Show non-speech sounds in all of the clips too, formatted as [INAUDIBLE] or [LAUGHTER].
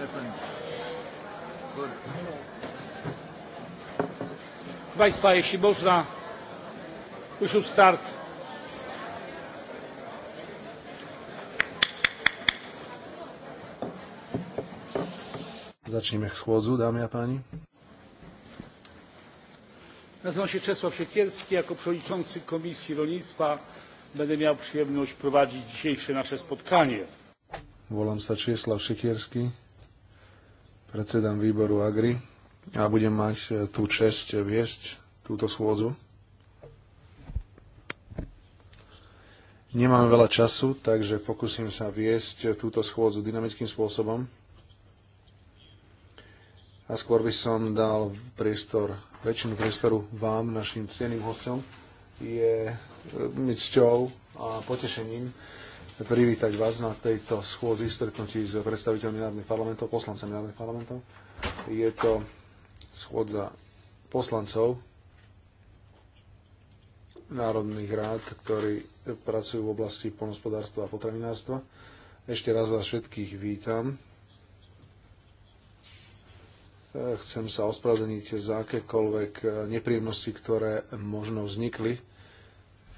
my friend. Good. Proszę Państwa, jeśli można, już should start. Zacznijmy schłodzu, dámy a pani. Nazywam się Czesław Siekierski. Jako przewodniczący Komisji Rolnictwa będę miał przyjemność prowadzić dzisiejsze nasze spotkanie. Wolam się Czesław Siekierski predsedám výboru Agri a budem mať e, tú čest viesť túto schôdzu. Nemám veľa času, takže pokúsim sa viesť túto schôdzu dynamickým spôsobom. A skôr by som dal priestor, väčšinu priestoru vám, našim cieným hostom. Je e, mi cťou a potešením privítať vás na tejto schôdzi stretnutí s predstaviteľmi národných parlamentov, poslancami národných parlamentov. Je to schôdza poslancov národných rád, ktorí pracujú v oblasti polnospodárstva a potravinárstva. Ešte raz vás všetkých vítam. Chcem sa ospravedlniť za akékoľvek nepríjemnosti, ktoré možno vznikli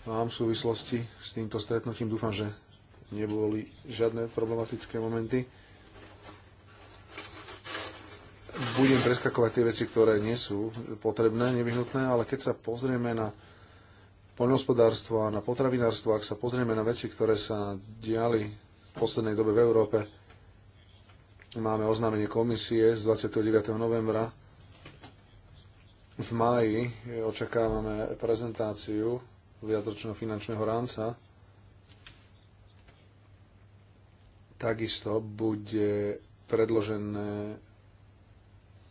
vám v súvislosti s týmto stretnutím. Dúfam, že neboli žiadne problematické momenty. Budem preskakovať tie veci, ktoré nie sú potrebné, nevyhnutné, ale keď sa pozrieme na poľnohospodárstvo a na potravinárstvo, ak sa pozrieme na veci, ktoré sa diali v poslednej dobe v Európe, máme oznámenie komisie z 29. novembra. V máji očakávame prezentáciu viatočno finančného rámca Takisto bude predložené,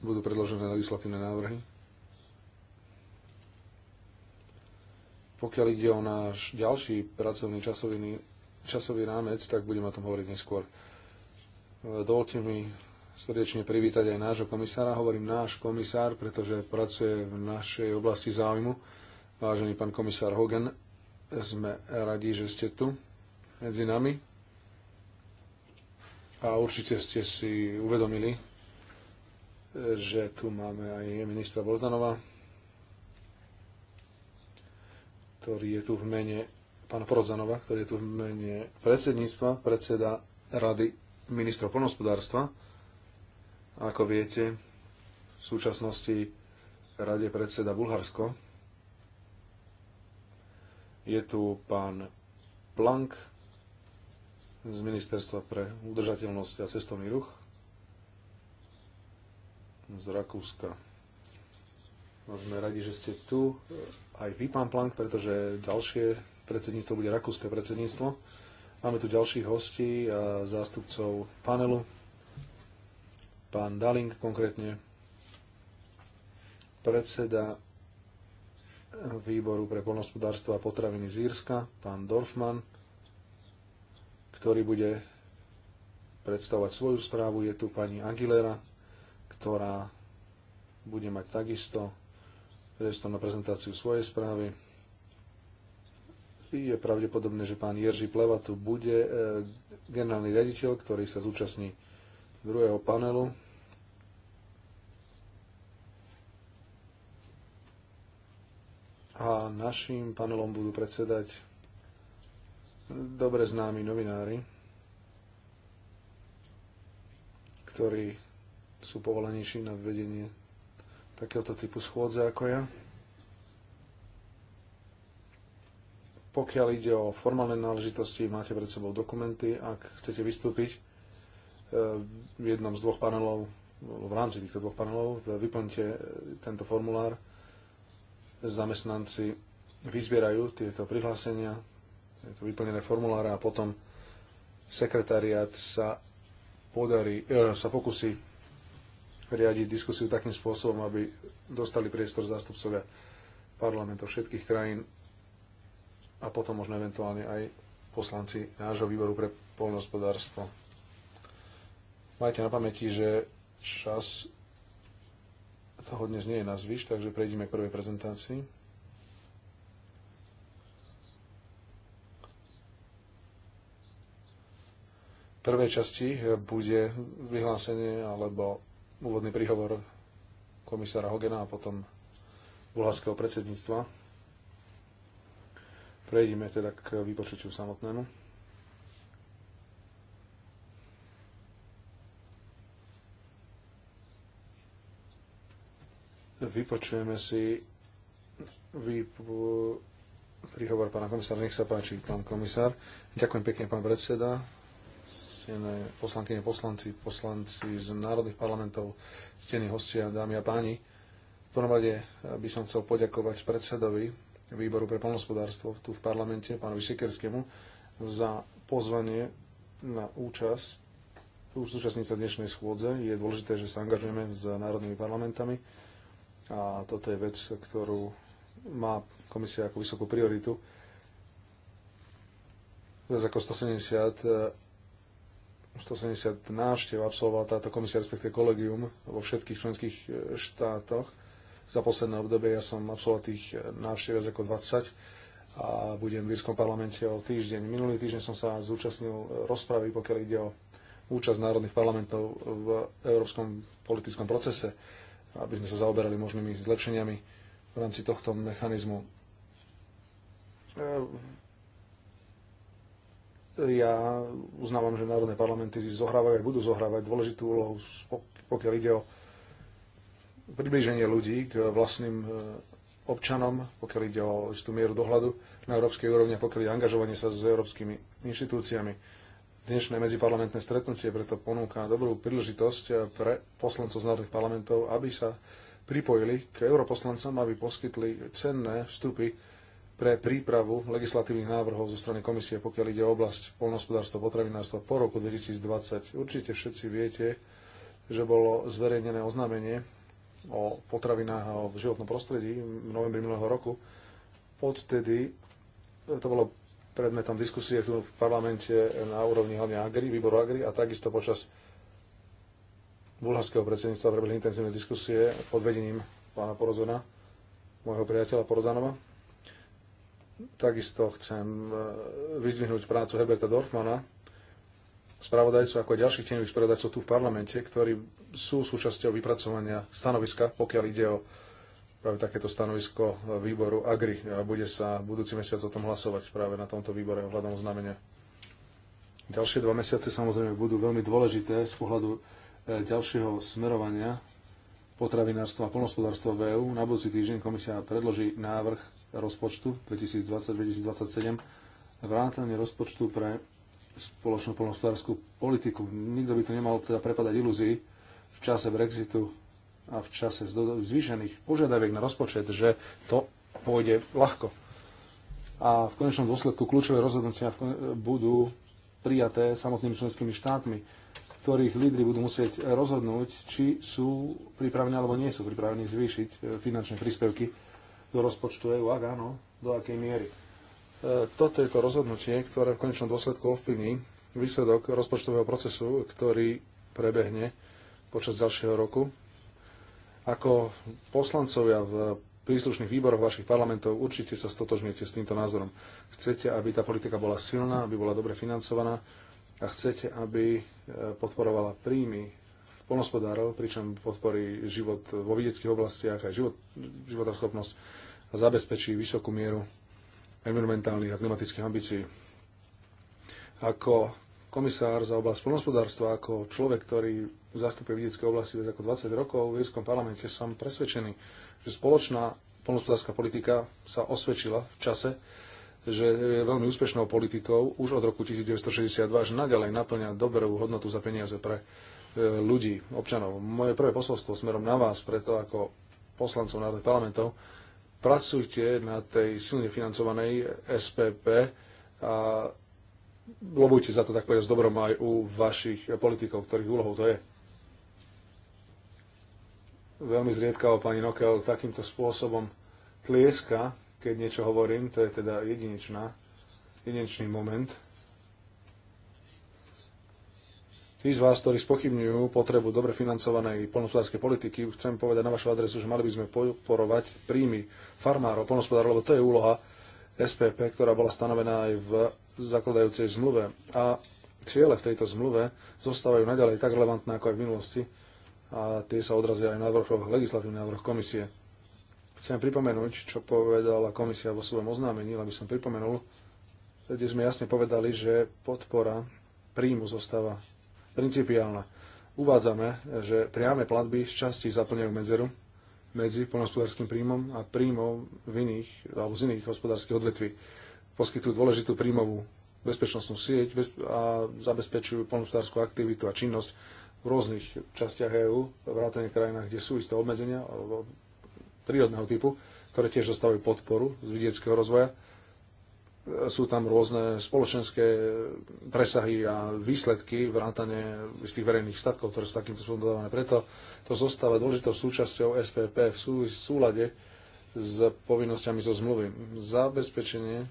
budú predložené legislatívne návrhy. Pokiaľ ide o náš ďalší pracovný časový, časový rámec, tak budem o tom hovoriť neskôr. Dovolte mi srdečne privítať aj nášho komisára. Hovorím náš komisár, pretože pracuje v našej oblasti záujmu. Vážený pán komisár Hogan, sme radi, že ste tu medzi nami a určite ste si uvedomili, že tu máme aj ministra Bozdanova, ktorý je tu v mene pána Porodzanova, ktorý je tu v mene predsedníctva, predseda Rady ministrov plnohospodárstva. Ako viete, v súčasnosti rade predseda Bulharsko. Je tu pán Plank, z Ministerstva pre udržateľnosť a cestovný ruch z Rakúska. No, sme radi, že ste tu. Aj vy, pán Plank, pretože ďalšie predsedníctvo bude rakúske predsedníctvo. Máme tu ďalších hostí a zástupcov panelu. Pán Daling konkrétne, predseda výboru pre polnospodárstvo a potraviny z Írska, pán Dorfman, ktorý bude predstavovať svoju správu. Je tu pani Aguilera, ktorá bude mať takisto priestor na prezentáciu svojej správy. Je pravdepodobné, že pán Jerži Pleva tu bude, e, generálny riaditeľ, ktorý sa zúčastní druhého panelu. A našim panelom budú predsedať dobre známi novinári, ktorí sú povolenejší na vedenie takéhoto typu schôdze ako ja. Pokiaľ ide o formálne náležitosti, máte pred sebou dokumenty. Ak chcete vystúpiť eh, v jednom z dvoch panelov, v rámci týchto dvoch panelov, eh, vyplňte eh, tento formulár. Zamestnanci vyzbierajú tieto prihlásenia, je to vyplnené formuláre a potom sekretariat sa podarí, e, sa pokusí riadiť diskusiu takým spôsobom, aby dostali priestor zástupcovia parlamentov všetkých krajín a potom možno eventuálne aj poslanci nášho výboru pre poľnohospodárstvo. Majte na pamäti, že čas toho dnes nie je na zvyš, takže prejdeme k prvej prezentácii. prvej časti eh, bude vyhlásenie alebo úvodný príhovor komisára Hogena a potom bulharského predsedníctva. Prejdime teda k vypočutiu samotnému. Vypočujeme si výpo... príhovor pána komisára. Nech sa páči, pán komisár. Ďakujem pekne, pán predseda vážené poslankyne, poslanci, poslanci z národných parlamentov, stení hostia, dámy a páni. V prvom rade eh, by som chcel poďakovať predsedovi výboru pre polnospodárstvo tu v parlamente, pánovi Šikerskému, za pozvanie na účasť tu súčasníca dnešnej schôdze. Je dôležité, že sa angažujeme s národnými parlamentami a toto je vec, ktorú má komisia ako vysokú prioritu. Viac ako 170 170 návštev absolvovala táto komisia, respektíve kolegium vo všetkých členských e, štátoch. Za posledné obdobie ja som absolvoval tých e, návštev viac ako 20 a budem v Írskom parlamente o týždeň. Minulý týždeň som sa zúčastnil e, rozpravy, pokiaľ ide o účasť národných parlamentov v európskom politickom procese, aby sme sa zaoberali možnými zlepšeniami v rámci tohto mechanizmu ja uznávam, že národné parlamenty zohrávajú a budú zohrávať dôležitú úlohu, pokiaľ ide o približenie ľudí k vlastným e, občanom, pokiaľ ide o istú mieru dohľadu na európskej úrovni a pokiaľ ide angažovanie sa s európskymi inštitúciami. Dnešné medziparlamentné stretnutie preto ponúka dobrú príležitosť e, pre poslancov z národných parlamentov, aby sa pripojili k europoslancom, aby poskytli cenné vstupy pre prípravu legislatívnych návrhov zo strany komisie, pokiaľ ide o oblasť a potravinárstva po roku 2020. Určite všetci viete, že bolo zverejnené oznámenie o potravinách a o životnom prostredí v novembri minulého roku. Odtedy e, to bolo predmetom diskusie tu v parlamente na úrovni hlavne Agri, výboru Agri a takisto počas bulharského predsedníctva prebehli intenzívne diskusie pod vedením pána Porozona, môjho priateľa Porozanova Takisto chcem eh, vyzvihnúť prácu Herberta Dorfmana, spravodajcu ako aj ďalších tieňových spravodajcov tu v parlamente, ktorí sú súčasťou vypracovania stanoviska, pokiaľ ide o práve takéto stanovisko výboru Agri. A bude sa budúci mesiac o tom hlasovať práve na tomto výbore ohľadom znamenia. Ďalšie dva mesiace samozrejme budú veľmi dôležité z pohľadu eh, ďalšieho smerovania potravinárstva a polnospodárstva v EÚ. Na budúci týždeň komisia predloží návrh rozpočtu 2020-2027, vrátanie rozpočtu pre spoločnú polnohospodárskú politiku. Nikto by tu nemal teda prepadať ilúzii v čase Brexitu a v čase zvýšených požiadaviek na rozpočet, že to pôjde ľahko. A v konečnom dôsledku kľúčové rozhodnutia budú prijaté samotnými členskými štátmi, ktorých lídry budú musieť rozhodnúť, či sú pripravení alebo nie sú pripravení zvýšiť e, finančné príspevky do rozpočtu EU, ak áno, do akej miery. E, toto je to rozhodnutie, ktoré v konečnom dôsledku ovplyvní výsledok rozpočtového procesu, ktorý prebehne počas ďalšieho roku. Ako poslancovia v príslušných výboroch vašich parlamentov určite sa stotožňujete s týmto názorom. Chcete, aby tá politika bola silná, aby bola dobre financovaná a chcete, aby e, podporovala príjmy polnospodárov, pričom podporí život vo vidieckých oblastiach aj život, schopnosť a zabezpečí vysokú mieru environmentálnych a klimatických ambícií. Ako komisár za oblasť polnospodárstva, ako človek, ktorý zastupuje vidiecké oblasti viac ako 20 rokov v Vieskom parlamente, som presvedčený, že spoločná polnospodárska politika sa osvedčila v čase, že je veľmi úspešnou politikou už od roku 1962 až naďalej naplňa dobrú hodnotu za peniaze pre E, ľudí, občanov. Moje prvé posolstvo smerom na vás, preto ako poslancov národných parlamentov, pracujte na tej silne financovanej SPP a lobujte za to tak povedať s dobrom aj u vašich politikov, ktorých úlohou to je. Veľmi zriedkavo pani Nokel takýmto spôsobom tlieska, keď niečo hovorím, to je teda jedinečná, jedinečný moment. Tí z vás, ktorí spochybňujú potrebu dobre financovanej polnospodárskej politiky, chcem povedať na vašu adresu, že mali by sme podporovať príjmy farmárov, polnospodárov, lebo to je úloha SPP, ktorá bola stanovená aj v zakladajúcej zmluve. A ciele v tejto zmluve zostávajú naďalej tak relevantné ako aj v minulosti a tie sa odrazia aj na návrhoch, legislatívnych návrhoch komisie. Chcem pripomenúť, čo povedala komisia vo svojom oznámení, aby som pripomenul, kde sme jasne povedali, že podpora príjmu zostáva principiálna. Uvádzame, že priame platby z časti zaplňajú medzeru medzi poľnohospodárským príjmom a príjmom v iných, alebo z iných hospodárskych odvetví. Poskytujú dôležitú príjmovú bezpečnostnú sieť a zabezpečujú poľnohospodárskú aktivitu a činnosť v rôznych častiach EÚ, vrátane krajinách, kde sú isté obmedzenia prírodného typu, ktoré tiež dostávajú podporu z vidieckého rozvoja sú tam rôzne spoločenské presahy a výsledky vrátane rátane istých verejných statkov, ktoré sú takýmto spôsobom dodávané. Preto to zostáva dôležitou súčasťou SPP v, súlade s povinnosťami zo zmluvy. Zabezpečenie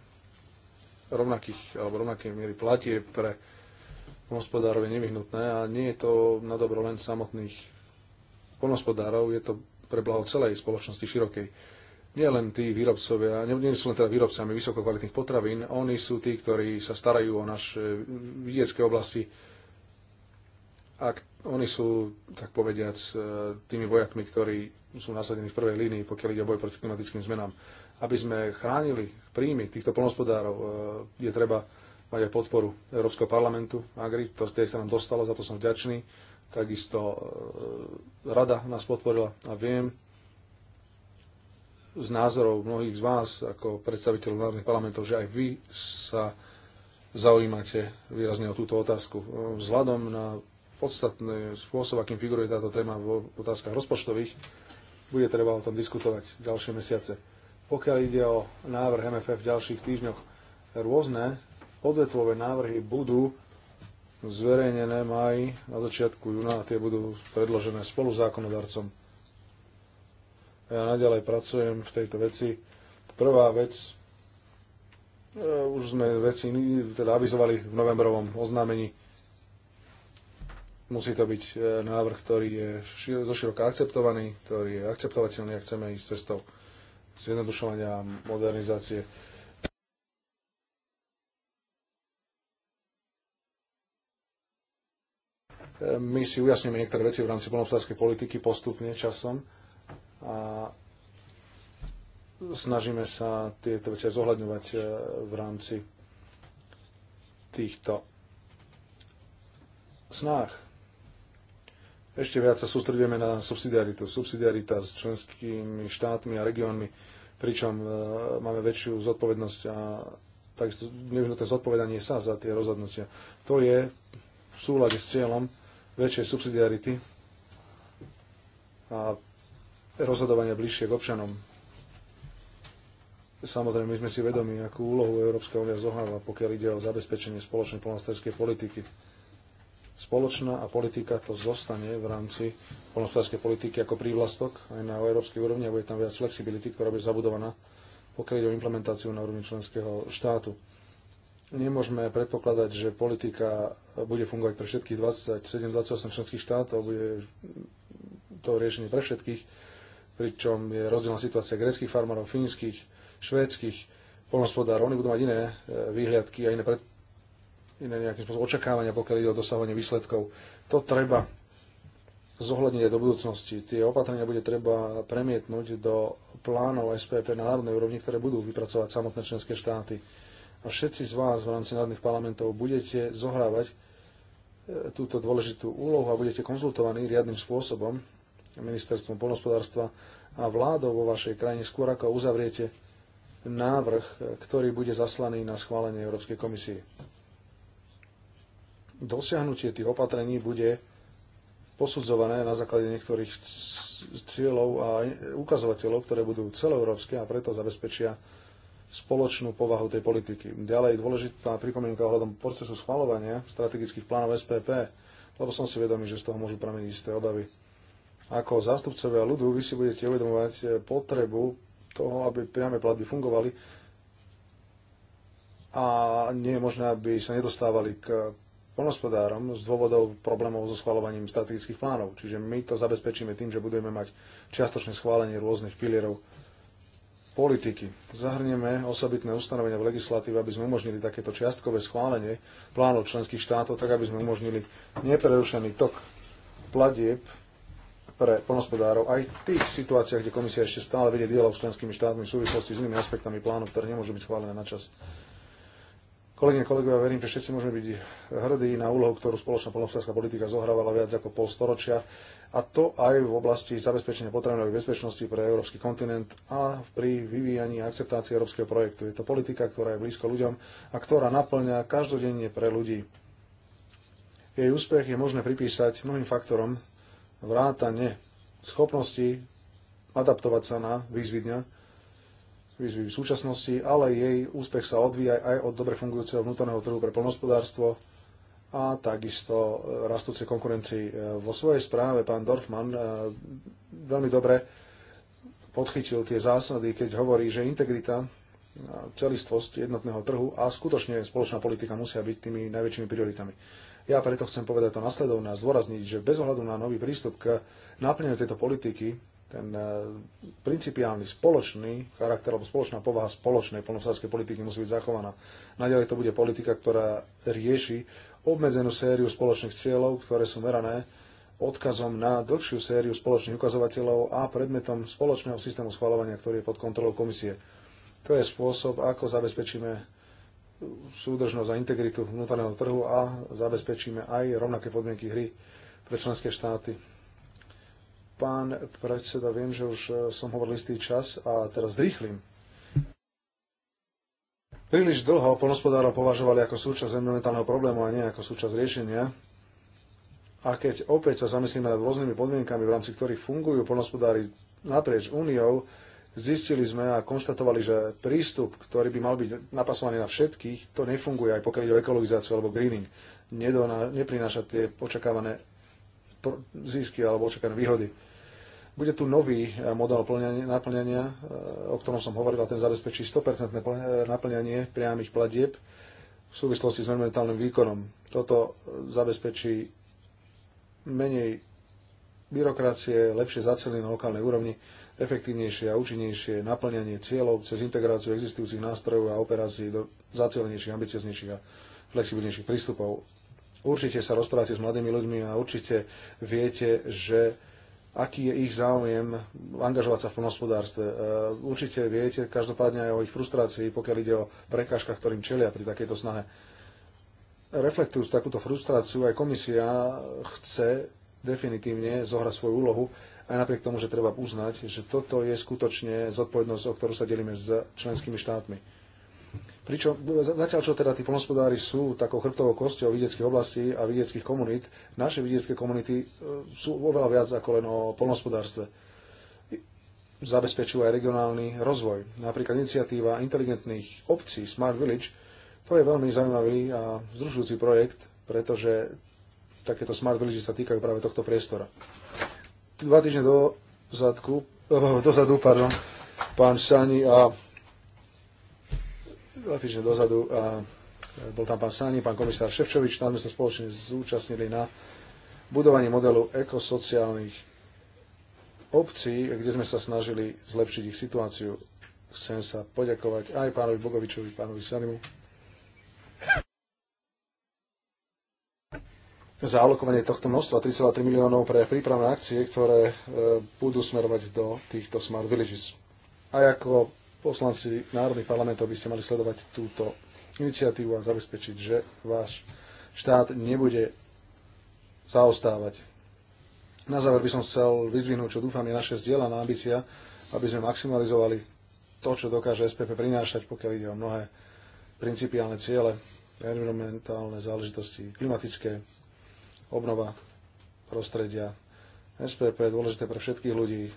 rovnakých alebo rovnakej miery platie pre hospodárov je nevyhnutné a nie je to na dobro len samotných poľnohospodárov, je to pre blaho celej spoločnosti širokej nie len tí výrobcovia, nie, sú len teda výrobcami vysokokvalitných potravín, oni sú tí, ktorí sa starajú o naše vidiecké oblasti. A oni sú, tak povediac, e, tými vojakmi, ktorí sú nasadení v prvej línii, pokiaľ ide o boj proti klimatickým zmenám. Aby sme chránili príjmy týchto polnospodárov, e, je treba mať aj podporu Európskeho parlamentu, Agri, to kde sa nám dostalo, za to som vďačný. Takisto e, rada nás podporila a viem, z názorov mnohých z vás ako predstaviteľov národných parlamentov, že aj vy sa zaujímate výrazne o túto otázku. Vzhľadom na podstatný spôsob, akým figuruje táto téma v otázkach rozpočtových, bude treba o tom diskutovať ďalšie mesiace. Pokiaľ ide o návrh MFF v ďalších týždňoch, rôzne odvetvové návrhy budú zverejnené maj na začiatku júna a tie budú predložené spolu zákonodarcom ja naďalej pracujem v tejto veci. Prvá vec, e, už sme veci teda avizovali v novembrovom oznámení. Musí to byť e, návrh, ktorý je zoširoka akceptovaný, ktorý je akceptovateľný a chceme ísť cestou zjednodušovania a modernizácie. E, my si ujasníme niektoré veci v rámci plnohospodárskej politiky postupne časom a snažíme sa tieto veci zohľadňovať e, v rámci týchto snách. Ešte viac sa sústredujeme na subsidiaritu. Subsidiarita s členskými štátmi a regiónmi, pričom e, máme väčšiu zodpovednosť a takisto nevyhnuté zodpovedanie sa za tie rozhodnutia. To je v súlade s cieľom väčšej subsidiarity a rozhodovania bližšie k občanom. Samozrejme, my sme si vedomi, akú úlohu Európska únia zohráva, pokiaľ ide o zabezpečenie spoločnej polnohospodárskej politiky. Spoločná a politika to zostane v rámci polnohospodárskej politiky ako prívlastok aj na európskej úrovni a bude tam viac flexibility, ktorá bude zabudovaná, pokiaľ ide o implementáciu na úrovni členského štátu nemôžeme predpokladať, že politika bude fungovať pre všetkých 27-28 členských štátov, bude to riešenie pre všetkých pričom je rozdielna situácia greckých farmárov, fínskych, švédskych polnospodárov. Oni budú mať iné e, výhľadky a iné, pred, iné nejakým spôsobom očakávania, pokiaľ ide o dosahovanie výsledkov. To treba zohľadniť aj do budúcnosti. Tie opatrenia bude treba premietnúť do plánov SPP na národnej úrovni, ktoré budú vypracovať samotné členské štáty. A všetci z vás v rámci národných parlamentov budete zohrávať e, túto dôležitú úlohu a budete konzultovaní riadnym spôsobom ministerstvom polnospodárstva a vládou vo vašej krajine skôr ako uzavriete návrh, ktorý bude zaslaný na schválenie Európskej komisie. Dosiahnutie tých opatrení bude posudzované na základe niektorých cieľov a ukazovateľov, ktoré budú celoeurópske a preto zabezpečia spoločnú povahu tej politiky. Ďalej dôležitá pripomienka ohľadom procesu schvalovania strategických plánov SPP, lebo som si vedomý, že z toho môžu prameniť isté obavy ako zástupcovia ľudu vy si budete uvedomovať eh, potrebu toho, aby priame platby fungovali a nie je možné, aby sa nedostávali k polnospodárom z dôvodov problémov so schvalovaním strategických plánov. Čiže my to zabezpečíme tým, že budeme mať čiastočné schválenie rôznych pilierov politiky. Zahrnieme osobitné ustanovenia v legislatíve, aby sme umožnili takéto čiastkové schválenie plánov členských štátov, tak aby sme umožnili neprerušený tok platieb pre plnospodárov aj v tých situáciách, kde komisia ešte stále vedie dialog s členskými štátmi v súvislosti s inými aspektami plánu, ktoré nemôžu byť schválené na čas. Kolegyne, kolegovia, verím, že všetci môžeme byť hrdí na úlohu, ktorú spoločná polnospodárska politika zohrávala viac ako pol storočia, a to aj v oblasti zabezpečenia potravinovej bezpečnosti pre európsky kontinent a pri vyvíjaní a akceptácii európskeho projektu. Je to politika, ktorá je blízko ľuďom a ktorá naplňa každodenne pre ľudí. Jej úspech je možné pripísať mnohým faktorom, vrátane schopnosti adaptovať sa na výzvy dňa, výzvy v súčasnosti, ale jej úspech sa odvíja aj od dobre fungujúceho vnútorného trhu pre plnohospodárstvo a takisto rastúcej konkurencii. E, vo svojej správe pán Dorfman e, veľmi dobre podchytil tie zásady, keď hovorí, že integrita, e, celistvosť jednotného trhu a skutočne spoločná politika musia byť tými najväčšími prioritami. Ja preto chcem povedať to nasledovné a zdôrazniť, že bez ohľadu na nový prístup k naplneniu tejto politiky, ten e, principiálny spoločný charakter alebo spoločná povaha spoločnej polnohospodárskej politiky musí byť zachovaná. Naďalej to bude politika, ktorá rieši obmedzenú sériu spoločných cieľov, ktoré sú merané odkazom na dlhšiu sériu spoločných ukazovateľov a predmetom spoločného systému schvalovania, ktorý je pod kontrolou komisie. To je spôsob, ako zabezpečíme súdržnosť a integritu vnútorného trhu a zabezpečíme aj rovnaké podmienky hry pre členské štáty. Pán predseda, viem, že už eh, som hovoril istý čas a teraz rýchlim. Príliš dlho polnospodárov považovali ako súčasť environmentálneho problému a nie ako súčasť riešenia. A keď opäť sa zamyslíme nad rôznymi podmienkami, v rámci ktorých fungujú polnospodári naprieč úniou, Zistili sme a konštatovali, že prístup, ktorý by mal byť napasovaný na všetkých, to nefunguje, aj pokiaľ ide o ekologizáciu alebo greening. Nedona, neprináša tie očakávané zisky alebo očakávané výhody. Bude tu nový eh, model naplňania, eh, o ktorom som hovoril, a ten zabezpečí 100% eh, naplňanie priamých platieb v súvislosti s environmentálnym výkonom. Toto zabezpečí menej byrokracie, lepšie zacelenie na lokálnej úrovni efektívnejšie a účinnejšie naplňanie cieľov cez integráciu existujúcich nástrojov a operácií do zacielenejších, ambicioznejších a flexibilnejších prístupov. Určite sa rozprávate s mladými ľuďmi a určite viete, že aký je ich záujem angažovať sa v plnohospodárstve. E, určite viete každopádne aj o ich frustrácii, pokiaľ ide o prekážkach, ktorým čelia pri takejto snahe. Reflektujúc takúto frustráciu, aj komisia chce definitívne zohrať svoju úlohu aj napriek tomu, že treba uznať, že toto je skutočne zodpovednosť, o ktorú sa delíme s členskými štátmi. Pričom, zatiaľ čo teda tí polnospodári sú takou chrbtovou kosťou vidieckých oblastí a vidieckých komunít, naše vidiecké komunity e, sú oveľa viac ako len o polnospodárstve. Zabezpečujú aj regionálny rozvoj. Napríklad iniciatíva inteligentných obcí Smart Village, to je veľmi zaujímavý a vzrušujúci projekt, pretože takéto Smart Village sa týkajú práve tohto priestora dva týždne do zadku, eh, dozadu, pardon, pán Sani a dva týždne dozadu a eh, bol tam pán Sani, pán komisár Ševčovič, tam sme sa spoločne zúčastnili na budovaní modelu ekosociálnych obcí, kde sme sa snažili zlepšiť ich situáciu. Chcem sa poďakovať aj pánovi Bogovičovi, pánovi Sanimu, za alokovanie tohto množstva 3,3 miliónov pre prípravné akcie, ktoré e, budú smerovať do týchto Smart Villages. A ako poslanci národných parlamentov by ste mali sledovať túto iniciatívu a zabezpečiť, že váš štát nebude zaostávať. Na záver by som chcel vyzvihnúť, čo dúfam je naša zdieľaná ambícia, aby sme maximalizovali to, čo dokáže SPP prinášať, pokiaľ ide o mnohé principiálne ciele, environmentálne záležitosti, klimatické obnova prostredia. SPP je dôležité pre všetkých ľudí,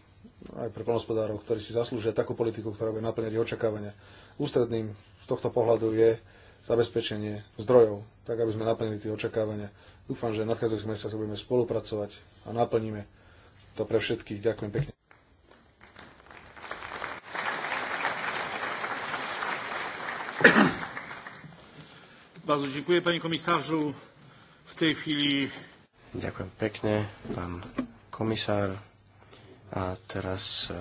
aj pre plnospodárov, ktorí si zaslúžia takú politiku, ktorá bude naplňať ich očakávania. Ústredným z tohto pohľadu je zabezpečenie zdrojov, tak aby sme naplnili tie očakávania. Dúfam, že v nadchádzajúcich mesiacoch budeme spolupracovať a naplníme to pre všetkých. Ďakujem pekne. Bardzo dziękuję panie komisarzu. V tej chvíli... Ďakujem pekne, pán komisár. A teraz eh,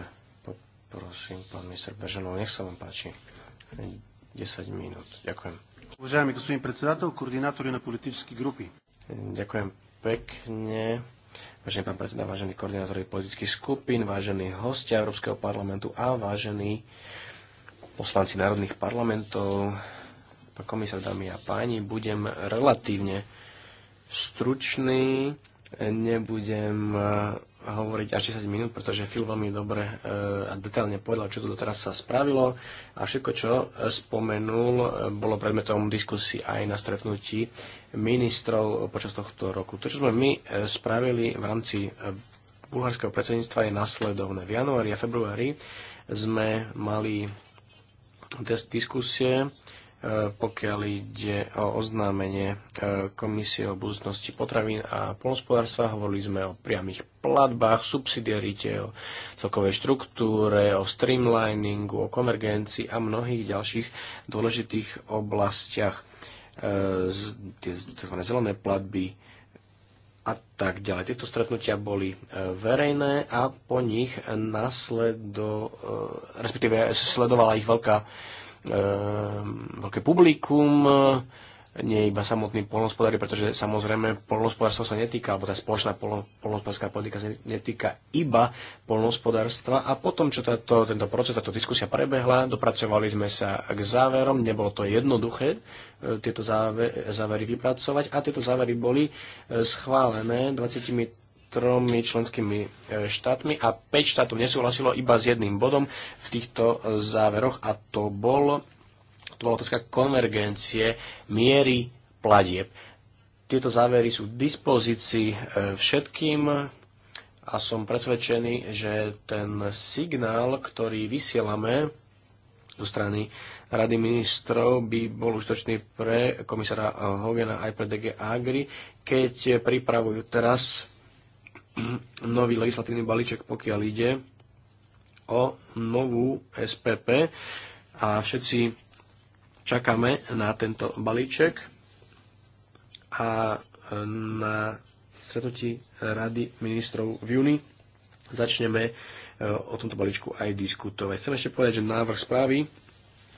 poprosím pán minister Bežanov, nech sa vám páči. 10 minút. Ďakujem. Уважаеми господин председател, координатори na politických grupy. Ďakujem pekne. Vážený pán predseda, vážení koordinátori politických skupín, vážení hostia Európskeho parlamentu a vážení poslanci národných parlamentov, pán komisár, dámy a páni, budem relatívne stručný, nebudem e, hovoriť až 10 minút, pretože Phil veľmi dobre e, a detailne povedal, čo tu doteraz sa spravilo a všetko, čo e, spomenul, bolo predmetom diskusí aj na stretnutí ministrov počas tohto roku. To, čo sme my spravili v rámci bulharského predsedníctva je nasledovné. V januári a februári sme mali diskusie E, pokiaľ ide o oznámenie e, Komisie o budúcnosti potravín a polnospodárstva. Hovorili sme o priamých platbách, subsidiarite, o celkovej štruktúre, o streamliningu, o konvergencii a mnohých ďalších dôležitých oblastiach. E, tie tzv. zelené platby a tak ďalej. Tieto stretnutia boli verejné a po nich nasledo, respektíve sledovala ich veľká Ehm, veľké publikum, nie iba samotní polnospodári, pretože samozrejme polnospodárstvo sa netýka, alebo tá spoločná polnospodárska politika sa netýka iba polnospodárstva. A potom, čo táto, tento proces, táto diskusia prebehla, dopracovali sme sa k záverom. Nebolo to jednoduché e, tieto záve, závery vypracovať a tieto závery boli e, schválené 20 tromi členskými e, štátmi a 5 štátov nesúhlasilo iba s jedným bodom v týchto e, záveroch a to, bol, to bola otázka konvergencie miery pladieb. Tieto závery sú v dispozícii e, všetkým a som presvedčený, že ten signál, ktorý vysielame zo strany Rady ministrov by bol užitočný pre komisára Hogena aj pre DG Agri, keď pripravujú teraz nový legislatívny balíček, pokiaľ ide o novú SPP a všetci čakáme na tento balíček a e, na stretnutí Rady ministrov v júni začneme e, o tomto balíčku aj diskutovať. Chcem ešte povedať, že návrh správy,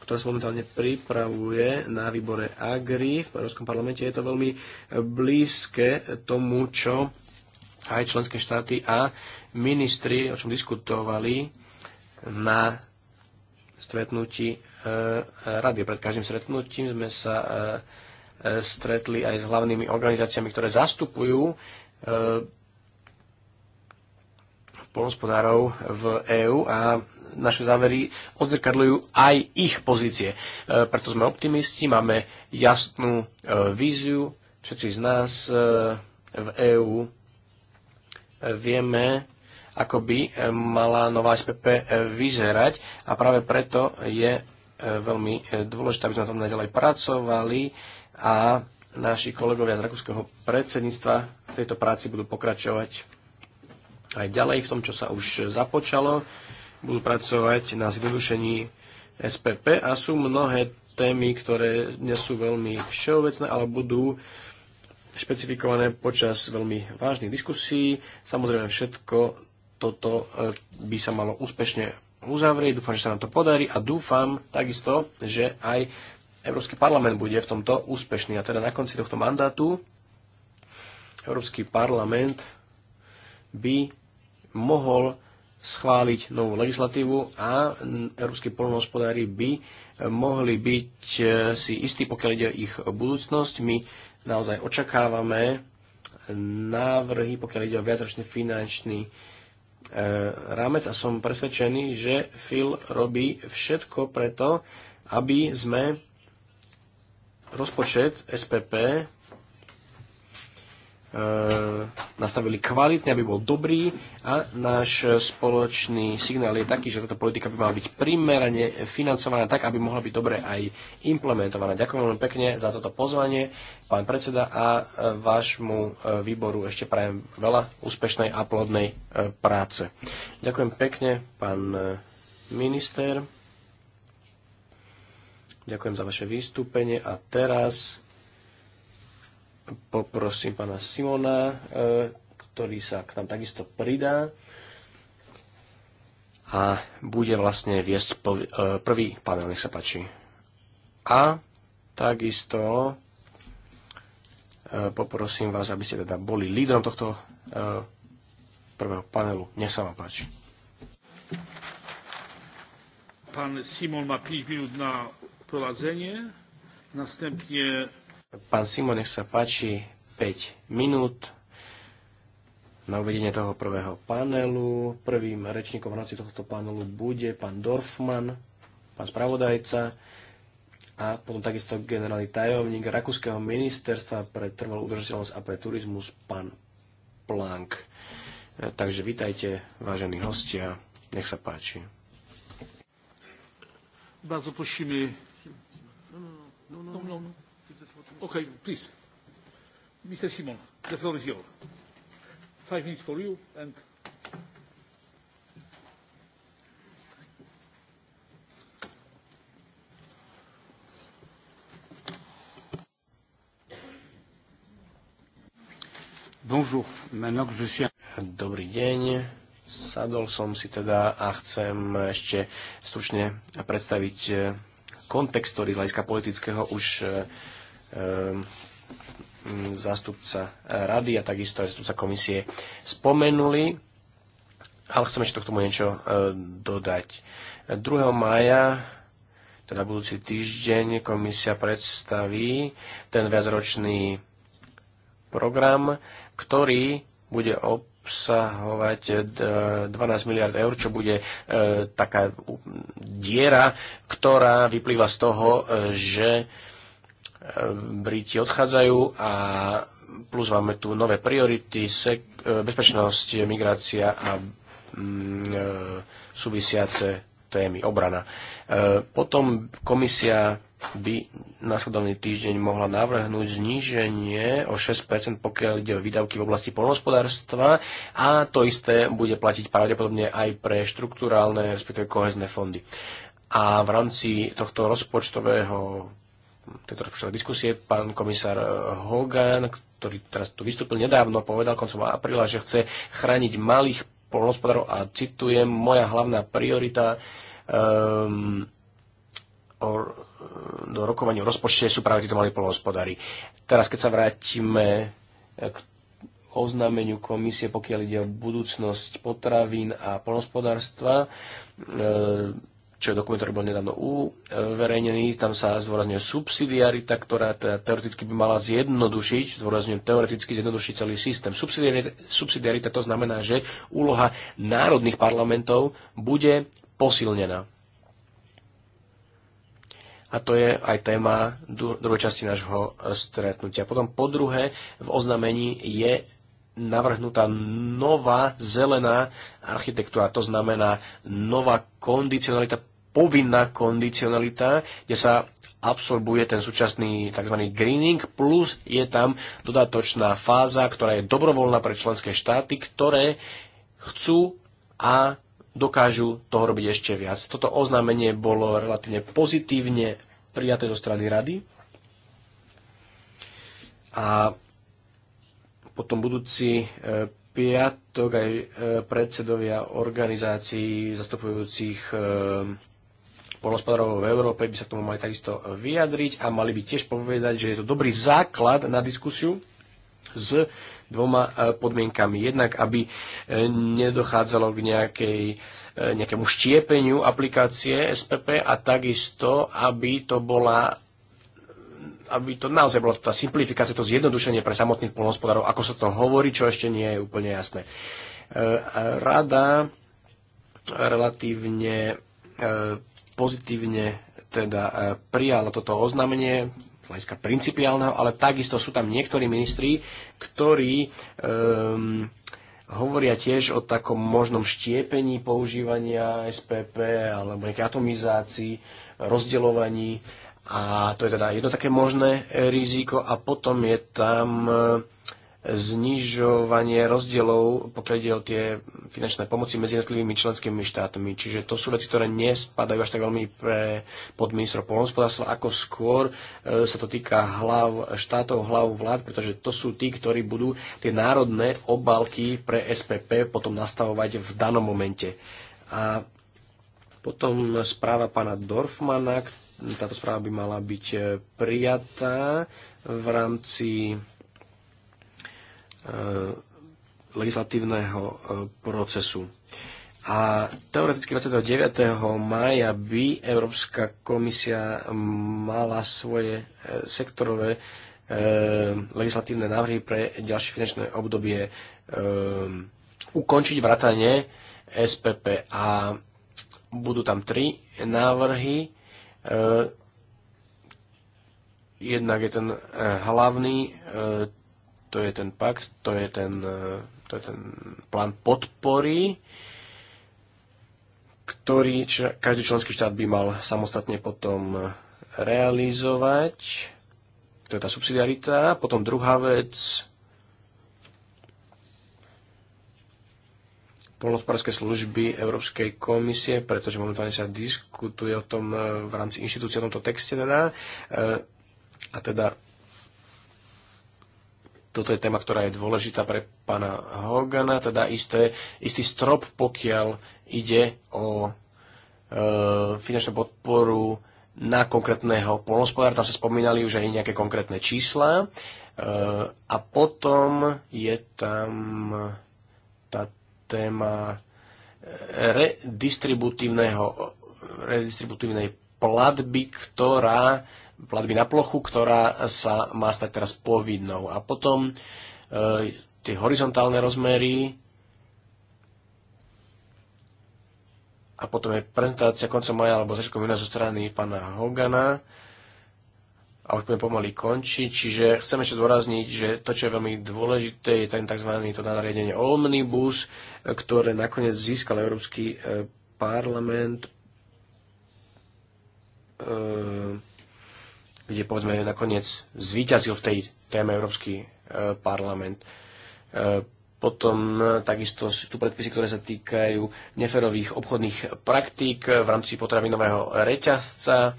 ktorá sa momentálne pripravuje na výbore AGRI v Európskom parlamente, je to veľmi blízke tomu, čo aj členské štáty a ministri, o čom diskutovali na stretnutí e, e, rady. Pred každým stretnutím sme sa e, stretli aj s hlavnými organizáciami, ktoré zastupujú polnospodárov v EÚ a naše závery odzrkadľujú aj ich pozície. preto sme optimisti, máme jasnú víziu, všetci z nás v EÚ vieme, ako by eh, mala nová SPP eh, vyzerať a práve preto je eh, veľmi dôležité, aby sme na tom naďalej pracovali a naši kolegovia z rakúskeho predsedníctva v tejto práci budú pokračovať aj ďalej v tom, čo sa už započalo. Budú pracovať na zjednodušení SPP a sú mnohé témy, ktoré dnes sú veľmi všeobecné, ale budú špecifikované počas veľmi vážnych diskusí. Samozrejme všetko toto e, by sa malo úspešne uzavrieť. Dúfam, že sa nám to podarí a dúfam takisto, že aj Európsky parlament bude v tomto úspešný. A teda na konci tohto mandátu Európsky parlament by mohol schváliť novú legislatívu a európsky polnohospodári by mohli byť e, si istí, pokiaľ ide o ich budúcnosť. My naozaj očakávame návrhy, pokiaľ ide o viacročný finančný e, rámec a som presvedčený, že Phil robí všetko preto, aby sme rozpočet SPP E, nastavili kvalitne, aby bol dobrý a náš spoločný signál je taký, že táto politika by mala byť primerane financovaná tak, aby mohla byť dobre aj implementovaná. Ďakujem veľmi pekne za toto pozvanie, pán predseda, a e, vášmu e, výboru ešte prajem veľa úspešnej a plodnej práce. Ďakujem pekne, pán minister. Ďakujem za vaše vystúpenie a teraz poprosím pána Simona, e, ktorý sa k nám takisto pridá a bude vlastne viesť e, prvý panel, nech sa páči. A takisto e, poprosím vás, aby ste teda boli lídrom tohto prvého panelu. Nech sa vám páči. Pán Simon má 5 minút na prolazenie, Następne Pán Simon, nech sa páči, 5 minút na uvedenie toho prvého panelu. Prvým rečníkom v rámci tohto panelu bude pán Dorfman, pán spravodajca a potom takisto generálny tajomník Rakúskeho ministerstva pre trvalú udržateľnosť a pre turizmus, pán Plank. E, takže vítajte, vážení hostia, nech sa páči. Bardzo prosimy. No, no, no. no, no, no. Okay, please. Mr. Simon, the floor is yours. Five minutes for you and Bonjour, maintenant que je suis. Dobrý deň. Sadol som si teda a chcem ešte stručne predstaviť eh, kontext, ktorý z hľadiska politického už eh, Ehm, zástupca rady a takisto aj zástupca komisie spomenuli, ale chcem ešte k tomu niečo e, dodať. 2. mája, teda budúci týždeň, komisia predstaví ten viacročný program, ktorý bude obsahovať 12 e, miliard eur, čo bude e, taká diera, ktorá vyplýva z toho, že Briti odchádzajú a plus máme tu nové priority, sek- e, bezpečnosť, migrácia a mm, e, súvisiace témy, obrana. E, potom komisia by následovný týždeň mohla navrhnúť zníženie o 6%, pokiaľ ide o výdavky v oblasti polnospodárstva a to isté bude platiť pravdepodobne aj pre štruktúrálne, respektíve kohezné fondy. A v rámci tohto rozpočtového tejto rozpočtovej diskusie. Pán komisár eh, Hogan, ktorý teraz tu vystúpil nedávno, povedal koncom apríla, že chce chrániť malých polnospodárov a citujem, moja hlavná priorita um, ehm, o, do rokovania o rozpočte sú práve títo malí polnospodári. Teraz, keď sa vrátime eh, k oznámeniu komisie, pokiaľ ide o budúcnosť potravín a polnospodárstva, um, eh, čo je dokument, ktorý bol nedávno uverejnený. E, tam sa zdôrazňuje subsidiarita, ktorá teda teoreticky by mala zjednodušiť, zdôrazňujem teoreticky zjednodušiť celý systém. Subsidiarita, subsidiarita to znamená, že úloha národných parlamentov bude posilnená. A to je aj téma druhej časti nášho e, stretnutia. Potom po druhé, v oznamení je navrhnutá nová zelená architektúra, to znamená nová kondicionalita povinná kondicionalita, kde sa absorbuje ten súčasný tzv. greening, plus je tam dodatočná fáza, ktorá je dobrovoľná pre členské štáty, ktoré chcú a dokážu toho robiť ešte viac. Toto oznámenie bolo relatívne pozitívne prijaté do strany rady. A potom budúci e, piatok aj e, predsedovia organizácií zastupujúcich polnospodárov v Európe by sa k tomu mali takisto vyjadriť a mali by tiež povedať, že je to dobrý základ na diskusiu s dvoma e, podmienkami. Jednak, aby e, nedochádzalo k nejakej, e, nejakému štiepeniu aplikácie SPP a takisto, aby to bola aby to naozaj bola tá simplifikácia, to zjednodušenie pre samotných polnospodárov, ako sa to hovorí, čo ešte nie je úplne jasné. Rada relatívne pozitívne teda e, prijala toto oznámenie z hľadiska principiálneho, ale takisto sú tam niektorí ministri, ktorí um, hovoria tiež o takom možnom štiepení používania SPP alebo nejaké atomizácii, rozdeľovaní a to je teda jedno také možné e, riziko a potom je tam uh, znižovanie rozdielov, pokiaľ ide o tie finančné pomoci medzi jednotlivými členskými štátmi. Čiže to sú veci, ktoré nespadajú až tak veľmi pre podministrov polnospodárstva, ako skôr e, sa to týka hlav štátov, hlav vlád, pretože to sú tí, ktorí budú tie národné obálky pre SPP potom nastavovať v danom momente. A potom správa pána Dorfmana, táto správa by mala byť e, prijatá v rámci E, legislatívneho e, procesu. A teoreticky 29. maja by Európska komisia mala svoje e, sektorové legislatívne návrhy pre ďalšie finančné obdobie ukončiť vratanie SPP a budú tam tri návrhy. Jednak je ten hlavný, to je ten pakt, to je ten, e, to je ten plán podpory, ktorý každý členský štát by mal samostatne potom e, realizovať. To je tá subsidiarita. Potom druhá vec, polnospodárske služby Európskej komisie, pretože momentálne sa diskutuje o tom e, v rámci inštitúcie, o tomto texte teda. A teda toto je téma, ktorá je dôležitá pre pána Hogana, teda isté, istý strop, pokiaľ ide o e, finančnú podporu na konkrétneho polnospodára. Tam sa spomínali už aj nejaké konkrétne čísla. E, a potom je tam tá téma e, redistributívneho, redistributívnej platby, ktorá platby na plochu, ktorá sa má stať teraz povinnou. A potom e, tie horizontálne rozmery a potom je prezentácia koncom maja alebo začiatkom júna zo strany pána Hogana a už budeme pomaly končiť, čiže chcem ešte zdôrazniť, že to, čo je veľmi dôležité, je ten tzv. to nariadenie Omnibus, ktoré nakoniec získal Európsky e, parlament e, kde povedzme nakoniec zvíťazil v tej téme Európsky e, parlament. E, potom e, takisto sú tu predpisy, ktoré sa týkajú neferových obchodných praktík v rámci potravinového reťazca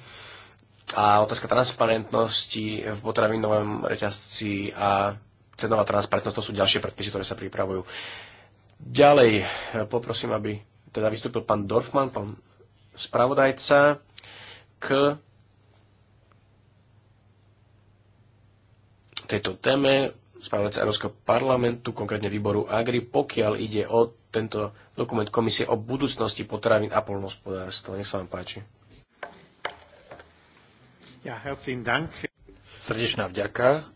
a otázka transparentnosti v potravinovom reťazci a cenová transparentnosť, to sú ďalšie predpisy, ktoré sa pripravujú. Ďalej poprosím, aby teda vystúpil pán Dorfman, pán spravodajca, k tejto téme, spravodajca Európskeho parlamentu, konkrétne výboru AGRI, pokiaľ ide o tento dokument komisie o budúcnosti potravín a polnohospodárstva. Nech sa vám páči. Ja, herzlichen Dank. Srdečná vďaka.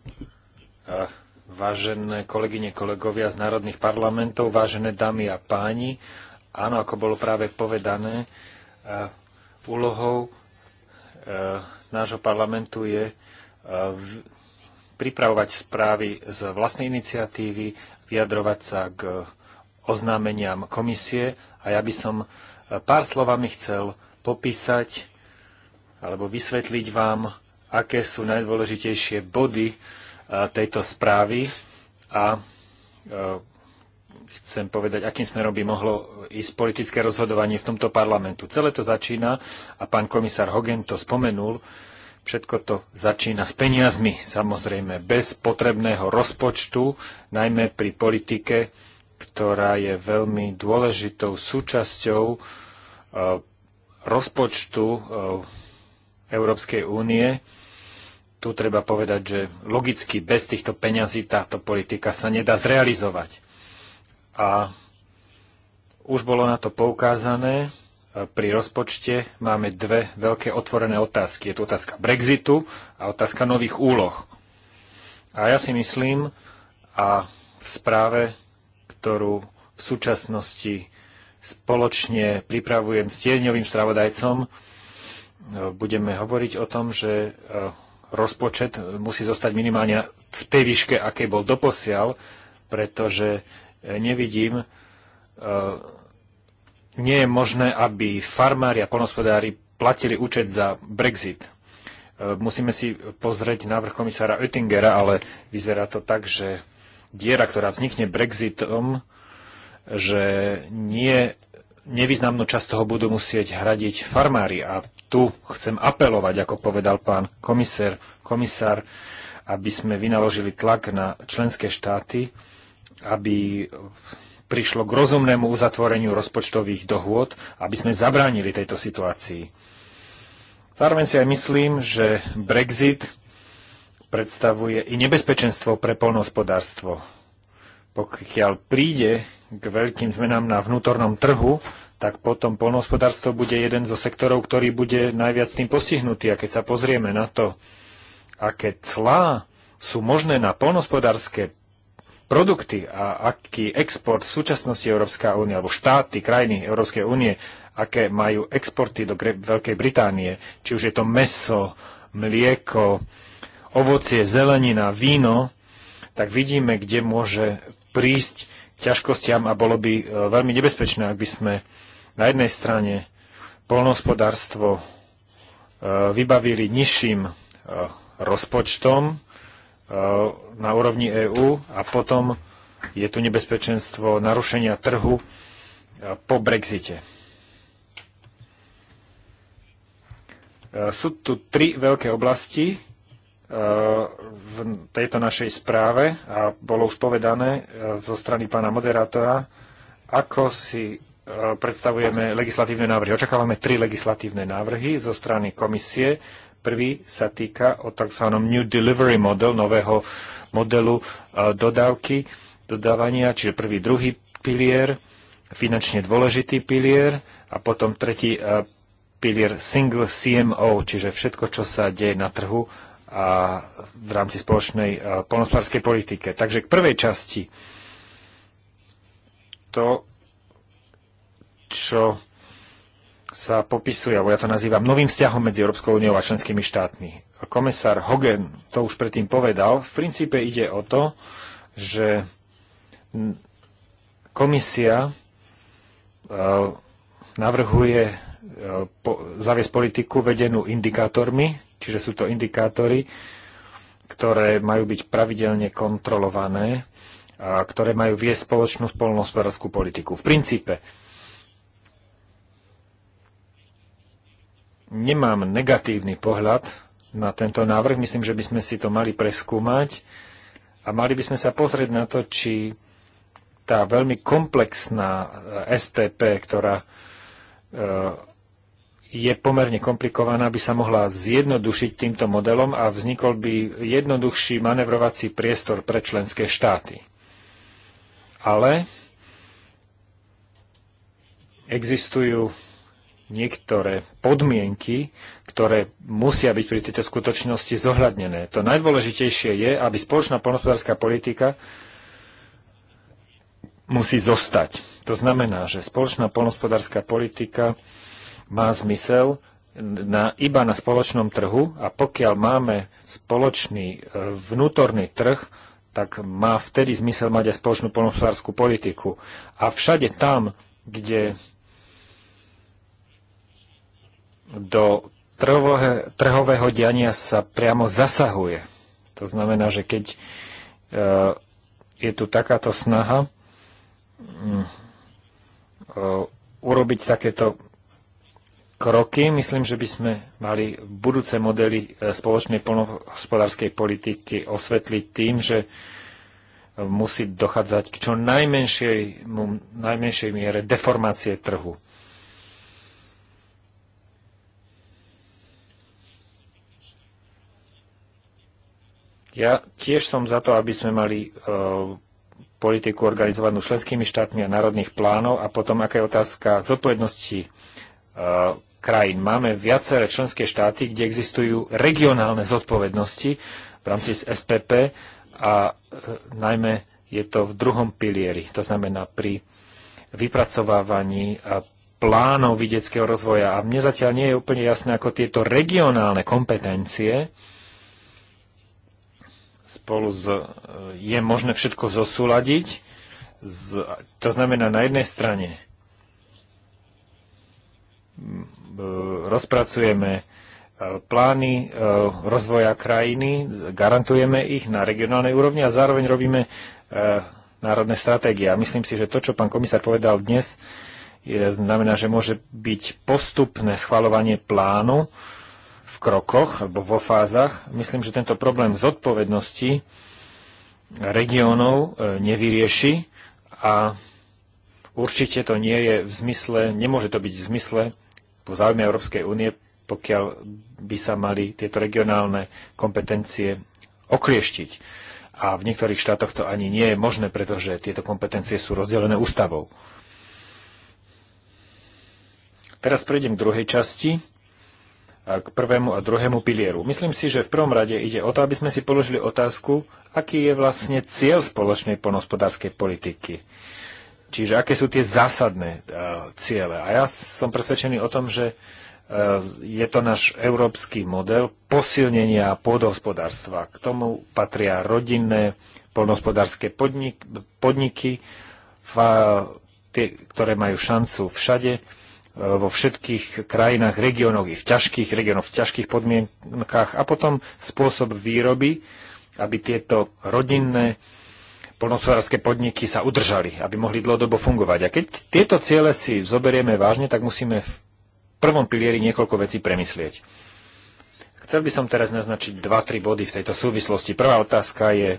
Vážené kolegyne, kolegovia z národných parlamentov, vážené dámy a páni, áno, ako bolo práve povedané, e, úlohou e, nášho parlamentu je e, pripravovať správy z vlastnej iniciatívy, vyjadrovať sa k oznámeniam komisie a ja by som eh, pár slovami chcel popísať alebo vysvetliť vám, aké sú najdôležitejšie body eh, tejto správy a eh, chcem povedať, akým smerom by mohlo ísť politické rozhodovanie v tomto parlamentu. Celé to začína, a pán komisár Hogan to spomenul, Všetko to začína s peniazmi, samozrejme, bez potrebného rozpočtu, najmä pri politike, ktorá je veľmi dôležitou súčasťou e, rozpočtu e, Európskej únie. Tu treba povedať, že logicky bez týchto peňazí táto politika sa nedá zrealizovať. A už bolo na to poukázané, pri rozpočte máme dve veľké otvorené otázky. Je to otázka Brexitu a otázka nových úloh. A ja si myslím, a v správe, ktorú v súčasnosti spoločne pripravujem s tieňovým stravodajcom, e, budeme hovoriť o tom, že e, rozpočet musí zostať minimálne v tej výške, aké bol doposiaľ, pretože e, nevidím nie je možné, aby farmári a polnospodári platili účet za Brexit. E, musíme si pozrieť návrh komisára Oettingera, ale vyzerá to tak, že diera, ktorá vznikne Brexitom, že nie, nevýznamnú časť toho budú musieť hradiť farmári. A tu chcem apelovať, ako povedal pán komisár, komisár aby sme vynaložili tlak na členské štáty, aby prišlo k rozumnému uzatvoreniu rozpočtových dohôd, aby sme zabránili tejto situácii. Zároveň si aj myslím, že Brexit predstavuje i nebezpečenstvo pre polnohospodárstvo. Pokiaľ príde k veľkým zmenám na vnútornom trhu, tak potom polnohospodárstvo bude jeden zo sektorov, ktorý bude najviac tým postihnutý. A keď sa pozrieme na to, aké clá sú možné na polnohospodárske produkty a aký export v súčasnosti Európska únia, alebo štáty, krajiny Európskej únie, aké majú exporty do Veľkej Británie, či už je to meso, mlieko, ovocie, zelenina, víno, tak vidíme, kde môže prísť k ťažkostiam a bolo by e, veľmi nebezpečné, ak by sme na jednej strane polnohospodárstvo e, vybavili nižším e, rozpočtom Eh, na úrovni EÚ a potom je tu nebezpečenstvo narušenia trhu eh, po Brexite. Eh, sú tu tri veľké oblasti v tejto našej správe a bolo už povedané zo strany pána moderátora, ako si predstavujeme legislatívne návrhy. Očakávame tri legislatívne návrhy zo strany komisie Prvý sa týka o tzv. New Delivery Model, nového modelu e, dodávky, dodávania, čiže prvý, druhý pilier, finančne dôležitý pilier a potom tretí e, pilier Single CMO, čiže všetko, čo sa deje na trhu a v rámci spoločnej e, polnospodárskej politike. Takže k prvej časti to, čo sa popisuje, alebo ja to nazývam novým vzťahom medzi Európskou úniou a členskými štátmi. Komisár Hogan to už predtým povedal. V princípe ide o to, že komisia e, navrhuje e, zaviesť politiku vedenú indikátormi, čiže sú to indikátory, ktoré majú byť pravidelne kontrolované a ktoré majú viesť spoločnú spolnohospodárskú politiku. V princípe nemám negatívny pohľad na tento návrh. Myslím, že by sme si to mali preskúmať a mali by sme sa pozrieť na to, či tá veľmi komplexná eh, SPP, ktorá eh, je pomerne komplikovaná, by sa mohla zjednodušiť týmto modelom a vznikol by jednoduchší manevrovací priestor pre členské štáty. Ale existujú niektoré podmienky, ktoré musia byť pri tejto skutočnosti zohľadnené. To najdôležitejšie je, aby spoločná polnospodárska politika musí zostať. To znamená, že spoločná polnospodárska politika má zmysel na, iba na spoločnom trhu a pokiaľ máme spoločný e, vnútorný trh, tak má vtedy zmysel mať aj spoločnú polnospodárskú politiku. A všade tam, kde do trhového, trhového diania sa priamo zasahuje. To znamená, že keď e, je tu takáto snaha mm, e, urobiť takéto kroky, myslím, že by sme mali budúce modely e, spoločnej polnohospodárskej politiky osvetliť tým, že musí dochádzať k čo najmenšej, najmenšej miere deformácie trhu. Ja tiež som za to, aby sme mali e, politiku organizovanú členskými štátmi a národných plánov a potom aká je otázka zodpovednosti e, krajín. Máme viaceré členské štáty, kde existujú regionálne zodpovednosti v rámci SPP a e, najmä je to v druhom pilieri, to znamená pri vypracovávaní e, plánov videckého rozvoja. A mne zatiaľ nie je úplne jasné, ako tieto regionálne kompetencie, spolu z, je možné všetko zosúľadiť. Z, to znamená na jednej strane e, rozpracujeme e, plány e, rozvoja krajiny, garantujeme ich na regionálnej úrovni a zároveň robíme národné stratégie. A myslím si, že to, čo pán komisár povedal dnes, je, znamená, že môže byť postupné schvalovanie plánu, v krokoch alebo vo fázach. Myslím, že tento problém zodpovednosti regiónov e, nevyrieši a určite to nie je v zmysle, nemôže to byť v zmysle po záujme Európskej únie, pokiaľ by sa mali tieto regionálne kompetencie oklieštiť. A v niektorých štátoch to ani nie je možné, pretože tieto kompetencie sú rozdelené ústavou. Teraz prejdem k druhej časti k prvému a druhému pilieru. Myslím si, že v prvom rade ide o to, aby sme si položili otázku, aký je vlastne cieľ spoločnej poľnohospodárskej politiky. Čiže aké sú tie zásadné uh, ciele. A ja som presvedčený o tom, že uh, je to náš európsky model posilnenia pôdohospodárstva. K tomu patria rodinné poľnohospodárske podnik, podniky, v, tie, ktoré majú šancu všade vo všetkých krajinách, regiónoch, i v ťažkých regiónoch, v ťažkých podmienkách a potom spôsob výroby, aby tieto rodinné polnospodárske podniky sa udržali, aby mohli dlhodobo fungovať. A keď tieto ciele si zoberieme vážne, tak musíme v prvom pilieri niekoľko vecí premyslieť. Chcel by som teraz naznačiť 2-3 body v tejto súvislosti. Prvá otázka je,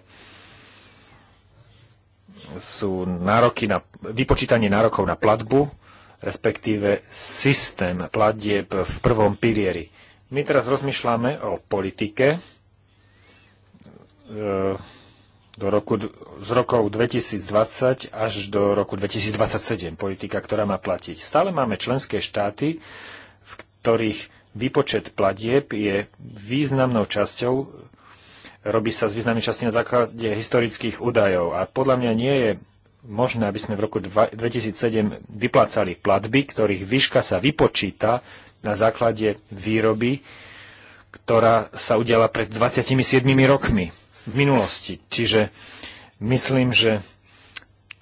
sú nároky na vypočítanie nárokov na platbu respektíve systém platieb v prvom pilieri. My teraz rozmýšľame o politike e, do roku, z rokov 2020 až do roku 2027, politika, ktorá má platiť. Stále máme členské štáty, v ktorých výpočet platieb je významnou časťou robí sa s významným časti na základe historických údajov. A podľa mňa nie je možné, aby sme v roku 2007 vyplácali platby, ktorých výška sa vypočíta na základe výroby, ktorá sa udiala pred 27 rokmi v minulosti. Čiže myslím, že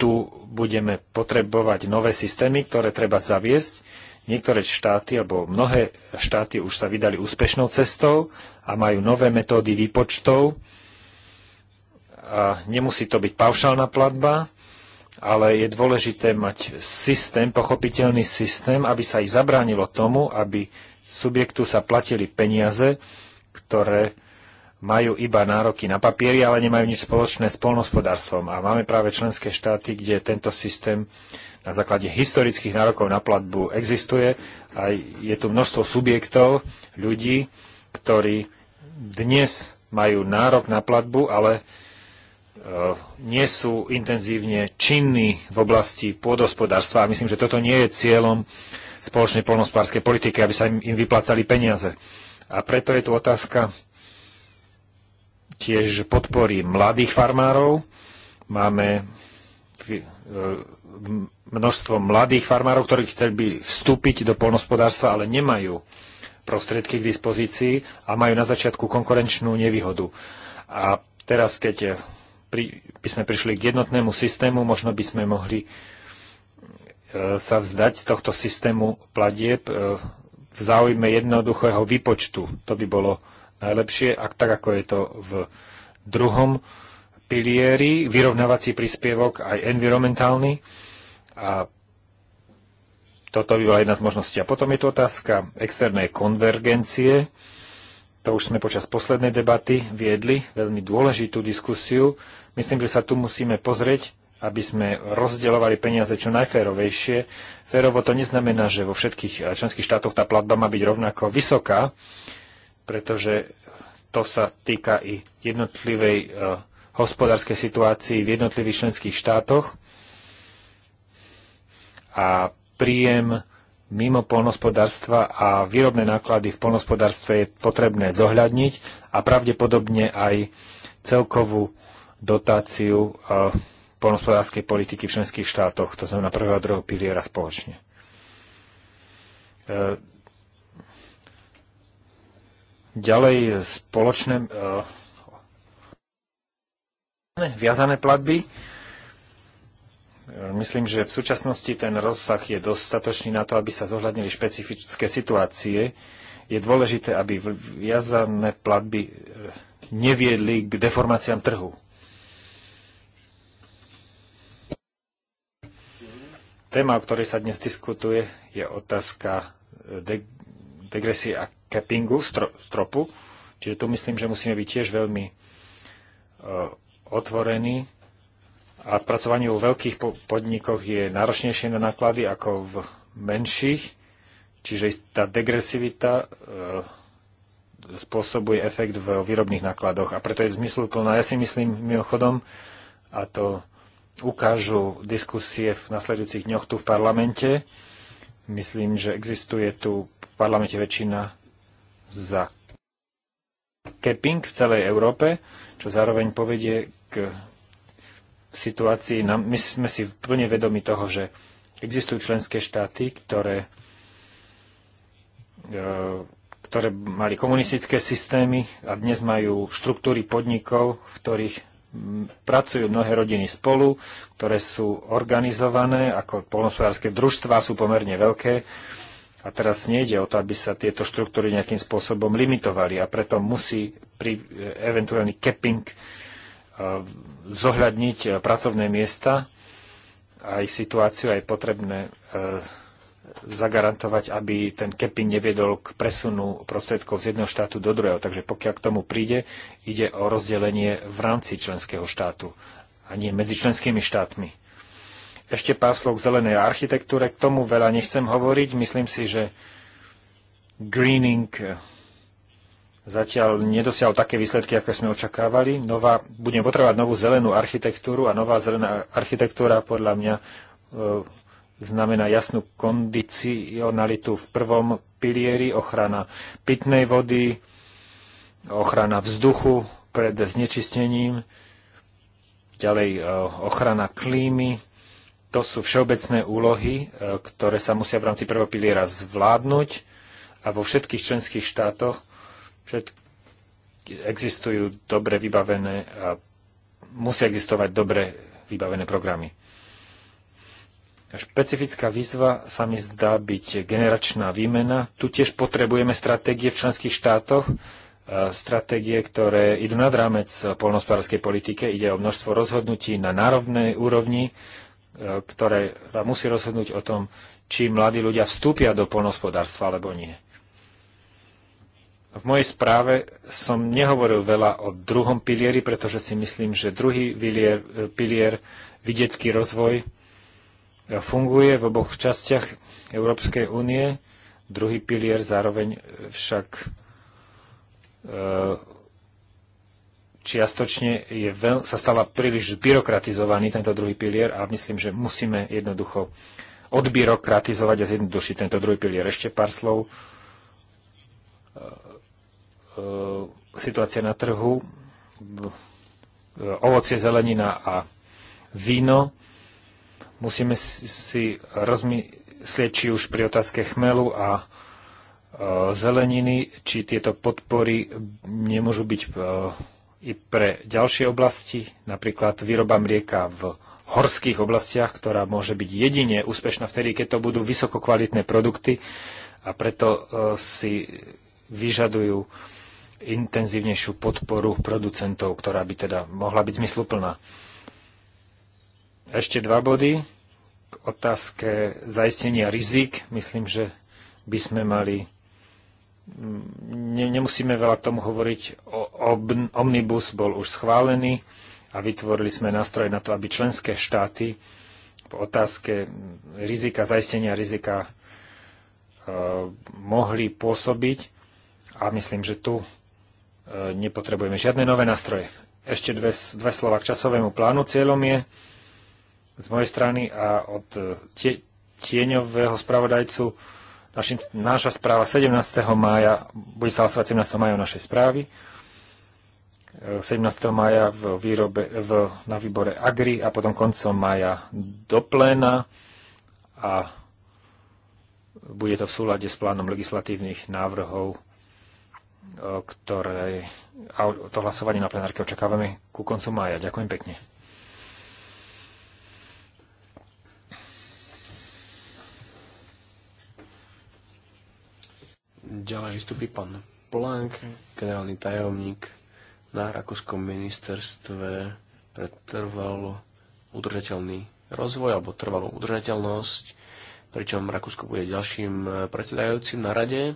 tu budeme potrebovať nové systémy, ktoré treba zaviesť. Niektoré štáty, alebo mnohé štáty už sa vydali úspešnou cestou a majú nové metódy výpočtov. A nemusí to byť paušálna platba, ale je dôležité mať systém, pochopiteľný systém, aby sa aj zabránilo tomu, aby subjektu sa platili peniaze, ktoré majú iba nároky na papieri, ale nemajú nič spoločné s polnospodárstvom. A máme práve členské štáty, kde tento systém na základe historických nárokov na platbu existuje a je tu množstvo subjektov, ľudí, ktorí dnes majú nárok na platbu, ale E, nie sú intenzívne činní v oblasti pôdospodárstva a myslím, že toto nie je cieľom spoločnej polnospodárskej politiky, aby sa im, im vyplácali peniaze. A preto je tu otázka tiež podpory mladých farmárov. Máme e, množstvo mladých farmárov, ktorí chceli by vstúpiť do polnospodárstva, ale nemajú prostriedky k dispozícii a majú na začiatku konkurenčnú nevýhodu. A teraz, keď pri, by sme prišli k jednotnému systému, možno by sme mohli e, sa vzdať tohto systému platieb e, v záujme jednoduchého výpočtu. To by bolo najlepšie, ak tak ako je to v druhom pilieri, vyrovnávací príspevok aj environmentálny. A toto by bola jedna z možností. A potom je tu otázka externej konvergencie to už sme počas poslednej debaty viedli, veľmi dôležitú diskusiu. Myslím, že sa tu musíme pozrieť, aby sme rozdeľovali peniaze čo najférovejšie. Férovo to neznamená, že vo všetkých členských štátoch tá platba má byť rovnako vysoká, pretože to sa týka i jednotlivej e, hospodárskej situácii v jednotlivých členských štátoch. A príjem mimo polnospodárstva a výrobné náklady v polnospodárstve je potrebné zohľadniť a pravdepodobne aj celkovú dotáciu e, polnospodárskej politiky v členských štátoch, to znamená prvého a druhého piliera spoločne. E, ďalej spoločné e, viazané platby Myslím, že v súčasnosti ten rozsah je dostatočný na to, aby sa zohľadnili špecifické situácie. Je dôležité, aby viazané platby e, neviedli k deformáciám trhu. Téma, o ktorej sa dnes diskutuje, je otázka e, degresie a cappingu stro- stropu. Čiže tu myslím, že musíme byť tiež veľmi uh, otvorení a spracovaniu vo veľkých podnikoch je náročnejšie na náklady ako v menších, čiže tá degresivita e, spôsobuje efekt v výrobných nákladoch a preto je zmysluplná. Ja si myslím mimochodom, a to ukážu diskusie v nasledujúcich dňoch tu v parlamente, myslím, že existuje tu v parlamente väčšina za capping v celej Európe, čo zároveň povedie k situácii. No, my sme si plne vedomi toho, že existujú členské štáty, ktoré, e, ktoré mali komunistické systémy a dnes majú štruktúry podnikov, v ktorých pracujú mnohé rodiny spolu, ktoré sú organizované ako polnospodárske družstva, sú pomerne veľké. A teraz nejde o to, aby sa tieto štruktúry nejakým spôsobom limitovali a preto musí pri e, eventuálny capping Eh, zohľadniť eh, pracovné miesta a ich situáciu aj je potrebné eh, zagarantovať, aby ten keping neviedol k presunu prostriedkov z jedného štátu do druhého. Takže pokiaľ k tomu príde, ide o rozdelenie v rámci členského štátu a nie medzi členskými štátmi. Ešte pár slov k zelenej architektúre. K tomu veľa nechcem hovoriť. Myslím si, že greening zatiaľ nedosiahol také výsledky, ako sme očakávali. Nová, budeme potrebovať novú zelenú architektúru a nová zelená architektúra podľa mňa e, znamená jasnú kondicionalitu v prvom pilieri, ochrana pitnej vody, ochrana vzduchu pred znečistením, ďalej e, ochrana klímy. To sú všeobecné úlohy, e, ktoré sa musia v rámci prvého piliera zvládnuť a vo všetkých členských štátoch všetky existujú dobre vybavené a musia existovať dobre vybavené programy. Špecifická výzva sa mi zdá byť generačná výmena. Tu tiež potrebujeme stratégie v členských štátoch, stratégie, ktoré idú nad rámec polnospodárskej politike. Ide o množstvo rozhodnutí na národnej úrovni, e, ktoré musí rozhodnúť o tom, či mladí ľudia vstúpia do polnospodárstva alebo nie. V mojej správe som nehovoril veľa o druhom pilieri, pretože si myslím, že druhý pilier, e, pilier vidiecký rozvoj e, funguje v oboch častiach Európskej únie. Druhý pilier zároveň e, však čiastočne je veľ, sa stala príliš zbyrokratizovaný tento druhý pilier a myslím, že musíme jednoducho odbyrokratizovať a zjednodušiť tento druhý pilier. Ešte pár slov E, situácia na trhu, e, ovocie, zelenina a víno. Musíme si rozmyslieť, či už pri otázke chmelu a e, zeleniny, či tieto podpory nemôžu byť i pre ďalšie oblasti, napríklad výroba mlieka v horských oblastiach, ktorá môže byť jedine úspešná vtedy, keď to budú vysokokvalitné produkty a preto si vyžadujú intenzívnejšiu podporu producentov, ktorá by teda mohla byť zmysluplná. Ešte dva body k otázke zaistenia rizik. Myslím, že by sme mali mm, nemusíme veľa k tomu hovoriť. O, ob, omnibus bol už schválený a vytvorili sme nástroje na to, aby členské štáty v otázke rizika, zaistenia rizika e, mohli pôsobiť. A myslím, že tu E, nepotrebujeme žiadne nové nástroje. Ešte dve, dve slova k časovému plánu. Cieľom je z mojej strany a od e, tie, tieňového spravodajcu naši, naša správa 17. mája, bude sa hlasovať 17. mája o našej správy, 17. E, mája v výrobe, v, na výbore Agri a potom koncom mája do pléna a bude to v súlade s plánom legislatívnych návrhov ktoré, to hlasovanie na plenárke očakávame ku koncu mája. Ďakujem pekne. Ďalej vystupí pán Plank, generálny tajomník na Rakúskom ministerstve pre trvalo udržateľný rozvoj alebo trvalú udržateľnosť, pričom Rakúsko bude ďalším eh, predsedajúcim na rade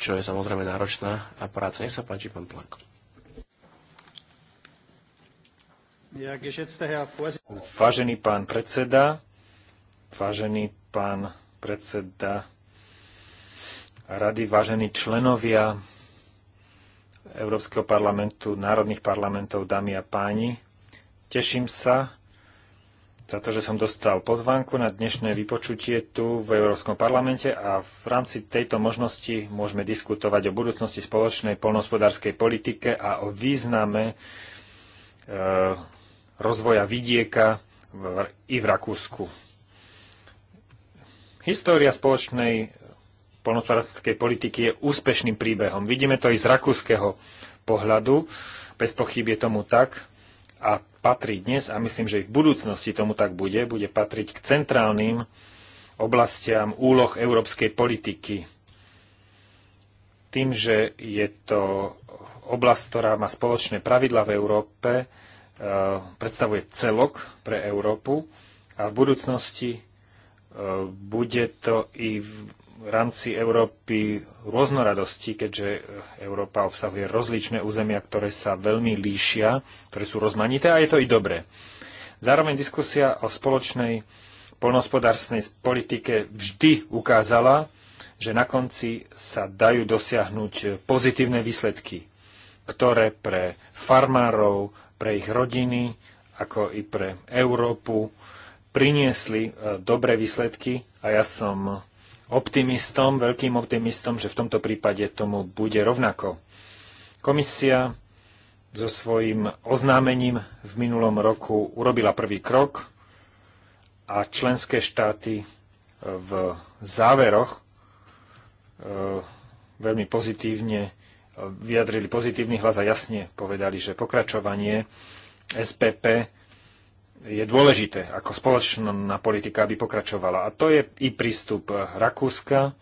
čo je samozrejme náročná a práca. Nech sa páči, pán Plank. Vážený pán predseda, vážený pán predseda rady, vážení členovia Európskeho parlamentu, národných parlamentov, dámy a páni. Teším sa, za to, že som dostal pozvánku na dnešné vypočutie tu v Európskom parlamente a v rámci tejto možnosti môžeme diskutovať o budúcnosti spoločnej polnohospodárskej politike a o význame e, rozvoja vidieka v, i v Rakúsku. História spoločnej polnohospodárskej politiky je úspešným príbehom. Vidíme to aj z rakúskeho pohľadu. Bez pochyb je tomu tak a patrí dnes, a myslím, že i v budúcnosti tomu tak bude, bude patriť k centrálnym oblastiam úloh európskej politiky. Tým, že je to oblasť, ktorá má spoločné pravidla v Európe, e, predstavuje celok pre Európu a v budúcnosti e, bude to i rámci Európy rôznoradosti, keďže Európa obsahuje rozličné územia, ktoré sa veľmi líšia, ktoré sú rozmanité a je to i dobré. Zároveň diskusia o spoločnej polnospodárstnej politike vždy ukázala, že na konci sa dajú dosiahnuť pozitívne výsledky, ktoré pre farmárov, pre ich rodiny, ako i pre Európu priniesli e, dobré výsledky a ja som optimistom, veľkým optimistom, že v tomto prípade tomu bude rovnako. Komisia so svojím oznámením v minulom roku urobila prvý krok a členské štáty e, v záveroch e, veľmi pozitívne e, vyjadrili pozitívny hlas a jasne povedali, že pokračovanie SPP je dôležité ako spoločná politika, aby pokračovala. A to je i prístup Rakúska,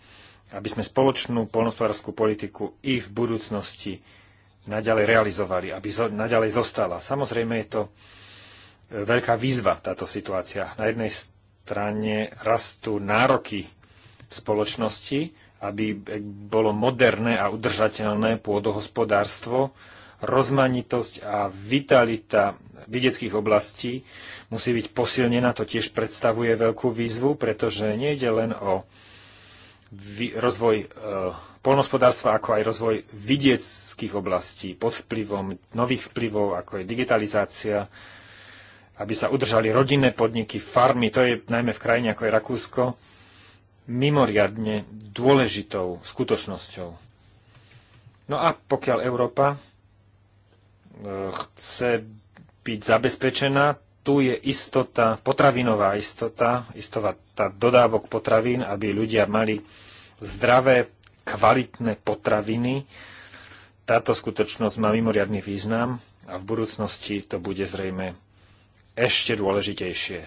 aby sme spoločnú polnospodárskú politiku i v budúcnosti naďalej realizovali, aby zo, naďalej zostala. Samozrejme je to e, veľká výzva táto situácia. Na jednej strane rastú nároky spoločnosti, aby e, bolo moderné a udržateľné pôdohospodárstvo, rozmanitosť a vitalita videckých oblastí musí byť posilnená. To tiež predstavuje veľkú výzvu, pretože nejde len o rozvoj e, polnospodárstva, ako aj rozvoj vidieckých oblastí pod vplyvom nových vplyvov, ako je digitalizácia, aby sa udržali rodinné podniky, farmy, to je najmä v krajine ako je Rakúsko, mimoriadne dôležitou skutočnosťou. No a pokiaľ Európa chce byť zabezpečená. Tu je istota, potravinová istota, istota dodávok potravín, aby ľudia mali zdravé, kvalitné potraviny. Táto skutočnosť má mimoriadný význam a v budúcnosti to bude zrejme ešte dôležitejšie.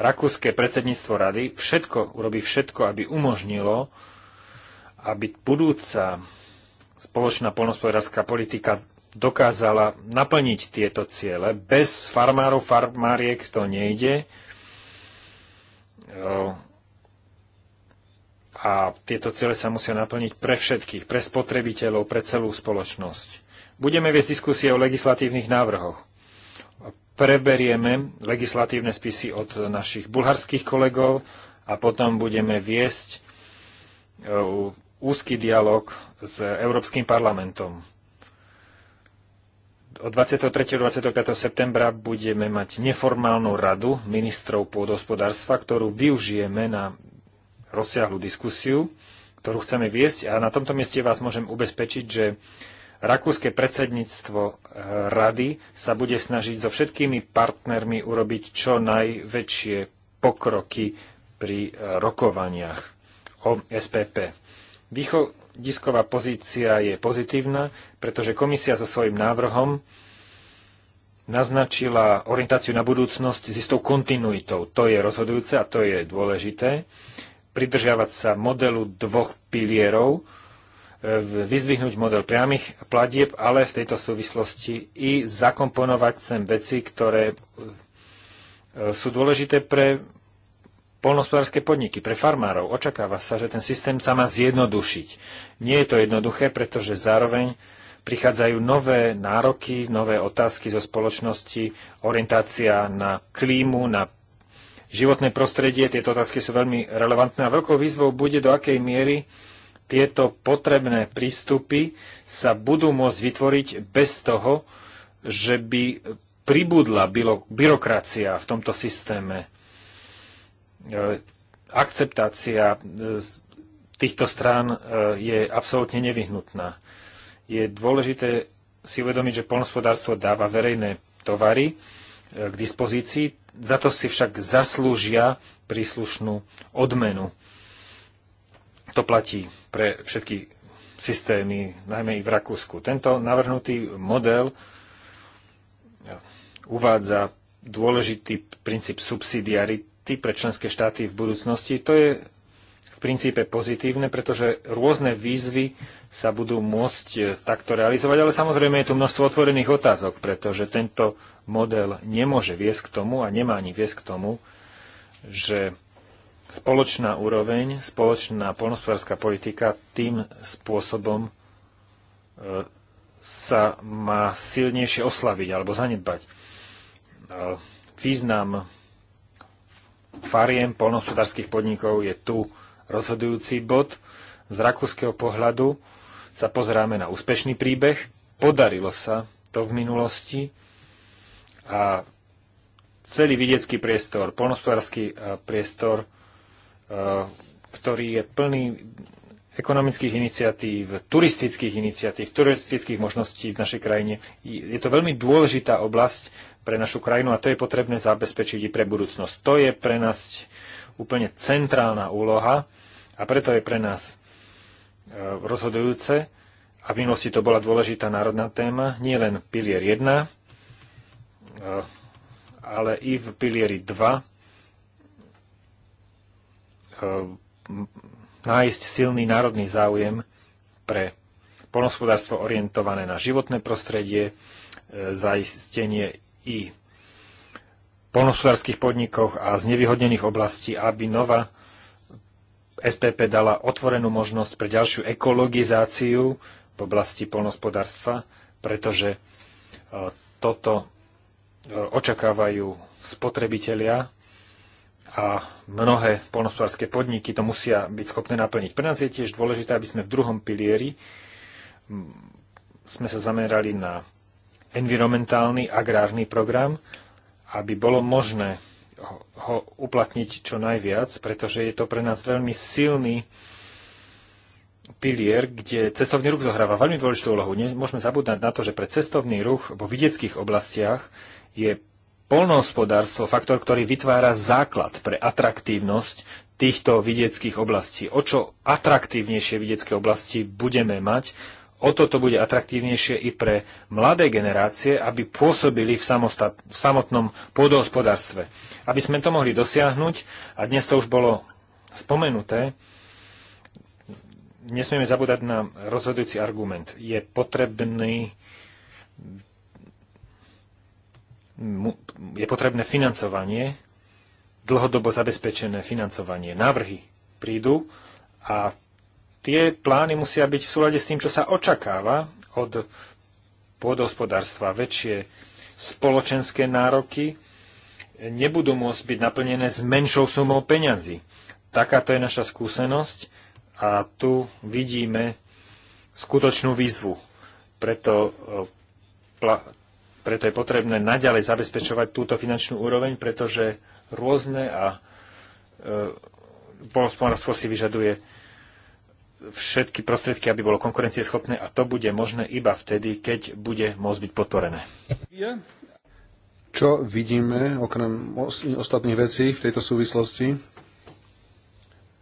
Rakúske predsedníctvo rady všetko urobí všetko, aby umožnilo, aby budúca spoločná polnospodárska politika dokázala naplniť tieto ciele. Bez farmárov, farmáriek to nejde. Ehm, a tieto ciele sa musia naplniť pre všetkých, pre spotrebiteľov, pre celú spoločnosť. Budeme viesť diskusie o legislatívnych návrhoch. Preberieme legislatívne spisy od našich bulharských kolegov a potom budeme viesť e, úzky dialog s Európskym parlamentom od 23. do 25. septembra budeme mať neformálnu radu ministrov pôdospodárstva, ktorú využijeme na rozsiahlu diskusiu, ktorú chceme viesť a na tomto mieste vás môžem ubezpečiť, že rakúske predsedníctvo eh, rady sa bude snažiť so všetkými partnermi urobiť čo najväčšie pokroky pri eh, rokovaniach o SPP. Výcho- východisková pozícia je pozitívna, pretože komisia so svojím návrhom naznačila orientáciu na budúcnosť s istou kontinuitou. To je rozhodujúce a to je dôležité. Pridržiavať sa modelu dvoch pilierov, e, vyzvihnúť model priamých platieb, ale v tejto súvislosti i zakomponovať sem veci, ktoré e, sú dôležité pre polnospodárske podniky, pre farmárov. Očakáva sa, že ten systém sa má zjednodušiť. Nie je to jednoduché, pretože zároveň prichádzajú nové nároky, nové otázky zo spoločnosti, orientácia na klímu, na životné prostredie. Tieto otázky sú veľmi relevantné a veľkou výzvou bude, do akej miery tieto potrebné prístupy sa budú môcť vytvoriť bez toho, že by pribudla byrokracia v tomto systéme E, akceptácia e, týchto strán e, je absolútne nevyhnutná. Je dôležité si uvedomiť, že polnospodárstvo dáva verejné tovary k dispozícii, za to si však zaslúžia príslušnú odmenu. To platí pre všetky systémy, najmä i v Rakúsku. Tento navrhnutý model uvádza dôležitý princíp subsidiarity, štáty, pre členské štáty v budúcnosti. To je v princípe pozitívne, pretože rôzne výzvy sa budú môcť e, takto realizovať, ale samozrejme je tu množstvo otvorených otázok, pretože tento model nemôže viesť k tomu a nemá ani viesť k tomu, že spoločná úroveň, spoločná polnospodárska politika tým spôsobom e, sa má silnejšie oslaviť alebo zanedbať. E, význam fariem polnohospodárských podnikov je tu rozhodujúci bod. Z rakúskeho pohľadu sa pozeráme na úspešný príbeh. Podarilo sa to v minulosti a celý vidiecký priestor, polnospodársky e, priestor, e, ktorý je plný ekonomických iniciatív, turistických iniciatív, turistických možností v našej krajine. Je to veľmi dôležitá oblasť pre našu krajinu a to je potrebné zabezpečiť i pre budúcnosť. To je pre nás úplne centrálna úloha a preto je pre nás e, rozhodujúce a v minulosti to bola dôležitá národná téma, nie len pilier 1, e, ale i v pilieri 2 e, nájsť silný národný záujem pre polnospodárstvo orientované na životné prostredie, zaistenie i polnospodárských podnikoch a znevýhodnených oblastí, aby nová SPP dala otvorenú možnosť pre ďalšiu ekologizáciu v oblasti polnospodárstva, pretože e, toto e, očakávajú spotrebitelia a mnohé polnospodárske podniky to musia byť schopné naplniť. Pre nás je tiež dôležité, aby sme v druhom pilieri sme sa zamerali na environmentálny agrárny program, aby bolo možné ho uplatniť čo najviac, pretože je to pre nás veľmi silný pilier, kde cestovný ruch zohráva veľmi dôležitú úlohu. Môžeme zabúdať na to, že pre cestovný ruch vo vidieckých oblastiach je polnohospodárstvo faktor, ktorý vytvára základ pre atraktívnosť týchto vidieckých oblastí. O čo atraktívnejšie vidiecké oblasti budeme mať, o toto bude atraktívnejšie i pre mladé generácie, aby pôsobili v, samostat, v samotnom pôdohospodárstve. Aby sme to mohli dosiahnuť, a dnes to už bolo spomenuté, nesmieme zabúdať na rozhodujúci argument. Je potrebný je potrebné financovanie, dlhodobo zabezpečené financovanie. Návrhy prídu a tie plány musia byť v súlade s tým, čo sa očakáva od pôdohospodárstva. Väčšie spoločenské nároky nebudú môcť byť naplnené s menšou sumou peňazí. Takáto je naša skúsenosť a tu vidíme skutočnú výzvu. Preto, e, preto je potrebné naďalej zabezpečovať túto finančnú úroveň, pretože rôzne a e, si vyžaduje všetky prostriedky, aby bolo konkurencieschopné a to bude možné iba vtedy, keď bude môcť byť podporené. Čo vidíme okrem ostatných vecí v tejto súvislosti?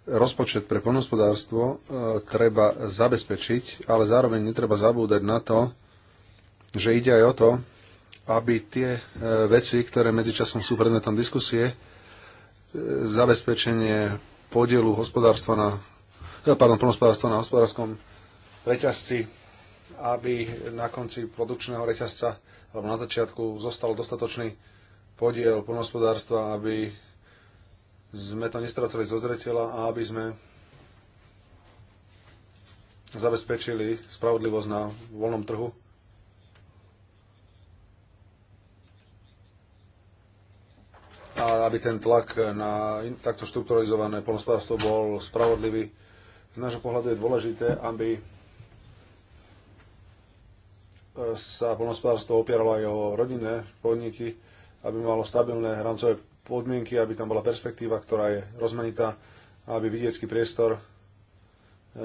Rozpočet pre poľnohospodárstvo e, treba zabezpečiť, ale zároveň netreba zabúdať na to, že ide aj o to, aby tie e, veci, ktoré medzičasom sú predmetom diskusie, e, zabezpečenie podielu hospodárstva na No, pardon, plnospodárstvo na hospodárskom reťazci, aby na konci produkčného reťazca alebo na začiatku zostal dostatočný podiel plnospodárstva, aby sme to nestracali zo zretela a aby sme zabezpečili spravodlivosť na voľnom trhu. A aby ten tlak na takto štrukturalizované polnospodárstvo bol spravodlivý z nášho pohľadu je dôležité, aby e, sa poľnohospodárstvo opieralo aj o rodinné podniky, aby malo stabilné hrancové podmienky, aby tam bola perspektíva, ktorá je rozmanitá, aby vidiecký priestor e,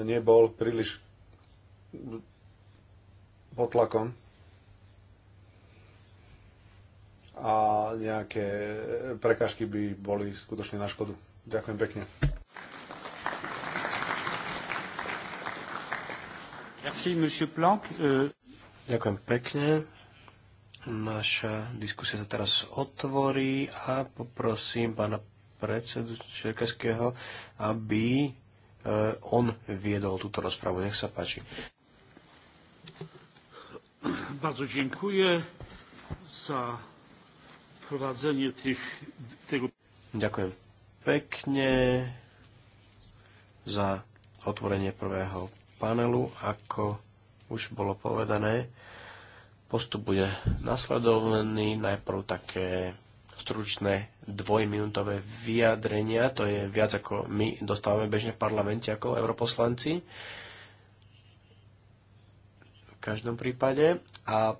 nebol príliš pod tlakom a nejaké prekažky by boli skutočne na škodu. Ďakujem pekne. Merci, monsieur Planck. Euh, Ďakujem pekne. Naša diskusia sa teraz otvorí a poprosím pána predsedu Čerkeského, aby eh, on viedol túto rozpravu. Nech sa páči. Bardzo dziękuję za prowadzenie tych, tego... Ďakujem pekne za otvorenie prvého panelu. Ako už bolo povedané, postup bude nasledovaný. Najprv také stručné dvojminútové vyjadrenia, to je viac ako my dostávame bežne v parlamente ako europoslanci. V každom prípade. A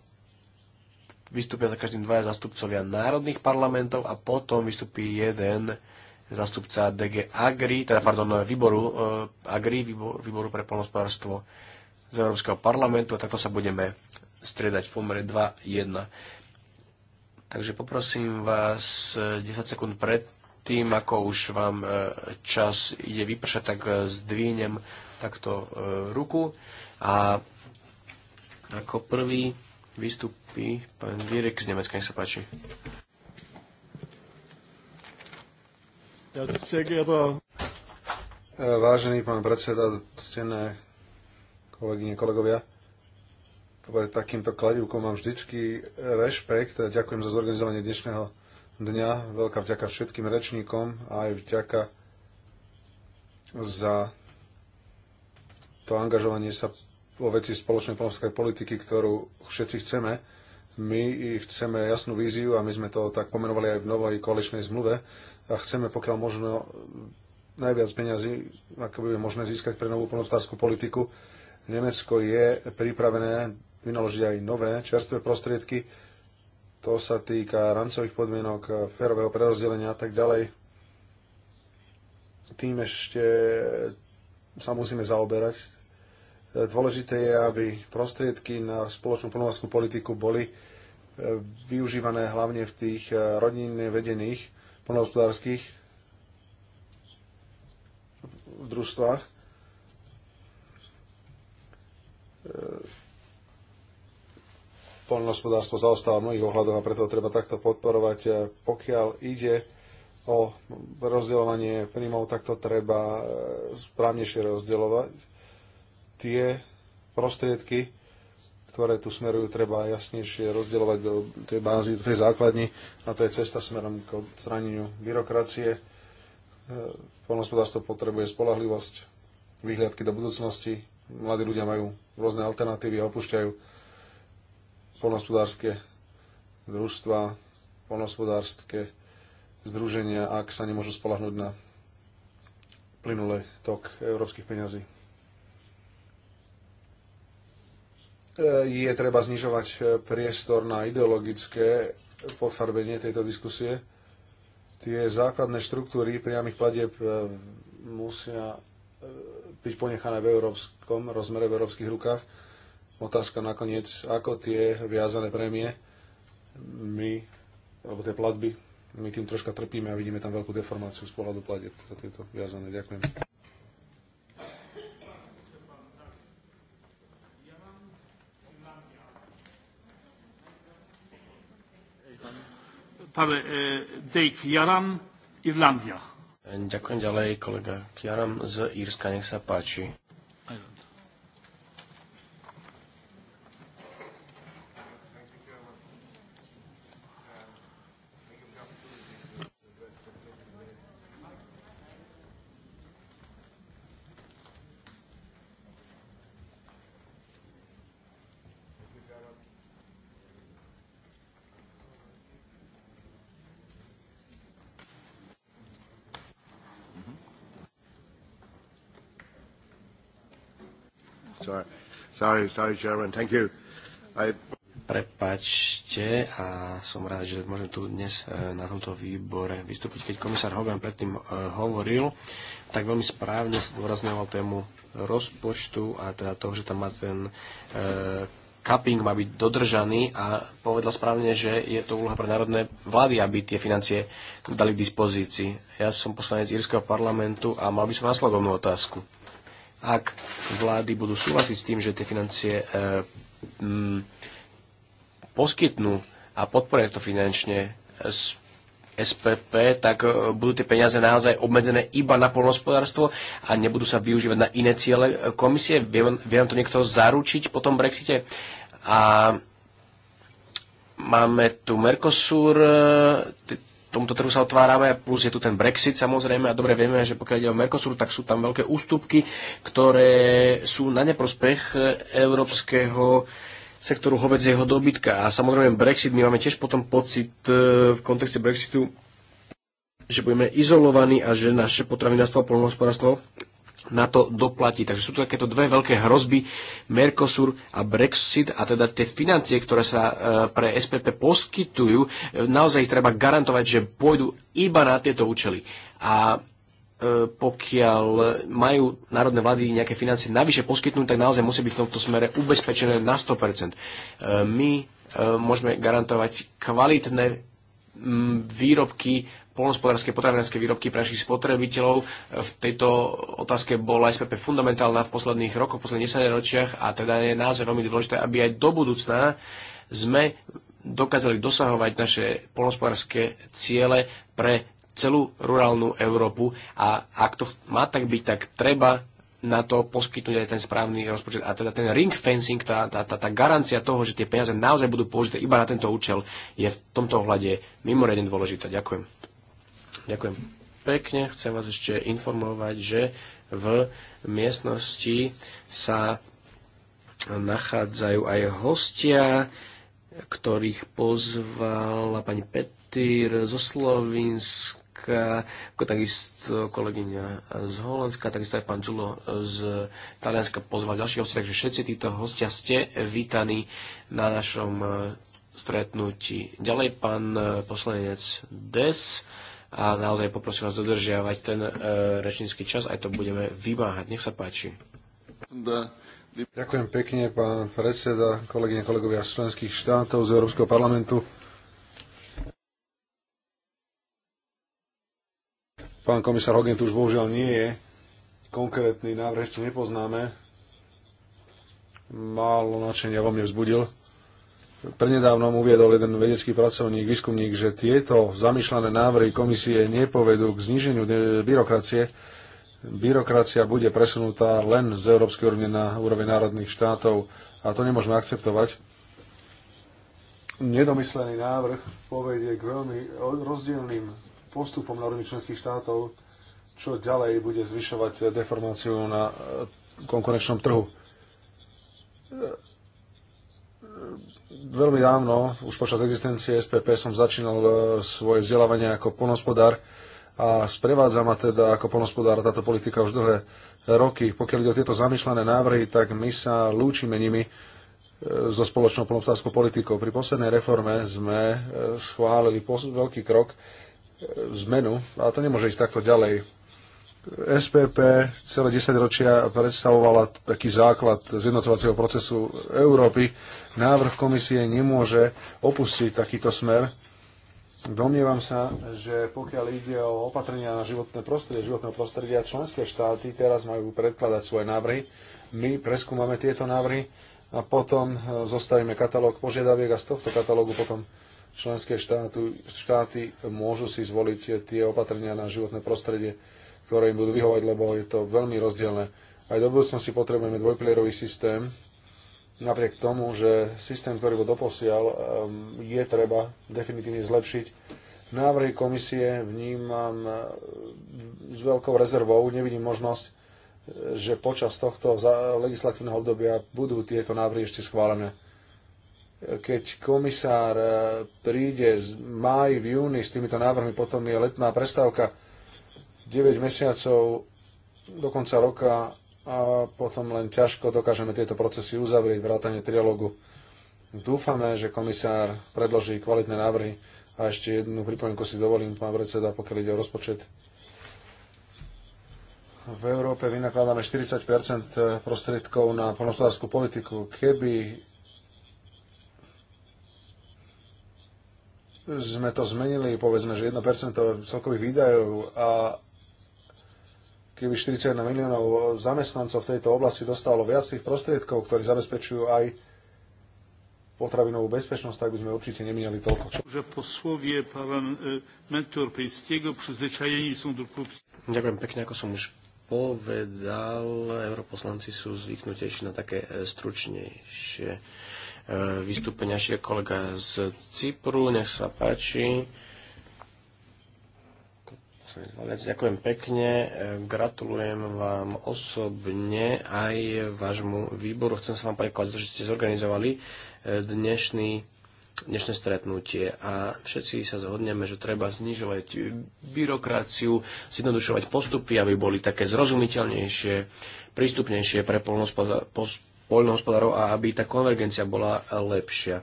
vystúpia za každým dvaja zastupcovia národných parlamentov a potom vystúpi jeden zastupca DG Agri, teda pardon, výboru e, Agri, výboru, výboru pre polnospodárstvo z Európskeho parlamentu a takto sa budeme striedať v pomere 2-1. Takže poprosím vás 10 e, sekúnd pred tým, ako už vám e, čas ide vypršať, tak zdvínem takto ruku a ako prvý vystupí pán direk z Nemecka, nech sa páči. Vážený pán predseda, ctené kolegyne, kolegovia, Dobre, takýmto kladivkom mám vždycky rešpekt. Ďakujem za zorganizovanie dnešného dňa. Veľká vďaka všetkým rečníkom a aj vďaka za to angažovanie sa vo veci spoločnej polovskej politiky, ktorú všetci chceme. My chceme jasnú víziu a my sme to tak pomenovali aj v novej koaličnej zmluve a chceme pokiaľ možno najviac peňazí, ako bude možné získať pre novú polnohospodárskú politiku. Nemecko je pripravené vynaložiť aj nové čerstvé prostriedky. To sa týka rancových podmienok, férového prerozdelenia a tak ďalej. Tým ešte sa musíme zaoberať. Dôležité je, aby prostriedky na spoločnú polnohospodárskú politiku boli e, využívané hlavne v tých e, rodinne vedených poľnohospodárských v družstvách. E, poľnohospodárstvo zaostáva v mnohých ohľadoch a preto treba takto podporovať. E, pokiaľ ide o rozdeľovanie príjmov, tak to treba e, správnejšie rozdeľovať. Tie prostriedky, ktoré tu smerujú, treba jasnejšie rozdeľovať do tej bázy, do tej základni a to je cesta smerom k odstraneniu byrokracie. E, Polnospodárstvo potrebuje spolahlivosť, výhľadky do budúcnosti. Mladí ľudia majú rôzne alternatívy a opúšťajú polnospodárske družstva, polnospodárske združenia, ak sa nemôžu spolahnúť na plynulý tok európskych peňazí. E, je treba znižovať e, priestor na ideologické podfarbenie tejto diskusie. Tie základné štruktúry priamých platieb e, musia byť ponechané v európskom rozmere, v európskych rukách. Otázka nakoniec, ako tie viazané prémie my, alebo tie platby, my tým troška trpíme a vidíme tam veľkú deformáciu z pohľadu platieb za tieto viazané. Ďakujem. Pane Dave Jaran, Irlandia. Ďakujem ďalej, kolega Kiaram z Írska, nech sa páči. Sorry, sorry, Chairman. Thank you. I... Prepačte a som rád, že môžem tu dnes e, na tomto výbore vystúpiť. Keď komisár Hogan predtým e, hovoril, tak veľmi správne zdôrazňoval tému rozpočtu a teda toho, že tam má ten e, cupping má byť dodržaný a povedal správne, že je to úloha pre národné vlády, aby tie financie dali k dispozícii. Ja som poslanec Írskeho parlamentu a mal by som následovnú otázku ak vlády budú súhlasiť s tým, že tie financie e, poskytnú a podporia to finančne z SPP, tak e, budú tie peniaze naozaj obmedzené iba na polnospodárstvo a nebudú sa využívať na iné ciele e, komisie. Vie, vám to niekto zaručiť po tom Brexite? A máme tu Mercosur, tomuto trhu sa otvárame, plus je tu ten Brexit samozrejme a dobre vieme, že pokiaľ ide o Mercosur, tak sú tam veľké ústupky, ktoré sú na neprospech e, európskeho sektoru hovedzieho dobytka. A samozrejme Brexit, my máme tiež potom pocit e, v kontexte Brexitu, že budeme izolovaní a že naše potravinárstvo a polnohospodárstvo na to doplatí. Takže sú to takéto dve veľké hrozby, Mercosur a Brexit a teda tie financie, ktoré sa e, pre SPP poskytujú, e, naozaj ich treba garantovať, že pôjdu iba na tieto účely. A e, pokiaľ majú národné vlády nejaké financie navyše poskytnúť, tak naozaj musí byť v tomto smere ubezpečené na 100%. My môžeme garantovať kvalitné výrobky polnospodárske potravinárske výrobky pre našich spotrebiteľov. V tejto otázke bola SPP fundamentálna v posledných rokoch, v posledných 10 ročiach a teda je naozaj veľmi dôležité, aby aj do budúcna sme dokázali dosahovať naše polnospodárske ciele pre celú rurálnu Európu a ak to má tak byť, tak treba na to poskytnúť aj ten správny rozpočet. A teda ten ring fencing, tá, tá, tá, tá garancia toho, že tie peniaze naozaj budú použité iba na tento účel, je v tomto ohľade mimoriadne dôležitá. Ďakujem. Ďakujem pekne. Chcem vás ešte informovať, že v miestnosti sa nachádzajú aj hostia, ktorých pozvala pani Petýr zo Slovinska, ako takisto kolegyňa z Holandska, takisto aj pán Čulo z Talianska pozval ďalších hostia, takže všetci títo hostia ste vítaní na našom eh, stretnutí. Ďalej pán eh, poslanec Des a naozaj poprosím vás dodržiavať ten e, rečnícky čas, aj to budeme vymáhať. Nech sa páči. Ďakujem pekne, pán predseda, kolegyne, kolegovia z členských štátov, z Európskeho parlamentu. Pán komisár Hogan tu už bohužiaľ nie je. Konkrétny návrh ešte nepoznáme. Málo načenia vo mne vzbudil Prednedávnom uviedol jeden vedecký pracovník, výskumník, že tieto zamýšľané návrhy komisie nepovedú k zniženiu byrokracie. Byrokracia bude presunutá len z európskej úrovne na úroveň národných štátov a to nemôžeme akceptovať. Nedomyslený návrh povedie k veľmi rozdielným postupom na úrovni členských štátov, čo ďalej bude zvyšovať deformáciu na konkurenčnom trhu veľmi dávno, už počas existencie SPP, som začínal e, svoje vzdelávanie ako ponospodár a sprevádza ma teda ako ponospodár táto politika už dlhé roky. Pokiaľ ide o tieto zamýšľané návrhy, tak my sa lúčime nimi e, so spoločnou ponospodárskou politikou. Pri poslednej reforme sme e, schválili veľký krok zmenu a to nemôže ísť takto ďalej. SPP celé 10 ročia predstavovala taký základ zjednocovacieho procesu Európy. Návrh komisie nemôže opustiť takýto smer. Domnievam sa, že pokiaľ ide o opatrenia na životné prostredie, životného prostredia, členské štáty teraz majú predkladať svoje návrhy. My preskúmame tieto návrhy a potom e, zostavíme katalóg požiadaviek a z tohto katalógu potom členské štáty môžu si zvoliť tie opatrenia na životné prostredie, ktoré im budú vyhovať, lebo je to veľmi rozdielne. Aj do budúcnosti potrebujeme dvojpilierový systém, napriek tomu, že systém, ktorý bol doposiaľ, um, je treba definitívne zlepšiť. Návrhy komisie vnímam uh, s veľkou rezervou, nevidím možnosť, že počas tohto legislatívneho obdobia budú tieto návrhy ešte schválené. Keď komisár uh, príde z máj, v júni s týmito návrhmi, potom je letná prestávka, 9 mesiacov do konca roka a potom len ťažko dokážeme tieto procesy uzavrieť, vrátane trialogu. Dúfame, že komisár predloží kvalitné návrhy a ešte jednu pripomienku si dovolím, pán predseda, pokiaľ ide o rozpočet. V Európe vynakladáme 40 prostriedkov na polnospodárskú politiku. Keby sme to zmenili, povedzme, že 1% celkových výdajov a keby 41 miliónov zamestnancov v tejto oblasti dostalo viac tých prostriedkov, ktorí zabezpečujú aj potravinovú bezpečnosť, tak by sme určite neminali toľko. Že poslovie do Ďakujem pekne, ako som už povedal, europoslanci sú zvyknutejší na také e, stručnejšie e, vystúpenia. Ešte kolega z Cypru, nech sa páči. Ďakujem pekne, gratulujem vám osobne aj vášmu výboru. Chcem sa vám poďakovať za to, že ste zorganizovali eh, dnešný, dnešné stretnutie a všetci sa zhodneme, že treba znižovať byrokraciu, zjednodušovať postupy, aby boli také zrozumiteľnejšie, prístupnejšie pre poľnohospodárov a aby tá konvergencia bola lepšia.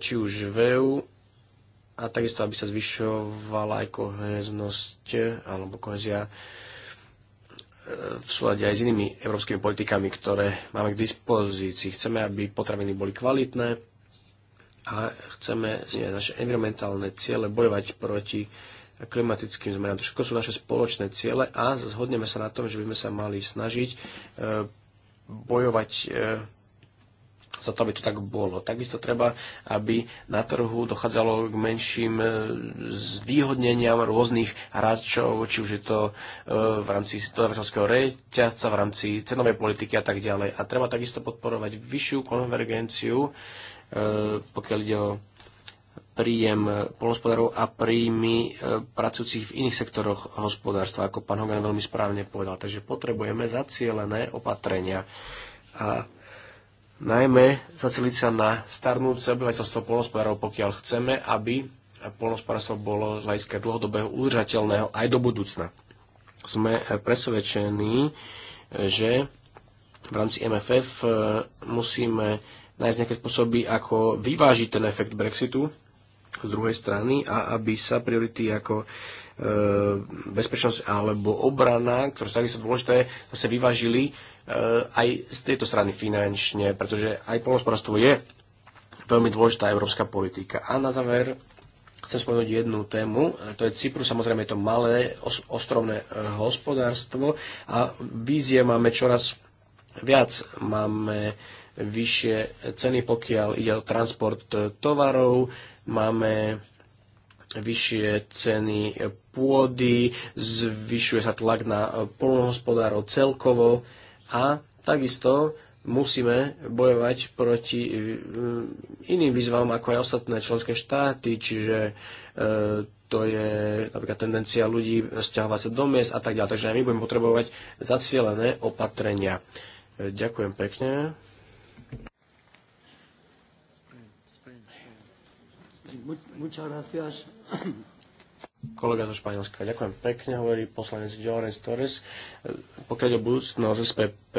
Či už v EU a takisto, aby sa zvyšovala aj koheznosť alebo kohezia e, v súlade aj s inými európskymi politikami, ktoré máme k dispozícii. Chceme, aby potraviny boli kvalitné a chceme nie, naše environmentálne ciele bojovať proti klimatickým zmenám. To všetko sú naše spoločné ciele a zhodneme sa na tom, že by sme sa mali snažiť e, bojovať e, za to, aby to tak bolo. Takisto treba, aby na trhu dochádzalo k menším e, zvýhodneniam rôznych hráčov, či už je to e, v rámci dodavateľského reťazca, v rámci cenovej politiky a tak ďalej. A treba takisto podporovať vyššiu konvergenciu, e, pokiaľ ide o príjem polospodárov a príjmy pracujúcich v iných sektoroch hospodárstva, ako pán Hogan veľmi správne povedal. Takže potrebujeme zacielené opatrenia. A najmä zaceliť sa na starnúce obyvateľstvo polnospodárov, pokiaľ chceme, aby polnospodárstvo bolo z hľadiska dlhodobého udržateľného aj do budúcna. Sme presvedčení, že v rámci MFF e, musíme nájsť nejaké spôsoby, ako vyvážiť ten efekt Brexitu z druhej strany a aby sa priority ako e, bezpečnosť alebo obrana, ktoré sú takisto dôležité, zase vyvážili e, aj z tejto strany finančne, pretože aj polnospodárstvo je veľmi dôležitá európska politika. A na záver chcem spomenúť jednu tému, to je Cyprus, samozrejme je to malé ostrovné e, hospodárstvo a vízie máme čoraz viac. Máme vyššie ceny, pokiaľ ide o transport tovarov, Máme vyššie ceny pôdy, zvyšuje sa tlak na polnohospodárov celkovo a takisto musíme bojovať proti eh, iným výzvam ako aj ostatné členské štáty, čiže eh, to je napríklad tendencia ľudí stiahovať sa do miest a tak ďalej. Takže aj my budeme potrebovať zacielené opatrenia. Eh, ďakujem pekne. Muchas gracias. Kolega zo Španielska, ďakujem pekne, hovorí poslanec Jones Torres. Pokiaľ o budúcnosť SPP,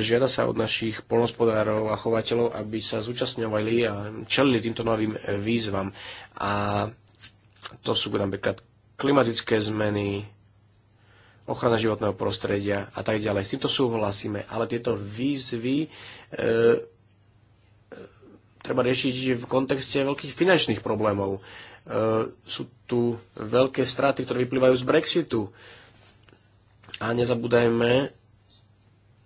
žiada sa od našich polnospodárov a chovateľov, aby sa zúčastňovali a čelili týmto novým výzvam. A to sú napríklad klimatické zmeny, ochrana životného prostredia a tak ďalej. S týmto súhlasíme, ale tieto výzvy e, treba riešiť v kontexte veľkých finančných problémov. E, sú tu veľké straty, ktoré vyplývajú z Brexitu. A nezabúdajme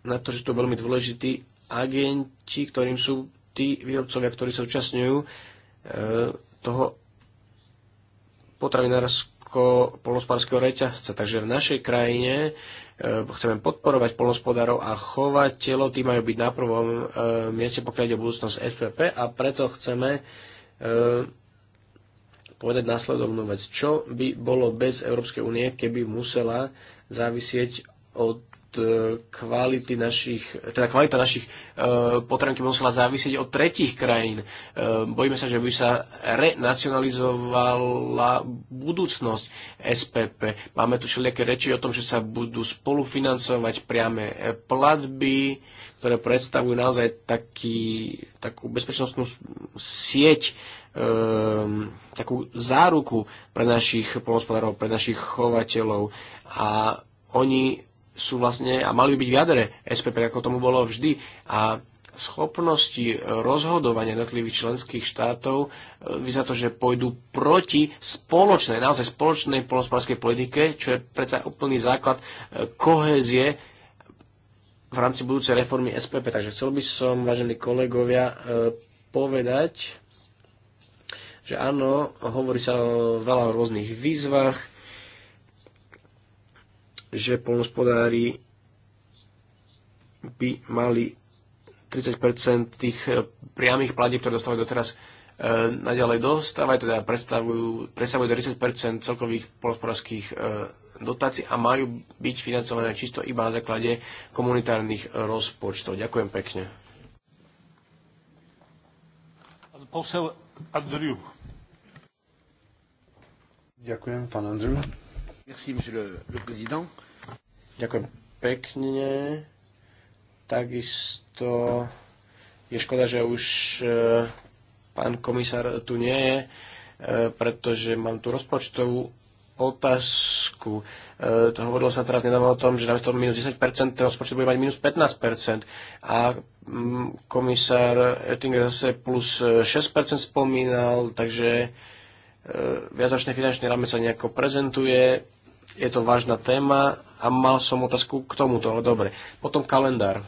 na to, že to je veľmi dôležití agenti, ktorým sú tí výrobcovia, ktorí sa účastňujú e, toho potravinársko polnospárskeho reťazca. Takže v našej krajine E, chceme podporovať polnospodárov a chovateľov, tí majú byť na prvom e, mieste, pokiaľ ide o budúcnosť SPP a preto chceme e, povedať následovnú vec. Čo by bolo bez Európskej únie, keby musela závisieť od E, kvality našich, teda kvalita našich e, potravín musela závisieť od tretích krajín. E, bojíme sa, že by sa renacionalizovala budúcnosť SPP. Máme tu všelijaké reči o tom, že sa budú spolufinancovať priame e, platby, ktoré predstavujú naozaj taký, takú bezpečnostnú sieť, um, takú záruku pre našich polospodárov, pre našich chovateľov. A oni sú vlastne a mali by byť v jadre SPP, ako tomu bolo vždy. A schopnosti rozhodovania jednotlivých členských štátov e, vyzerá to, že pôjdu proti spoločnej, naozaj spoločnej polnospodárskej politike, čo je predsa úplný základ e, kohézie v rámci budúcej reformy SPP. Takže chcel by som, vážení kolegovia, e, povedať, že áno, hovorí sa o veľa rôznych výzvach, že polnospodári by mali 30 tých eh, priamých platieb, ktoré dostávajú doteraz, eh, naďalej dostávať, teda predstavujú, predstavujú 30 teda celkových polnospodárských eh, dotácií a majú byť financované čisto iba na základe komunitárnych rozpočtov. Ďakujem pekne. Ďakujem, pán Andrew. Ďakujem pekne. Takisto je škoda, že už e, pán komisár tu nie je, e, pretože mám tu rozpočtovú otázku. E, to hovorilo sa teraz nedávno o tom, že namiesto minus 10%, ten rozpočet bude mať minus 15%. A mm, komisár Oettinger zase plus 6% spomínal, takže e, viacročný finančný rámec sa nejako prezentuje je to vážna téma a mal som otázku k tomuto, ale dobre. Potom kalendár.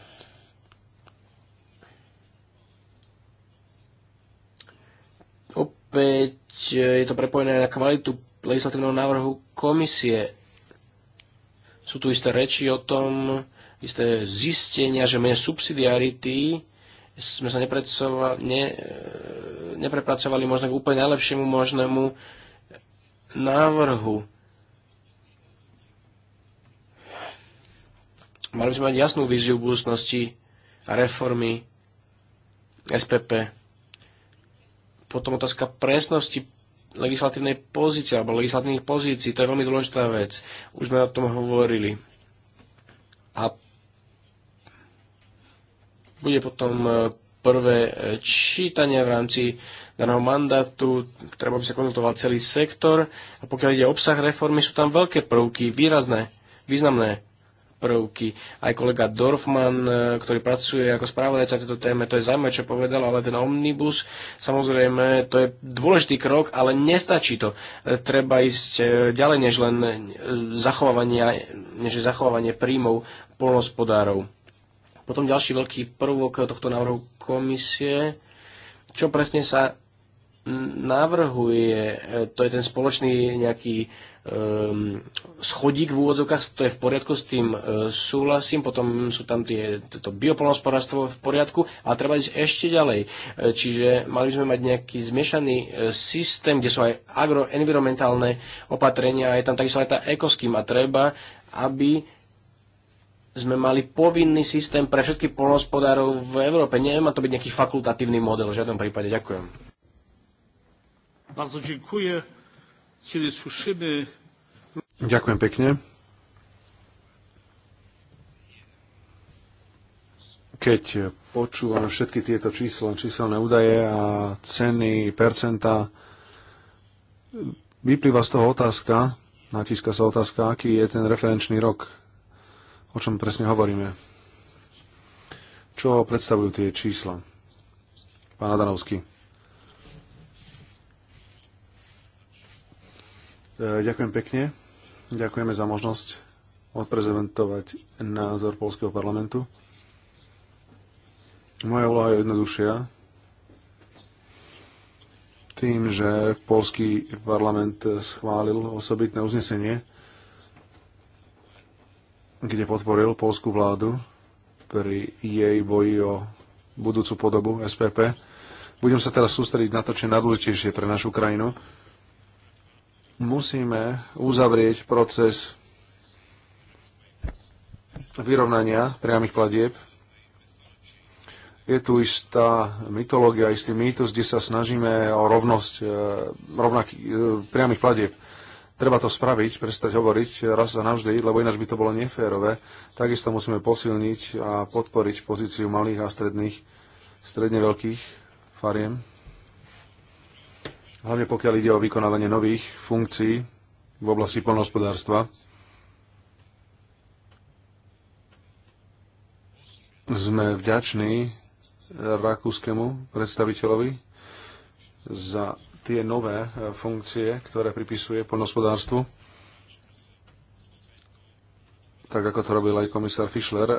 Opäť e, je to prepojené na kvalitu legislatívneho návrhu komisie. Sú tu isté reči o tom, isté zistenia, že menej subsidiarity sme sa ne, e, neprepracovali možno k úplne najlepšiemu možnému návrhu. Mali by sme mať jasnú víziu budúcnosti a reformy SPP. Potom otázka presnosti legislatívnej pozície alebo legislatívnych pozícií, to je veľmi dôležitá vec. Už sme o tom hovorili. A bude potom e, prvé e, čítanie v rámci daného mandátu, treba by sa konzultoval celý sektor a pokiaľ ide o obsah reformy, sú tam veľké prvky, výrazné, významné prvky. Aj kolega Dorfman, e, ktorý pracuje ako správodajca v tejto téme, to je zaujímavé, čo povedal, ale ten omnibus, samozrejme, to je dôležitý krok, ale nestačí to. E, treba ísť e, ďalej, než len zachovávanie, než zachovávanie príjmov polnospodárov. Potom ďalší veľký prvok tohto návrhu komisie, čo presne sa navrhuje, to je ten spoločný nejaký Ehm, schodík v úvodzovkách, to je v poriadku, s tým e, súhlasím, potom sú tam tie, to biopolnospodárstvo v poriadku, ale treba ísť ešte ďalej. E, čiže mali by sme mať nejaký zmiešaný e, systém, kde sú aj agroenvironmentálne opatrenia, je tam takisto aj tá ekoským a treba, aby sme mali povinný systém pre všetkých polnospodárov v Európe. Nie Nemá to byť nejaký fakultatívny model, v žiadnom prípade. Ďakujem. Bardzo dziękuję. Ďakujem pekne. Keď počúvam všetky tieto čísla, číselné údaje a ceny, percenta, vyplýva z toho otázka, natíska sa otázka, aký je ten referenčný rok, o čom presne hovoríme. Čo predstavujú tie čísla? Pán Adanovský. E, ďakujem pekne. Ďakujeme za možnosť odprezentovať názor Polského parlamentu. Moja úloha je jednoduchšia. Tým, že Polský parlament schválil osobitné uznesenie, kde podporil polskú vládu pri jej boji o budúcu podobu SPP. Budem sa teraz sústrediť na to, čo je najdôležitejšie pre našu krajinu musíme uzavrieť proces vyrovnania priamých platieb. Je tu istá mytológia, istý mýtus, kde sa snažíme o rovnosť e, rovnaký, e, priamých platieb. Treba to spraviť, prestať hovoriť raz a navždy, lebo ináč by to bolo neférové. Takisto musíme posilniť a podporiť pozíciu malých a stredných, stredne veľkých fariem hlavne pokiaľ ide o vykonávanie nových funkcií v oblasti polnohospodárstva. Sme vďační rakúskemu predstaviteľovi za tie nové funkcie, ktoré pripisuje polnohospodárstvu tak ako to robil aj komisár Fischler, e,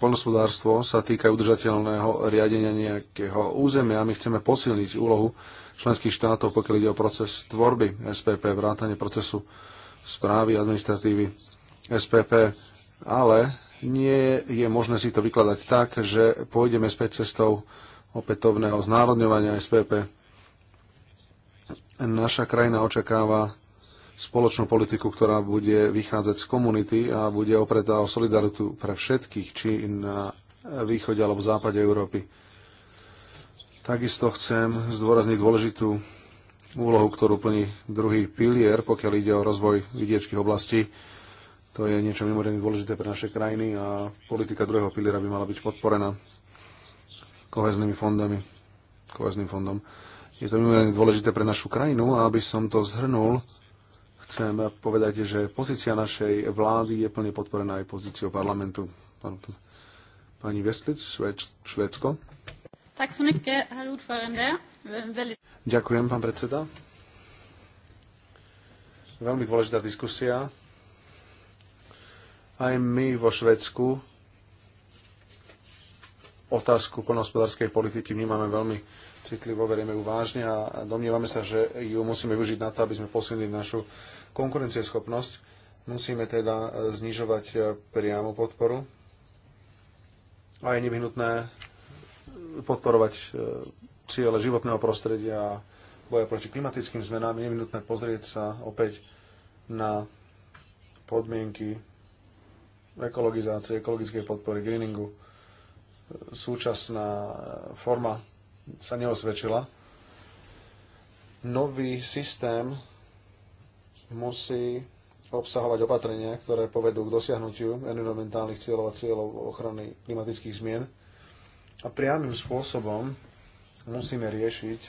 poľnospodárstvo sa týka udržateľného riadenia nejakého územia. My chceme posilniť úlohu členských štátov, pokiaľ ide o proces tvorby SPP, vrátanie procesu správy, administratívy SPP, ale nie je možné si to vykladať tak, že pôjdeme späť cestou opätovného znárodňovania SPP. Naša krajina očakáva spoločnú politiku, ktorá bude vychádzať z komunity a bude opretá o solidaritu pre všetkých, či na východe alebo v západe Európy. Takisto chcem zdôrazniť dôležitú úlohu, ktorú plní druhý pilier, pokiaľ ide o rozvoj vidieckých oblastí. To je niečo mimoriadne dôležité pre naše krajiny a politika druhého piliera by mala byť podporená koheznými fondami, Koheznými fondom. Je to mimoriadne dôležité pre našu krajinu a aby som to zhrnul, chcem povedať, že pozícia našej vlády je plne podporená aj pozíciou parlamentu. Pani Vestlic, Švédsko. Ďakujem, pán predseda. Veľmi dôležitá diskusia. Aj my vo Švedsku otázku poľnohospodárskej politiky vnímame veľmi citlivo, berieme ju vážne a domnievame sa, že ju musíme využiť na to, aby sme posunili našu konkurencieschopnosť. Musíme teda znižovať eh, priamu podporu a je nevyhnutné podporovať eh, ciele životného prostredia a boja proti klimatickým zmenám. Je nevyhnutné pozrieť sa opäť na podmienky ekologizácie, ekologickej podpory, greeningu. Eh, súčasná forma sa neosvedčila. Nový systém musí obsahovať opatrenia, ktoré povedú k dosiahnutiu environmentálnych cieľov a cieľov ochrany klimatických zmien. A priamým spôsobom musíme riešiť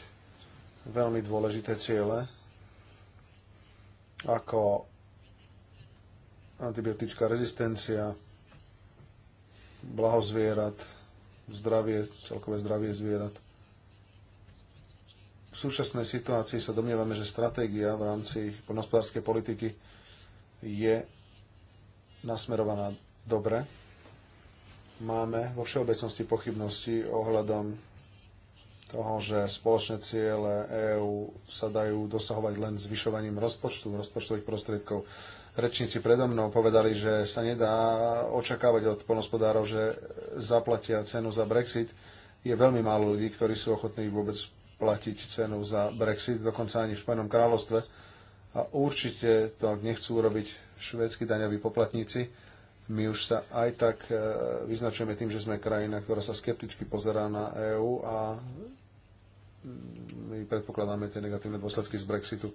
veľmi dôležité ciele, ako antibiotická rezistencia, blaho zvierat, zdravie, celkové zdravie zvierat, v súčasnej situácii sa domnievame, že stratégia v rámci poľnohospodárskej politiky je nasmerovaná dobre. Máme vo všeobecnosti pochybnosti ohľadom toho, že spoločné ciele EÚ sa dajú dosahovať len zvyšovaním rozpočtu, rozpočtových prostriedkov. Rečníci predo mnou povedali, že sa nedá očakávať od poľnohospodárov, že zaplatia cenu za Brexit. Je veľmi málo ľudí, ktorí sú ochotní vôbec platiť cenu za Brexit, dokonca ani v Spojenom kráľovstve. A určite to ak nechcú urobiť švédsky daňoví poplatníci. My už sa aj tak e, vyznačujeme tým, že sme krajina, ktorá sa skepticky pozerá na EÚ a my predpokladáme tie negatívne dôsledky z Brexitu.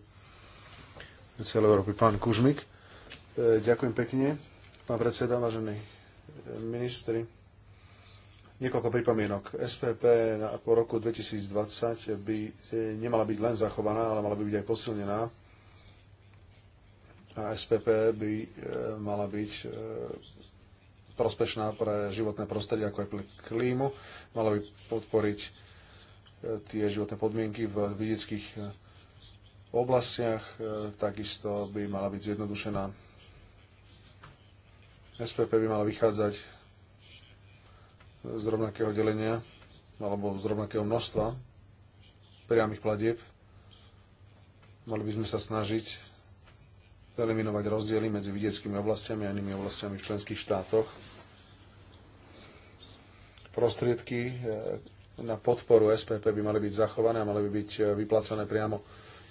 Celé Európy. Pán Kužmik. E, ďakujem pekne. Pán predseda, vážení ministri. Niekoľko pripomienok. SPP po roku 2020 by e, nemala byť len zachovaná, ale mala by byť aj posilnená. A SPP by e, mala byť e, prospešná pre životné prostredie, ako aj pre klímu. Mala by podporiť tie životné podmienky v vidických oblastiach. Takisto by mala byť zjednodušená. SPP by mala vychádzať z rovnakého delenia alebo z rovnakého množstva priamých platieb. Mali by sme sa snažiť eliminovať rozdiely medzi vidieckými oblastiami a inými oblastiami v členských štátoch. Prostriedky eh, na podporu SPP by mali byť zachované a mali by byť eh, vyplacené priamo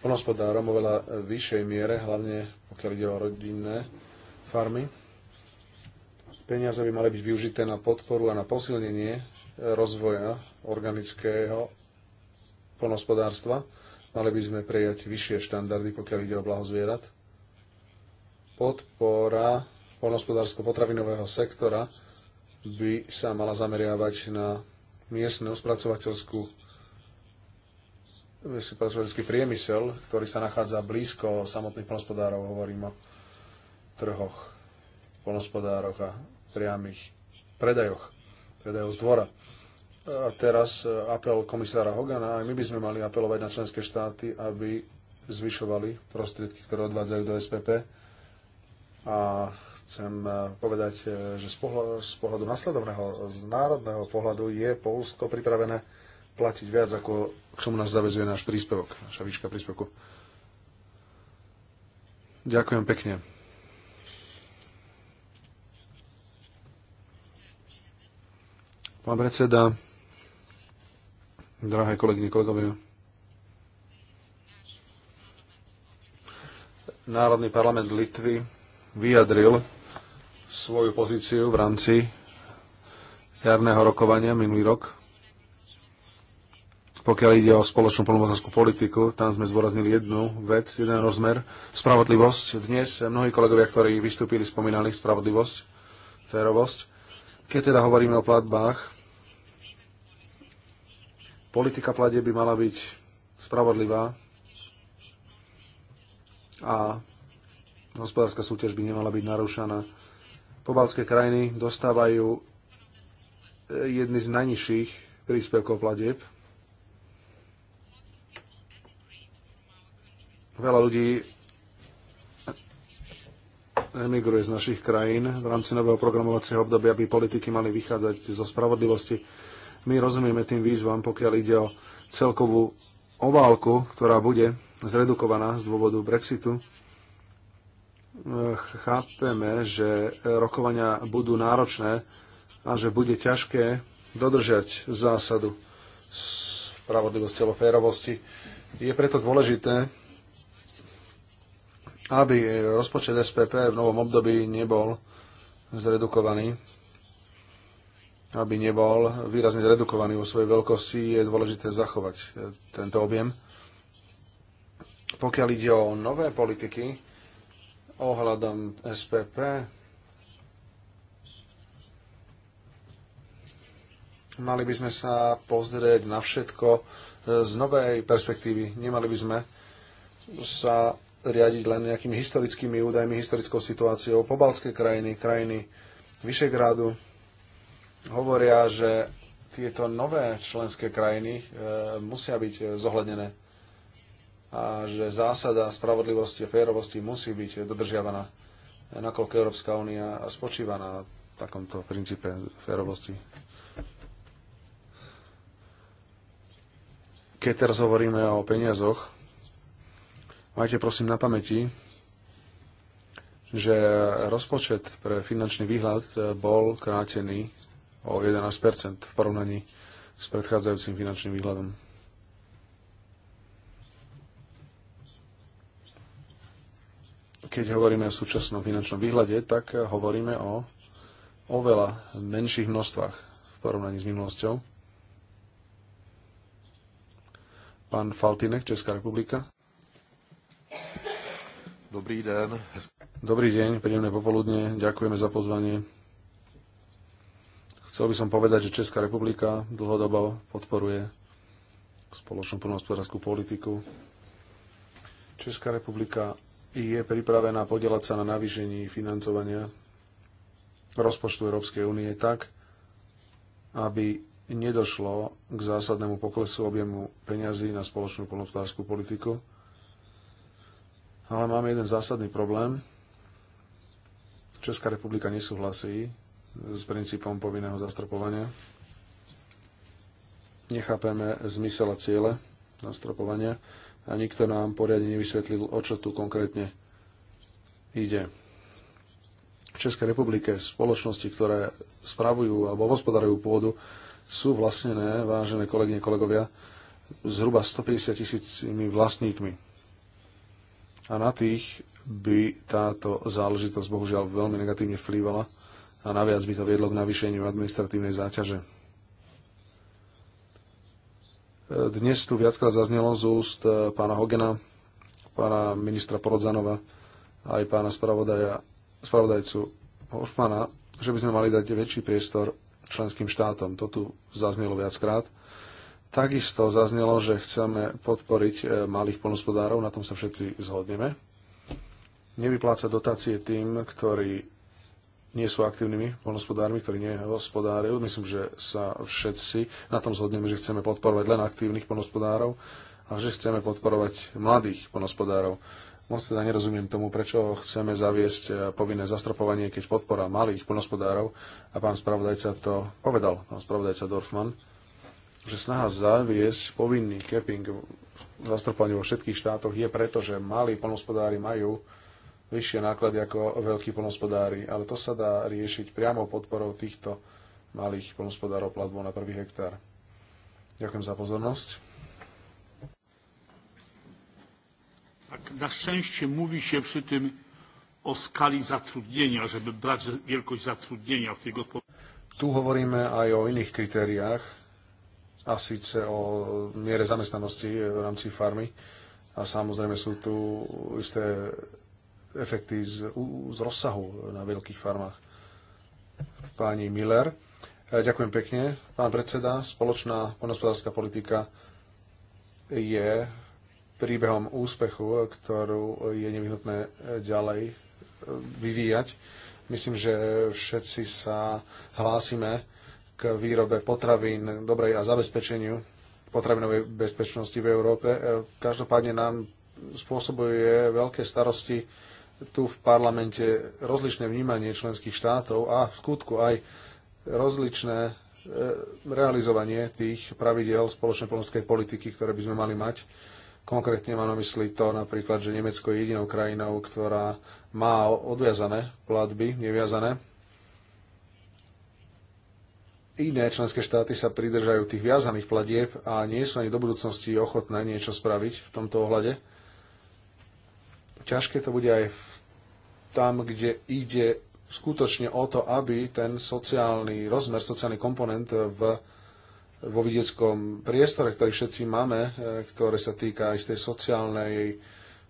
plnospodárom oveľa eh, vyššej miere, hlavne pokiaľ ide o rodinné farmy. Peniaze by mali byť využité na podporu a na posilnenie e, rozvoja organického ponospodárstva. Mali by sme prejať vyššie štandardy, pokiaľ ide o blaho zvierat. Podpora polnospodársko-potravinového sektora by sa mala zameriavať na miestnu spracovateľskú spracovateľský priemysel, ktorý sa nachádza blízko samotných polnospodárov, hovorím o trhoch, polnospodároch a priamých predajoch, predajoch z dvora. A teraz e, apel komisára Hogana, aj my by sme mali apelovať na členské štáty, aby zvyšovali prostriedky, ktoré odvádzajú do SPP. A chcem e, povedať, e, že z pohľadu, z pohľadu nasledovného, z národného pohľadu je Polsko pripravené platiť viac, ako k čomu nás zavezuje náš príspevok, naša výška príspevku. Ďakujem pekne. Pán predseda, drahé kolegyne, kolegovia, Národný parlament Litvy vyjadril svoju pozíciu v rámci jarného rokovania minulý rok. Pokiaľ ide o spoločnú plnomocenskú politiku, tam sme zdôraznili jednu vec, jeden rozmer, spravodlivosť. Dnes mnohí kolegovia, ktorí vystúpili, spomínali spravodlivosť, férovosť. Keď teda hovoríme o platbách, politika platie by mala byť spravodlivá a hospodárska súťaž by nemala byť narušaná. Pobalské krajiny dostávajú eh, jedny z najnižších príspevkov platieb. Veľa ľudí emigruje z našich krajín v rámci nového programovacieho obdobia, aby politiky mali vychádzať zo spravodlivosti. My rozumieme tým výzvam, pokiaľ ide o celkovú obálku, ktorá bude zredukovaná z dôvodu Brexitu. Chápeme, že rokovania budú náročné a že bude ťažké dodržať zásadu spravodlivosti alebo férovosti. Je preto dôležité aby rozpočet SPP v novom období nebol zredukovaný, aby nebol výrazne zredukovaný vo svojej veľkosti, je dôležité zachovať tento objem. Pokiaľ ide o nové politiky ohľadom SPP, mali by sme sa pozrieť na všetko z novej perspektívy. Nemali by sme sa riadiť len nejakými historickými údajmi, historickou situáciou. Pobalské krajiny, krajiny Vyšegrádu hovoria, že tieto nové členské krajiny e, musia byť zohľadnené a že zásada spravodlivosti a férovosti musí byť dodržiavaná, nakoľko Európska únia spočíva na takomto princípe férovosti. Keď teraz hovoríme o peniazoch, Majte prosím na pamäti, že rozpočet pre finančný výhľad e, bol krátený o 11 v porovnaní s predchádzajúcim finančným výhľadom. Keď hovoríme o súčasnom finančnom výhľade, tak hovoríme o oveľa menších množstvách v porovnaní s minulosťou. Pán Faltinek, Česká republika. Dobrý deň. Dobrý deň, príjemné popoludne, ďakujeme za pozvanie. Chcel by som povedať, že Česká republika dlhodobo podporuje spoločnú plnohospodárskú politiku. Česká republika je pripravená podielať sa na navýšení financovania rozpočtu Európskej únie tak, aby nedošlo k zásadnému poklesu objemu peňazí na spoločnú plnohospodárskú politiku ale máme jeden zásadný problém. Česká republika nesúhlasí s princípom povinného zastropovania. Nechápeme zmysel a ciele zastropovania a nikto nám poriadne nevysvetlil, o čo tu konkrétne ide. V Českej republike spoločnosti, ktoré spravujú alebo hospodarujú pôdu, sú vlastnené, vážené kolegyne, kolegovia, zhruba 150 tisícimi vlastníkmi a na tých by táto záležitosť bohužiaľ veľmi negatívne vplývala a naviac by to viedlo k navýšeniu administratívnej záťaže. Dnes tu viackrát zaznelo z úst e, pána Hogena, pána ministra Porodzanova a aj pána spravodajcu Hoffmana, že by sme mali dať väčší priestor členským štátom. To tu zaznelo viackrát. Takisto zaznelo, že chceme podporiť e, malých polnospodárov, na tom sa všetci zhodneme. Nevypláca dotácie tým, ktorí nie sú aktívnymi polnospodármi, ktorí nehospodárajú. Myslím, že sa všetci na tom zhodneme, že chceme podporovať len aktívnych polnospodárov a že chceme podporovať mladých polnospodárov. Moc teda nerozumiem tomu, prečo chceme zaviesť e, povinné zastropovanie, keď podpora malých polnospodárov, a pán spravodajca to povedal, pán spravodajca Dorfman, že snaha zaviesť povinný keping zastrpovanie vo všetkých štátoch je preto, že malí polnospodári majú vyššie náklady ako veľkí polnospodári, ale to sa dá riešiť priamo podporou týchto malých polnospodárov platbou na prvý hektár. Ďakujem za pozornosť. Tak na szczęście mówi się przy tym o skali zatrudnienia, żeby brać wielkość zatrudnienia w tej gospodarce. Tu hovoríme aj o iných kritériách, a síce o miere zamestnanosti v rámci farmy. A samozrejme sú tu isté efekty z, z rozsahu na veľkých farmách. Páni Miller. E, ďakujem pekne. Pán predseda, spoločná poľnohospodárska politika je príbehom úspechu, ktorú je nevyhnutné ďalej vyvíjať. Myslím, že všetci sa hlásime k výrobe potravín, dobrej a zabezpečeniu potravinovej bezpečnosti v Európe. E, každopádne nám spôsobuje veľké starosti tu v parlamente rozličné vnímanie členských štátov a v skutku aj rozličné e, realizovanie tých pravidel spoločnej polnospodskej politiky, ktoré by sme mali mať. Konkrétne mám na mysli to napríklad, že Nemecko je jedinou krajinou, ktorá má odviazané platby, neviazané iné členské štáty sa pridržajú tých viazaných platieb a nie sú ani do budúcnosti ochotné niečo spraviť v tomto ohľade. Ťažké to bude aj tam, kde ide skutočne o to, aby ten sociálny rozmer, sociálny komponent v, vo vidieckom priestore, ktorý všetci máme, e, ktoré sa týka aj z tej sociálnej,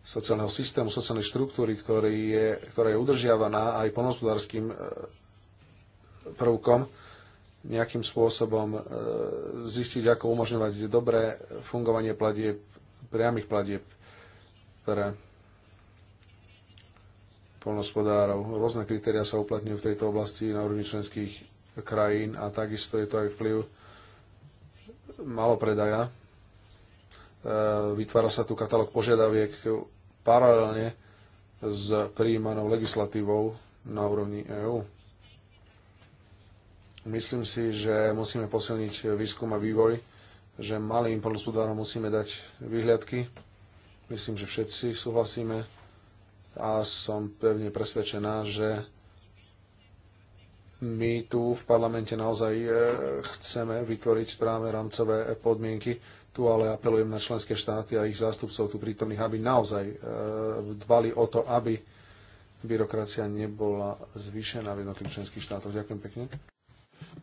sociálneho systému, sociálnej štruktúry, ktorý je, ktorá je udržiavaná aj ponospodárským e, prvkom, nejakým spôsobom e, zistiť, ako umožňovať dobré fungovanie platieb, priamých platieb pre polnospodárov. Rôzne kritéria sa uplatňujú v tejto oblasti na úrovni členských krajín a takisto je to aj vplyv malopredaja. E, vytvára sa tu katalóg požiadaviek paralelne s príjmanou legislatívou na úrovni EÚ Myslím si, že musíme posilniť výskum a vývoj, že malým polnospodárom musíme dať vyhliadky. Myslím, že všetci súhlasíme a som pevne presvedčená, že my tu v parlamente naozaj e, chceme vytvoriť správne rámcové podmienky. Tu ale apelujem na členské štáty a ich zástupcov tu prítomných, aby naozaj e, dbali o to, aby byrokracia nebola zvýšená v jednotlivých členských štátoch. Ďakujem pekne.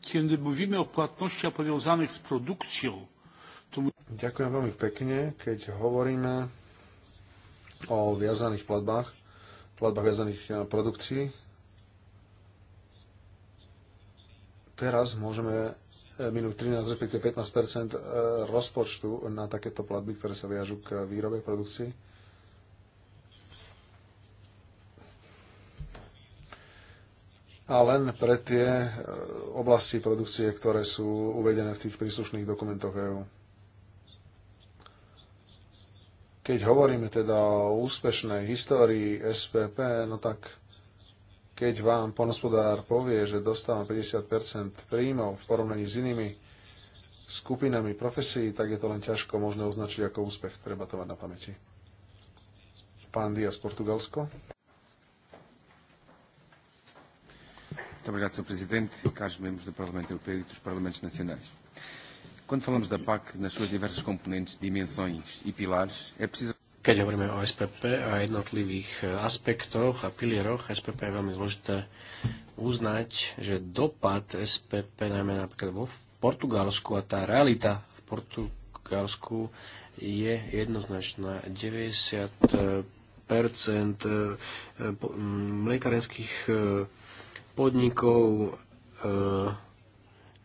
Kiedy mówimy o płatnościach powiązanych s produkcją, to... Ďakujem veľmi pekne. Keď hovoríme o viazaných platbách, platbách viazaných na e, produkcii, teraz môžeme e, minúť 13, respektíve 15 e, rozpočtu na takéto platby, ktoré sa viažú k výrobe, produkcii. a len pre tie e, oblasti produkcie, ktoré sú uvedené v tých príslušných dokumentoch EÚ. Keď hovoríme teda o úspešnej histórii SPP, no tak keď vám ponospodár povie, že dostávam 50 príjmov v porovnaní s inými skupinami profesí, tak je to len ťažko možné označiť ako úspech. Treba to mať na pamäti. Pán Dias, Portugalsko. Muito obrigado, Sr. Presidente, caros membros do Parlamento Europeu e dos Parlamentos Nacionais. Quando falamos da PAC nas suas diversas componentes, dimensões e pilares, é preciso... Keď hovoríme o SPP a jednotlivých eh, aspektoch a pilieroch, SPP je veľmi zložité uznať, že dopad SPP, najmä napríklad vo Portugalsku a tá realita v Portugalsku je jednoznačná. 90% eh, eh, mm, mliekarenských podnikov, e,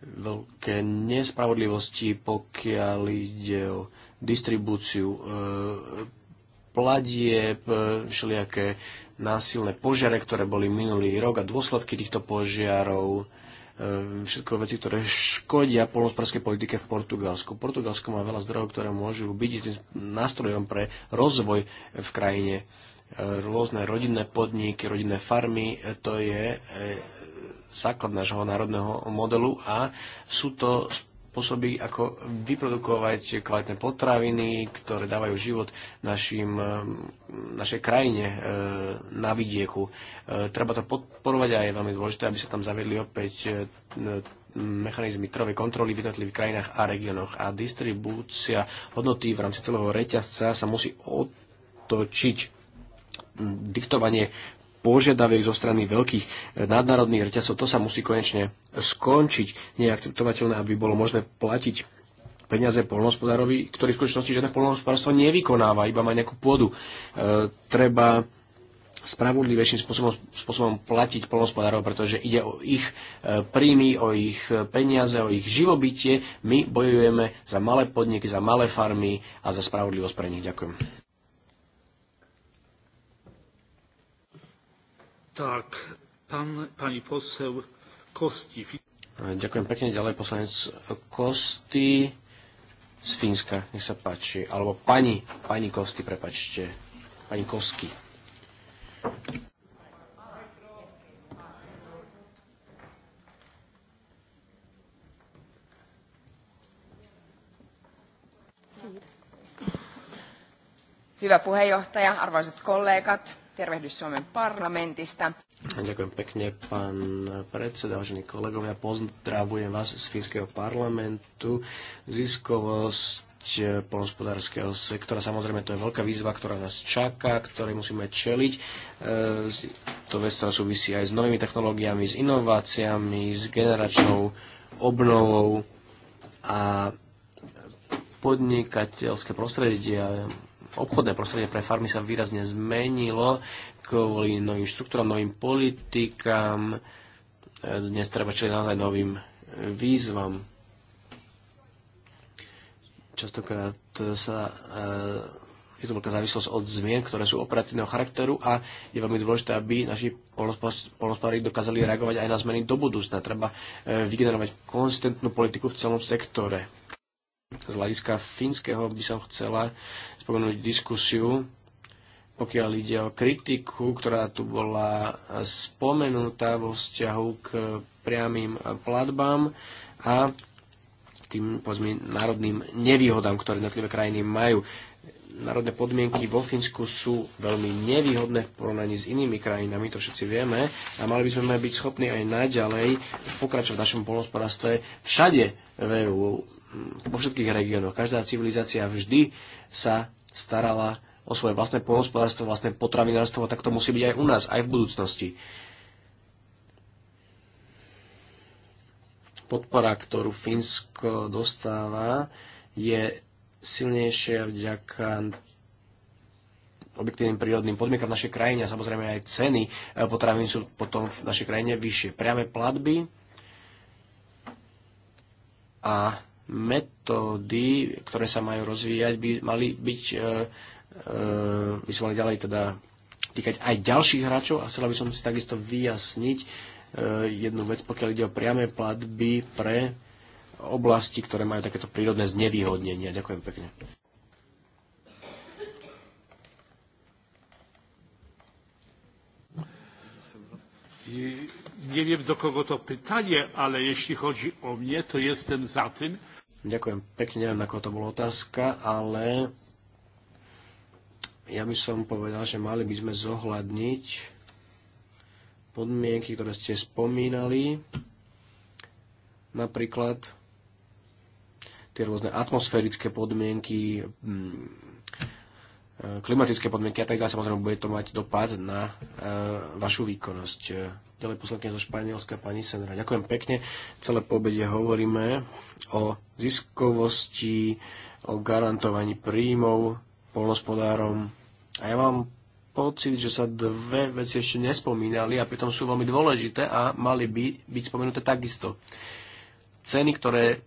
veľké nespravodlivosti, pokiaľ ide o distribúciu e, platieb, e, všelijaké násilné požiare, ktoré boli minulý rok a dôsledky týchto požiarov, všetko veci, ktoré škodia polnospodárskej politike v Portugalsku. Portugalsko má veľa zdrojov, ktoré môžu byť tým nástrojom pre rozvoj v krajine rôzne rodinné podniky, rodinné farmy, e, to je e, základ nášho národného modelu a sú to spôsoby, ako vyprodukovať kvalitné potraviny, ktoré dávajú život našim, e, našej krajine na vidieku. Treba to podporovať a je veľmi dôležité, aby sa tam zaviedli opäť mechanizmy trhovej kontroly v jednotlivých krajinách a regiónoch a distribúcia hodnoty v rámci celého reťazca sa musí otočiť diktovanie požiadaviek zo strany veľkých eh, nadnárodných reťazcov. To sa musí konečne skončiť. Nie je akceptovateľné, aby bolo možné platiť peniaze polnohospodárovi, ktorý v skutočnosti žiadne polnohospodárstvo nevykonáva, iba má nejakú pôdu. E, treba spravodlivejším spôsobom, spôsobom platiť polnohospodárov, pretože ide o ich eh, príjmy, o ich peniaze, o ich živobytie. My bojujeme za malé podniky, za malé farmy a za spravodlivosť pre nich. Ďakujem. Tak, pan, pani posel Kosti. Ďakujem pekne. Ďalej poslanec Kosti z Fínska, nech sa páči. Alebo pani, pani Kosti, prepačte. Pani Kosky. Hyvä puheenjohtaja, arvoisat kollegat. Tervehdys Suomen parlamentista. Ďakujem pekne, pán predseda, vážení kolegovia. Pozdravujem vás z Fínskeho parlamentu. Ziskovosť oblasť polnospodárskeho sektora. Samozrejme, to je veľká výzva, ktorá nás čaká, ktorej musíme čeliť. E, to vec, ktorá súvisí aj s novými technológiami, s inováciami, s generačnou obnovou a podnikateľské prostredie a obchodné prostredie pre farmy sa výrazne zmenilo kvôli novým štruktúram, novým politikám. Dnes treba čeliť naozaj novým výzvam. Častokrát sa eh, je to veľká závislosť od zmien, ktoré sú operatívneho charakteru a je veľmi dôležité, aby naši polnospodári dokázali reagovať aj na zmeny do budúcna. Treba eh, vygenerovať konzistentnú politiku v celom sektore. Z hľadiska fínskeho by som chcela spomenúť diskusiu, pokiaľ ide o kritiku, ktorá tu bola spomenutá vo vzťahu k priamým platbám a tým povedzme, národným nevýhodám, ktoré jednotlivé krajiny majú. Národné podmienky vo Fínsku sú veľmi nevýhodné v porovnaní s inými krajinami, to všetci vieme, a mali by sme byť schopní aj naďalej pokračovať v našom polnospodárstve všade v EU vo všetkých regiónoch. Každá civilizácia vždy sa starala o svoje vlastné pohospodárstvo, vlastné potravinárstvo, tak to musí byť aj u nás, aj v budúcnosti. Podpora, ktorú Fínsko dostáva, je silnejšia vďaka objektívnym prírodným podmienkam v našej krajine a samozrejme aj ceny e, potravín sú potom v našej krajine vyššie. Priame platby a metódy, ktoré sa majú rozvíjať, by mali byť, e, e, by sa mali ďalej teda týkať aj ďalších hráčov a chcela by som si takisto vyjasniť e, jednu vec, pokiaľ ide o priame platby pre oblasti, ktoré majú takéto prírodné znevýhodnenia. Ďakujem pekne. Nie wiem do kogo to pytanie, ale jeśli chodzi o mnie, to jestem za tym, Ďakujem pekne, neviem, ako to bola otázka, ale ja by som povedal, že mali by sme zohľadniť podmienky, ktoré ste spomínali, napríklad tie rôzne atmosférické podmienky, mm, e, klimatické podmienky a tak ďalej, samozrejme bude to mať dopad na e, vašu výkonnosť ďalej poslankyňa zo Španielska, pani Senra. Ďakujem pekne. Celé pobede hovoríme o ziskovosti, o garantovaní príjmov polnospodárom. A ja mám pocit, že sa dve veci ešte nespomínali a pritom sú veľmi dôležité a mali by byť spomenuté takisto. Ceny, ktoré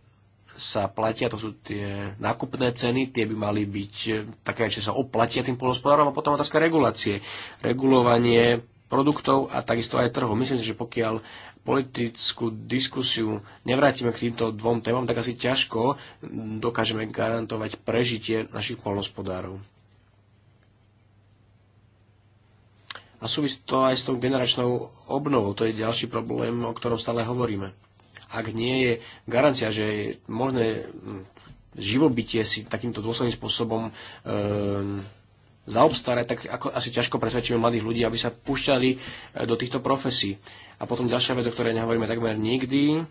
sa platia, to sú tie nákupné ceny, tie by mali byť také, že sa oplatia tým polnospodárom a potom otázka regulácie. Regulovanie produktov a takisto aj trhu. Myslím si, že pokiaľ politickú diskusiu nevrátime k týmto dvom témam, tak asi ťažko dokážeme garantovať prežitie našich polnospodárov. A súvisí to aj s tou generačnou obnovou. To je ďalší problém, o ktorom stále hovoríme. Ak nie je garancia, že je možné hm, živobytie si takýmto dôsledným spôsobom e, zaobstarať, tak ako, asi ťažko presvedčíme mladých ľudí, aby sa púšťali e, do týchto profesí. A potom ďalšia vec, o ktorej nehovoríme takmer nikdy,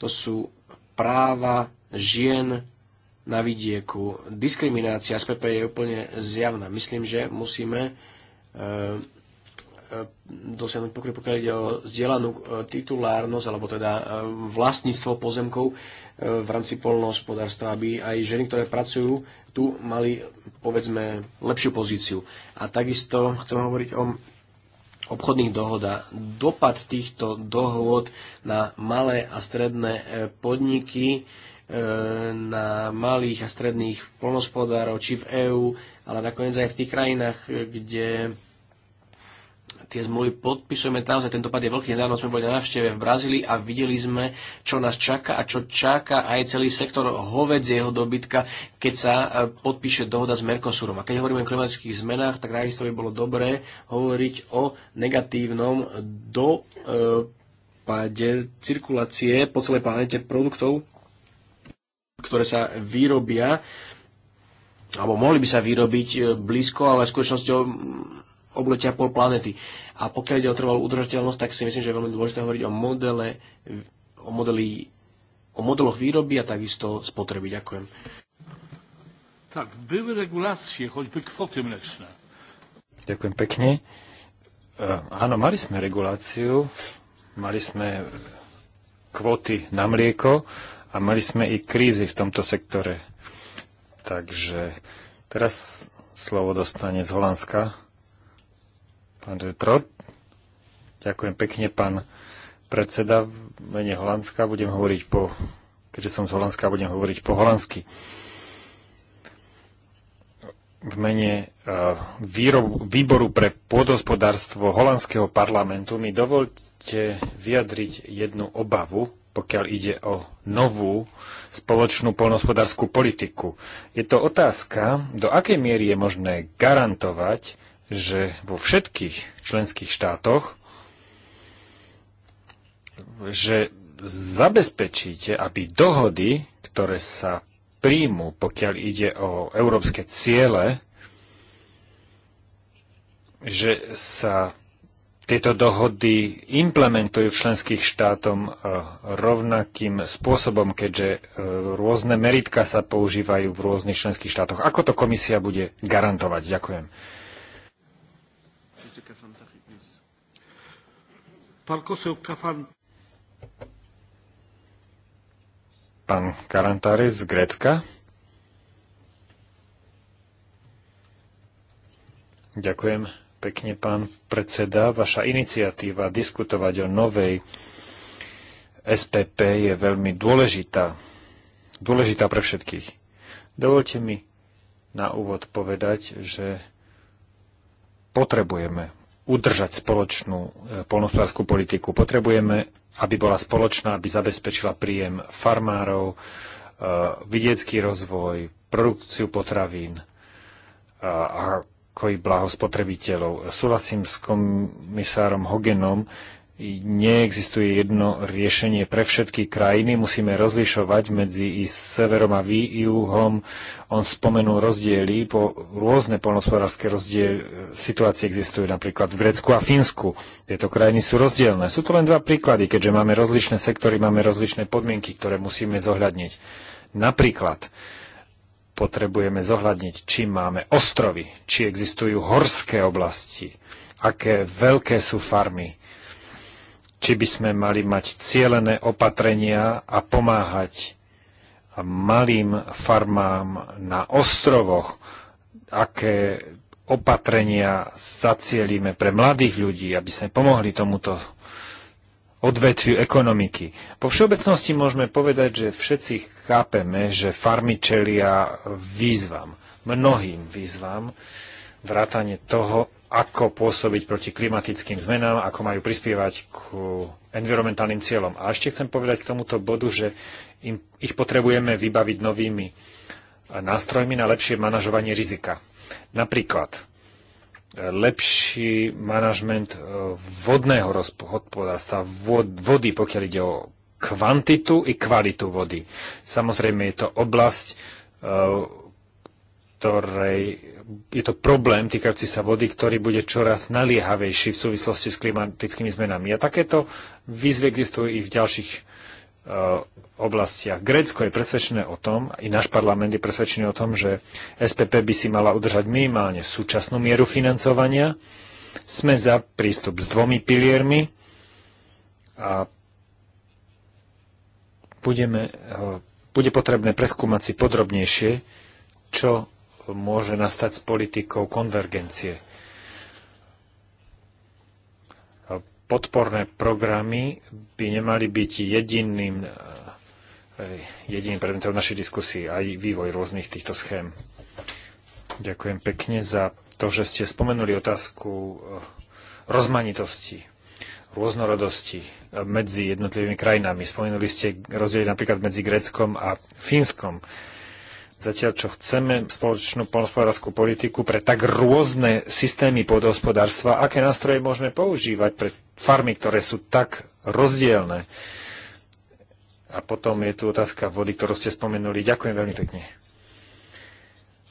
to sú práva žien na vidieku. Diskriminácia z PP e je úplne zjavná. Myslím, že musíme e, dosiahnuť pokry, pokiaľ ide o zdieľanú titulárnosť, alebo teda vlastníctvo pozemkov v rámci polnohospodárstva, aby aj ženy, ktoré pracujú tu mali, povedzme, lepšiu pozíciu. A takisto chcem hovoriť o obchodných dohodách. Dopad týchto dohôd na malé a stredné e, podniky, e, na malých a stredných polnospodárov, či v EÚ, ale nakoniec aj v tých krajinách, e, kde tie zmluvy podpisujeme. Naozaj ten dopad je veľký. Nedávno sme boli na návšteve v Brazílii a videli sme, čo nás čaká a čo čaká aj celý sektor jeho dobytka, keď sa e, podpíše dohoda s Mercosurom. A keď hovoríme o klimatických zmenách, tak takisto by bolo dobré hovoriť o negatívnom dopade cirkulácie po celej planete produktov, ktoré sa vyrobia alebo mohli by sa vyrobiť e, blízko, ale v skutočnosti obletia pol planety. A pokiaľ ide o trvalú udržateľnosť, tak si myslím, že je veľmi dôležité hovoriť o modele, o, modeli, o modeloch výroby a takisto spotreby. Ďakujem. Tak, były regulácie, choćby kvoty mlečné. Ďakujem pekne. E, áno, mali sme reguláciu, mali sme kvoty na mlieko a mali sme i krízy v tomto sektore. Takže teraz slovo dostane z Holandska Pán Trot. Ďakujem pekne, pán predseda. V mene Holandska budem hovoriť po... Keďže som z Holandska, budem hovoriť po holandsky. V mene e, výboru pre pôdospodárstvo holandského parlamentu mi dovolte vyjadriť jednu obavu, pokiaľ ide o novú spoločnú polnospodárskú politiku. Je to otázka, do akej miery je možné garantovať, že vo všetkých členských štátoch že zabezpečíte, aby dohody, ktoré sa príjmu, pokiaľ ide o európske ciele, že sa tieto dohody implementujú v členských štátom eh, rovnakým spôsobom, keďže eh, rôzne meritka sa používajú v rôznych členských štátoch. Ako to komisia bude garantovať? Ďakujem. Pán karantári z Grécka. Ďakujem pekne, pán predseda. Vaša iniciatíva diskutovať o novej SPP je veľmi dôležitá. Dôležitá pre všetkých. Dovolte mi na úvod povedať, že potrebujeme udržať spoločnú e, polnospodárskú politiku. Potrebujeme, aby bola spoločná, aby zabezpečila príjem farmárov, e, vidiecký rozvoj, produkciu potravín e, a koji i blaho spotrebiteľov. Súhlasím s komisárom Hogenom, neexistuje jedno riešenie pre všetky krajiny. Musíme rozlišovať medzi i severom a vý, juhom. On spomenul rozdiely, po rôzne polnospodárske rozdiel, e, situácie existujú napríklad v Grécku a Fínsku. Tieto krajiny sú rozdielne. Sú to len dva príklady, keďže máme rozličné sektory, máme rozličné podmienky, ktoré musíme zohľadniť. Napríklad potrebujeme zohľadniť, či máme ostrovy, či existujú horské oblasti, aké veľké sú farmy, či by sme mali mať cielené opatrenia a pomáhať malým farmám na ostrovoch, aké opatrenia zacielíme pre mladých ľudí, aby sme pomohli tomuto odvetviu ekonomiky. Po všeobecnosti môžeme povedať, že všetci chápeme, že farmy čelia výzvam, mnohým výzvam, vrátane toho, ako pôsobiť proti klimatickým zmenám, ako majú prispievať k environmentálnym cieľom. A ešte chcem povedať k tomuto bodu, že im, ich potrebujeme vybaviť novými eh, nástrojmi na lepšie manažovanie rizika. Napríklad eh, lepší manažment eh, vodného hospodárstva, vody, pokiaľ ide o kvantitu i kvalitu vody. Samozrejme je to oblasť, ktorej je to problém týkajúci sa vody, ktorý bude čoraz naliehavejší v súvislosti s klimatickými zmenami. A takéto výzvy existujú i v ďalších e, oblastiach. Grécko je presvedčené o tom, i náš parlament je presvedčený o tom, že SPP by si mala udržať minimálne súčasnú mieru financovania. Sme za prístup s dvomi piliermi a budeme, e, bude potrebné preskúmať si podrobnejšie, čo môže nastať s politikou konvergencie. Podporné programy by nemali byť jediným, e, jediným predmetom našej diskusie aj vývoj rôznych týchto schém. Ďakujem pekne za to, že ste spomenuli otázku e, rozmanitosti, rôznorodosti e, medzi jednotlivými krajinami. Spomenuli ste rozdiel napríklad medzi Gréckom a Fínskom Zatiaľ, čo chceme spoločnú polnospodárskú politiku pre tak rôzne systémy podhospodárstva, aké nástroje môžeme používať pre farmy, ktoré sú tak rozdielne. A potom je tu otázka vody, ktorú ste spomenuli. Ďakujem veľmi pekne.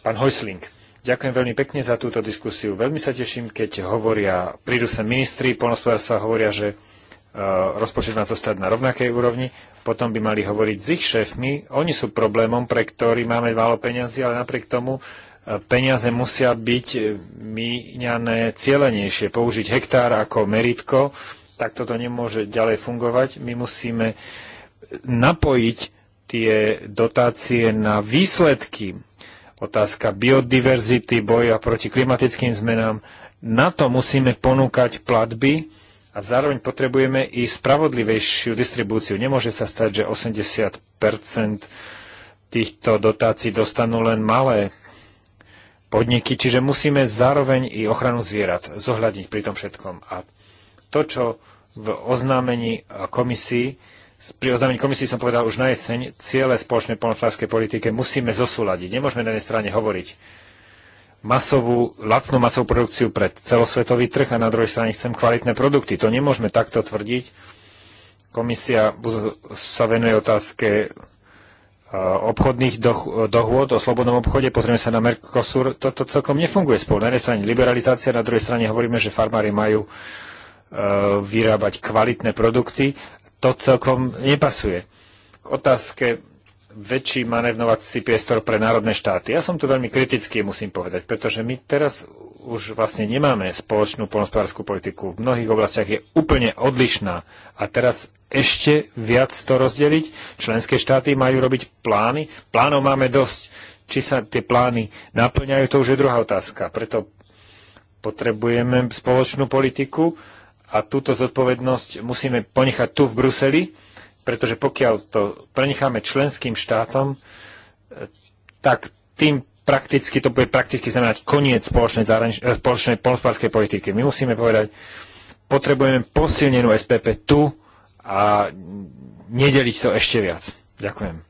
Pán Hojsling, ďakujem veľmi pekne za túto diskusiu. Veľmi sa teším, keď hovoria, prídu sem ministri, polnospodárstva hovoria, že E, rozpočet má zostať na rovnakej úrovni, potom by mali hovoriť s ich šéfmi. Oni sú problémom, pre ktorý máme málo peniazy, ale napriek tomu e, peniaze musia byť míňané cieľenejšie. Použiť hektár ako meritko, tak toto nemôže ďalej fungovať. My musíme napojiť tie dotácie na výsledky. Otázka biodiverzity, boja proti klimatickým zmenám. Na to musíme ponúkať platby, a zároveň potrebujeme i spravodlivejšiu distribúciu. Nemôže sa stať, že 80 týchto dotácií dostanú len malé podniky, čiže musíme zároveň i ochranu zvierat zohľadniť pri tom všetkom. A to, čo v oznámení komisii, pri oznámení komisii som povedal už na jeseň, ciele spoločnej polnospodárskej politike musíme zosúľadiť. Nemôžeme na jednej strane hovoriť, masovú, lacnú masovú produkciu pre celosvetový trh a na druhej strane chcem kvalitné produkty. To nemôžeme takto tvrdiť. Komisia sa venuje otázke e, obchodných dohôd o slobodnom obchode, pozrieme sa na Mercosur, toto celkom nefunguje spolu. Na jednej strane liberalizácia, na druhej strane hovoríme, že farmári majú e, vyrábať kvalitné produkty. To celkom nepasuje. K otázke väčší manevnovací priestor pre národné štáty. Ja som tu veľmi kritický, musím povedať, pretože my teraz už vlastne nemáme spoločnú polnospodárskú politiku. V mnohých oblastiach je úplne odlišná. A teraz ešte viac to rozdeliť. Členské štáty majú robiť plány. Plánov máme dosť. Či sa tie plány naplňajú, to už je druhá otázka. Preto potrebujeme spoločnú politiku a túto zodpovednosť musíme ponechať tu v Bruseli pretože pokiaľ to prenecháme členským štátom, e, tak tým prakticky, to bude prakticky znamenať koniec spoločnej, zahranič- e, spoločnej polnospodárskej politiky. My musíme povedať, potrebujeme posilnenú SPP tu a nedeliť to ešte viac. Ďakujem.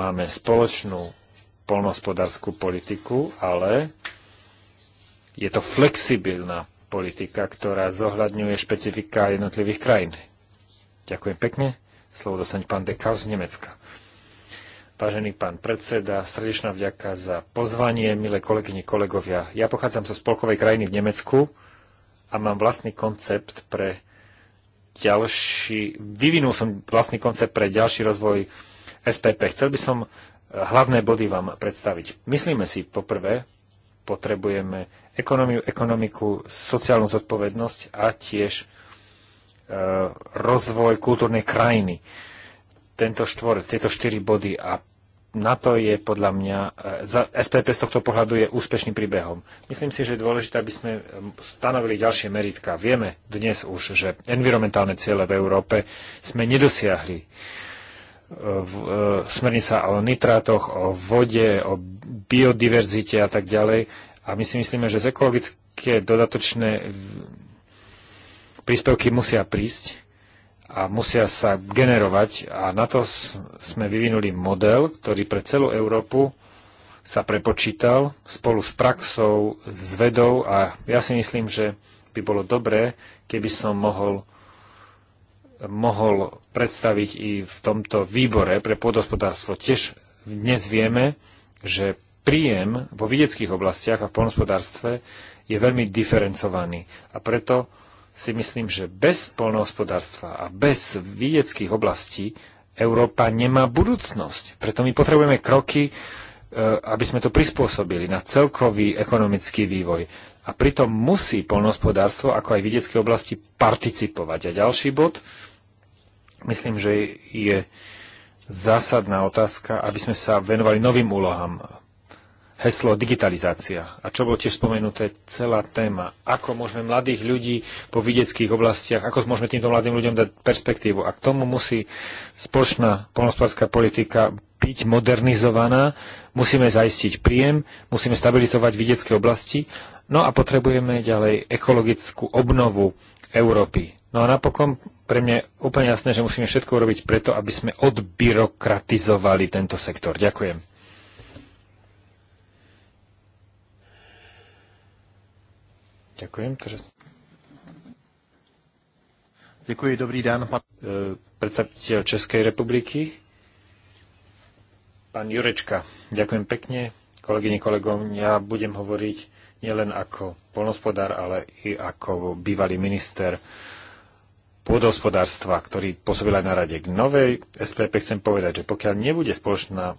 Máme spoločnú polnospodárskú politiku, ale je to flexibilná politika, ktorá zohľadňuje špecifika jednotlivých krajín. Ďakujem pekne. Slovo dostaň pán Dekal z Nemecka. Vážený pán predseda, srdečná vďaka za pozvanie, milé kolegyne, kolegovia. Ja pochádzam zo spolkovej krajiny v Nemecku a mám vlastný koncept pre ďalší, vyvinul som vlastný koncept pre ďalší rozvoj SPP. Chcel by som hlavné body vám predstaviť. Myslíme si poprvé, potrebujeme ekonómiu, ekonomiku, sociálnu zodpovednosť a tiež e, rozvoj kultúrnej krajiny. Tento štvor, tieto štyri body a na to je podľa mňa, e, SPP z tohto pohľadu je úspešným príbehom. Myslím si, že je dôležité, aby sme stanovili ďalšie meritka. Vieme dnes už, že environmentálne ciele v Európe sme nedosiahli v e, smernica o nitrátoch, o vode, o biodiverzite a tak ďalej. A my si myslíme, že z ekologické dodatočné príspevky musia prísť a musia sa generovať a na to sme vyvinuli model, ktorý pre celú Európu sa prepočítal spolu s praxou, s vedou a ja si myslím, že by bolo dobré, keby som mohol mohol predstaviť i v tomto výbore pre pôdohospodárstvo. Tiež dnes vieme, že príjem vo vidieckých oblastiach a v polnospodárstve je veľmi diferencovaný. A preto si myslím, že bez polnohospodárstva a bez vidieckých oblastí Európa nemá budúcnosť. Preto my potrebujeme kroky, e, aby sme to prispôsobili na celkový ekonomický vývoj. A pritom musí polnohospodárstvo, ako aj vidiecké oblasti, participovať. A ďalší bod, myslím, že je zásadná otázka, aby sme sa venovali novým úlohám. Heslo digitalizácia. A čo bolo tiež spomenuté, celá téma. Ako môžeme mladých ľudí po vidieckých oblastiach, ako môžeme týmto mladým ľuďom dať perspektívu. A k tomu musí spoločná polnospodárska politika byť modernizovaná, musíme zaistiť príjem, musíme stabilizovať vidiecké oblasti No a potrebujeme ďalej ekologickú obnovu Európy. No a napokon pre mňa je úplne jasné, že musíme všetko urobiť preto, aby sme odbyrokratizovali tento sektor. Ďakujem. Ďakujem. Takže... Ďakujem, dobrý den. Pan... E, predstaviteľ Českej republiky, pán Jurečka. Ďakujem pekne, kolegyne, kolegom. Ja budem hovoriť nielen ako polnospodár, ale i ako bývalý minister pôdohospodárstva, ktorý pôsobil aj na rade. K novej SPP chcem povedať, že pokiaľ nebude spoločná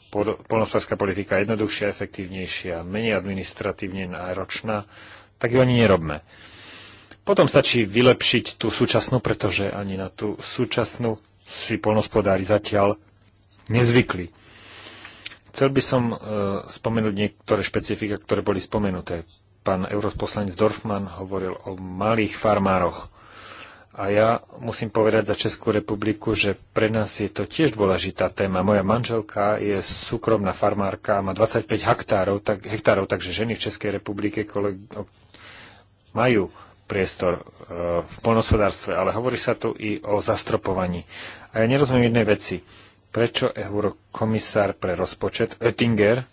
polnospodárska politika jednoduchšia, efektívnejšia, menej administratívne náročná, tak ju ani nerobme. Potom stačí vylepšiť tú súčasnú, pretože ani na tú súčasnú si polnospodári zatiaľ nezvykli. Chcel by som e, spomenúť niektoré špecifika, ktoré boli spomenuté. Pán europoslanec Dorfman hovoril o malých farmároch. A ja musím povedať za Českú republiku, že pre nás je to tiež dôležitá téma. Moja manželka je súkromná farmárka, má 25 hektárov, tak, hektárov takže ženy v Českej republike koleg- majú priestor e, v polnospodárstve, ale hovorí sa tu i o zastropovaní. A ja nerozumiem jednej veci. Prečo eurokomisár pre rozpočet Oettinger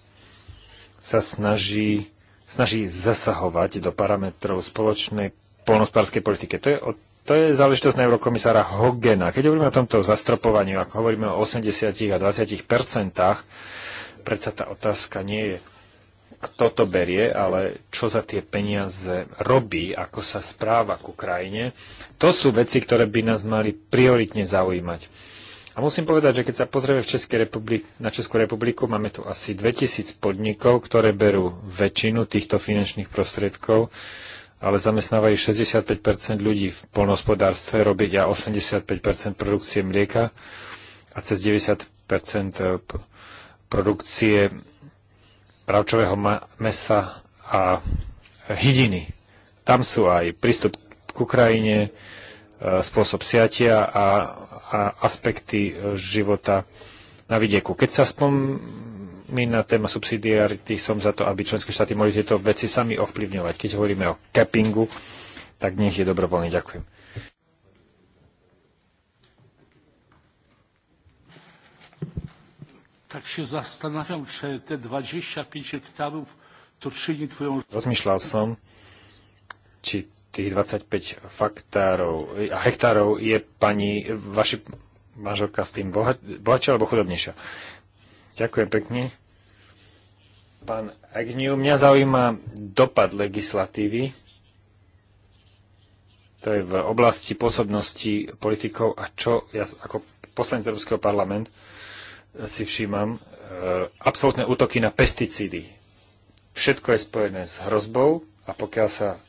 sa snaží snaží zasahovať do parametrov spoločnej polnospárskej politike. To je, to je záležitosť na eurokomisára Hogena. Keď hovoríme o tomto zastropovaní, ak hovoríme o 80 a 20 percentách, predsa tá otázka nie je, kto to berie, ale čo za tie peniaze robí, ako sa správa ku krajine. To sú veci, ktoré by nás mali prioritne zaujímať a musím povedať, že keď sa pozrieme v Českej republik- na Českú republiku, máme tu asi 2000 podnikov, ktoré berú väčšinu týchto finančných prostriedkov, ale zamestnávajú 65 ľudí v robiť robia 85 produkcie mlieka a cez 90 eh, produkcie bravčového mesa a hydiny. Tam sú aj prístup k Ukrajine, eh, spôsob siatia a a aspekty e, života na vidieku. Keď sa spomína téma subsidiarity, som za to, aby členské štáty mohli tieto veci sami ovplyvňovať. Keď hovoríme o cappingu, tak nech je dobrovoľný. Ďakujem. Tak się zastanawiam, czy te 25 hektarów to czyni twoją... Rozmýšľal som, či tých 25 faktárov, a hektárov je pani, vaši manželka s tým bohat, bohatšia alebo chudobnejšia? Ďakujem pekne. Pán Agniu, mňa zaujíma dopad legislatívy. To je v oblasti pôsobnosti politikov a čo ja ako poslanec Európskeho parlament eh, si všímam, e, absolútne útoky na pesticídy. Všetko je spojené s hrozbou a pokiaľ sa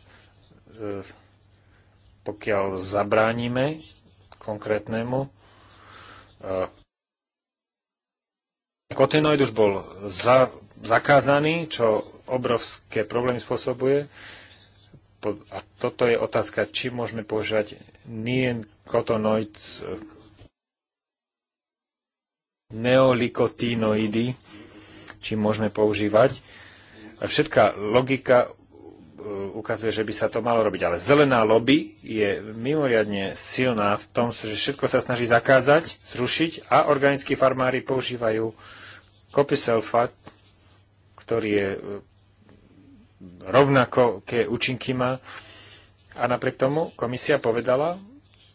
E, pokiaľ zabránime konkrétnemu. E, Kotinoid už bol za, zakázaný, čo obrovské problémy spôsobuje. A toto je otázka, či môžeme používať nien kotonoid e, neolikotinoidy, či môžeme používať. Všetká logika E, ukazuje, že by sa to malo robiť. Ale zelená lobby je mimoriadne silná v tom, že všetko sa snaží zakázať, zrušiť a organickí farmári používajú kopiselfat, ktorý je e, rovnako, ke účinky má. A napriek tomu komisia povedala,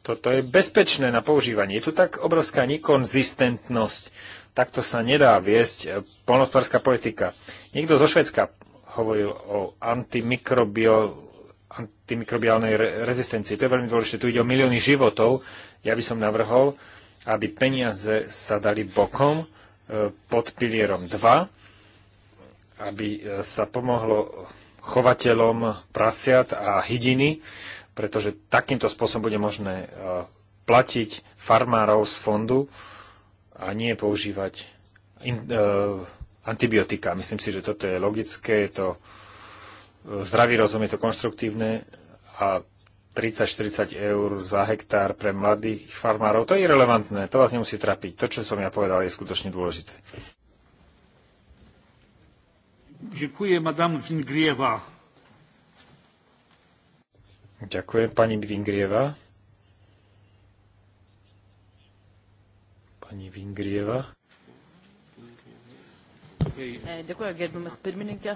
toto je bezpečné na používanie. Je tu tak obrovská nekonzistentnosť. Takto sa nedá viesť e, polnospodárska politika. Niekto zo Švedska hovoril o antimikrobiálnej re rezistencii. To je veľmi dôležité. Tu ide o milióny životov. Ja by som navrhol, aby peniaze sa dali bokom e, pod pilierom 2, aby e, sa pomohlo chovateľom prasiat a hydiny, pretože takýmto spôsobom bude možné e, platiť farmárov z fondu a nie používať in, e, antibiotika. Myslím si, že toto je logické, je to e, zdravý rozum, je to konštruktívne a 30-40 eur za hektár pre mladých farmárov, to je irrelevantné, to vás nemusí trapiť. To, čo som ja povedal, je skutočne dôležité. Ďakujem, madame Vingrieva. Ďakujem, pani Vingrieva. Pani Vingrieva. Ďakujem e,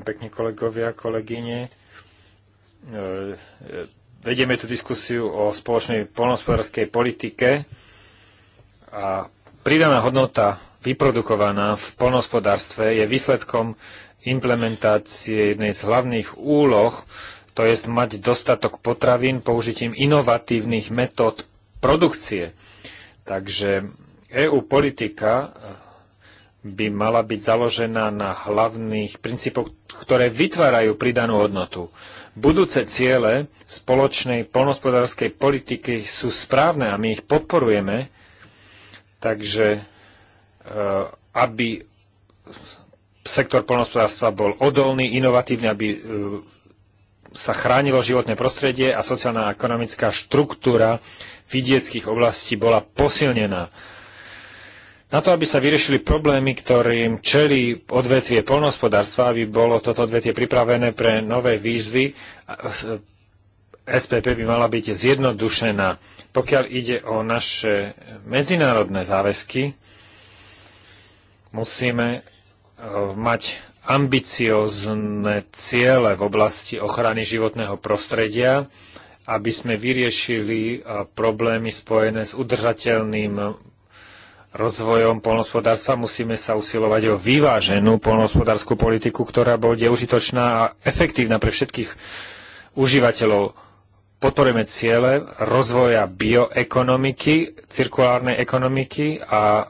pekne kolegovia, kolegyne. E, e, vedieme tu diskusiu o spoločnej polnospodárskej politike a pridaná hodnota vyprodukovaná v polnospodárstve je výsledkom implementácie jednej z hlavných úloh, to je mať dostatok potravín použitím inovatívnych metód produkcie. Takže EU politika eh, by mala byť založená na hlavných princípoch, ktoré vytvárajú pridanú hodnotu. Budúce ciele spoločnej polnospodárskej politiky sú správne a my ich podporujeme, takže eh, aby sektor polnospodárstva bol odolný, inovatívny, aby eh, sa chránilo životné prostredie a sociálna a ekonomická štruktúra vidieckých oblastí bola posilnená. Na to, aby sa vyriešili problémy, ktorým čelí odvetvie polnospodárstva, aby bolo toto odvetvie pripravené pre nové výzvy, SPP by mala byť zjednodušená. Pokiaľ ide o naše medzinárodné záväzky, musíme e, mať ambiciozne ciele v oblasti ochrany životného prostredia, aby sme vyriešili e, problémy spojené s udržateľným rozvojom polnospodárstva, musíme sa usilovať o vyváženú polnospodárskú politiku, ktorá bude užitočná a efektívna pre všetkých užívateľov. Podporujeme ciele rozvoja bioekonomiky, cirkulárnej ekonomiky a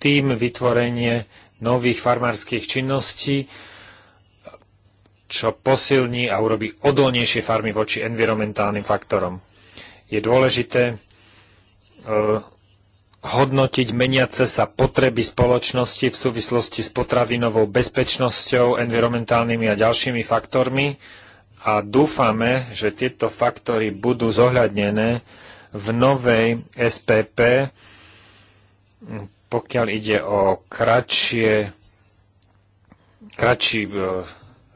tým vytvorenie nových farmárskych činností, čo posilní a urobí odolnejšie farmy voči environmentálnym faktorom. Je dôležité e, hodnotiť meniace sa potreby spoločnosti v súvislosti s potravinovou bezpečnosťou, environmentálnymi a ďalšími faktormi a dúfame, že tieto faktory budú zohľadnené v novej SPP, pokiaľ ide o kratšie, kratší e,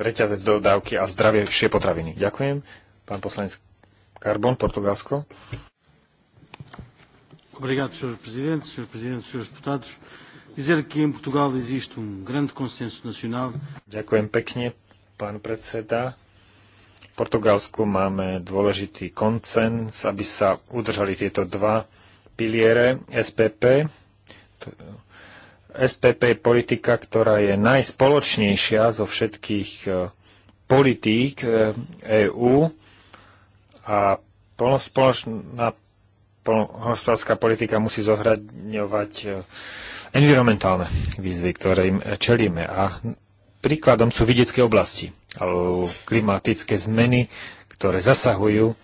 reťazec dodávky a zdravejšie potraviny. Ďakujem. Pán poslanec Carbon, Portugalsko. Obrigado, Sr. Presidente, Sr. Presidente, Srs. Deputados. Dizer que em Portugal existe um grande consenso nacional. Ďakujem pekne, pán predseda. V Portugalsku máme dôležitý koncens, aby sa udržali tieto dva piliere SPP, SPP je politika, ktorá je najspoločnejšia zo všetkých e, politík EÚ e a spoločná hospodárska politika musí zohradňovať e, environmentálne výzvy, ktoré im čelíme. A príkladom sú vidiecké oblasti alebo klimatické zmeny, ktoré zasahujú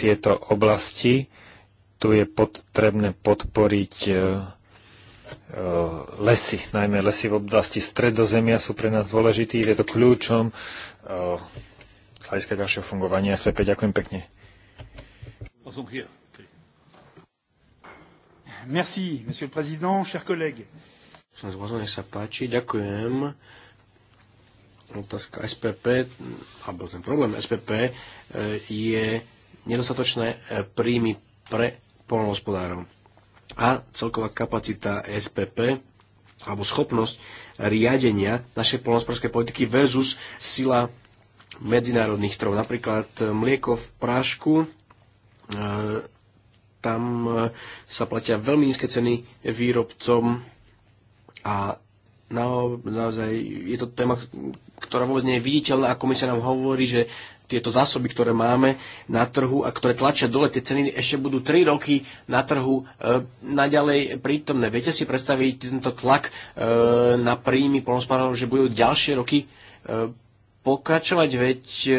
tieto oblasti. Tu je potrebné podporiť Eh, lesy, najmä lesy v oblasti stredozemia sú pre nás dôležitý. je to kľúčom eh, z hľadiska ďalšieho fungovania SPP. Ďakujem pekne. Merci, monsieur le président, chers collègues. sa páči, ďakujem. Otázka SPP, alebo ten problém SPP eh, je nedostatočné príjmy pre polnohospodárov a celková kapacita SPP alebo schopnosť riadenia našej polnospodárskej politiky versus sila medzinárodných trhov. Napríklad mlieko v prášku, e, tam e, sa platia veľmi nízke ceny výrobcom a naozaj je to téma, ktorá vôbec nie je viditeľná a komisia nám hovorí, že tieto zásoby, ktoré máme na trhu a ktoré tlačia dole tie ceny, ešte budú 3 roky na trhu e, naďalej prítomné. Viete si predstaviť tento tlak e, na príjmy polnospárov, že budú ďalšie roky e, pokračovať, veď e,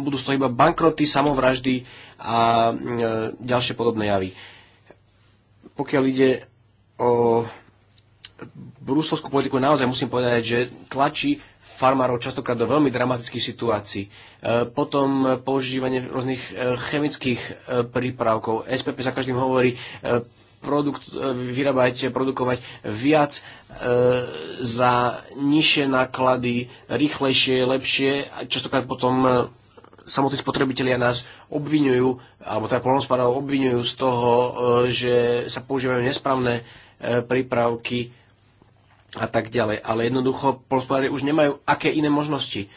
budú z toho iba bankroty, samovraždy a e, ďalšie podobné javy. Pokiaľ ide o brúsovskú politiku, naozaj musím povedať, že tlačí farmárov častokrát do veľmi dramatických situácií. E, potom používanie rôznych e, chemických e, prípravkov. SPP za každým hovorí produkt, vyrábať, produkovať viac e, za nižšie náklady, rýchlejšie, lepšie. A častokrát potom samotní spotrebitelia nás obvinujú, alebo teda polnospodárov obvinujú z toho, že sa používajú nesprávne prípravky a tak ďalej. Ale jednoducho polospodári už nemajú aké iné možnosti. E,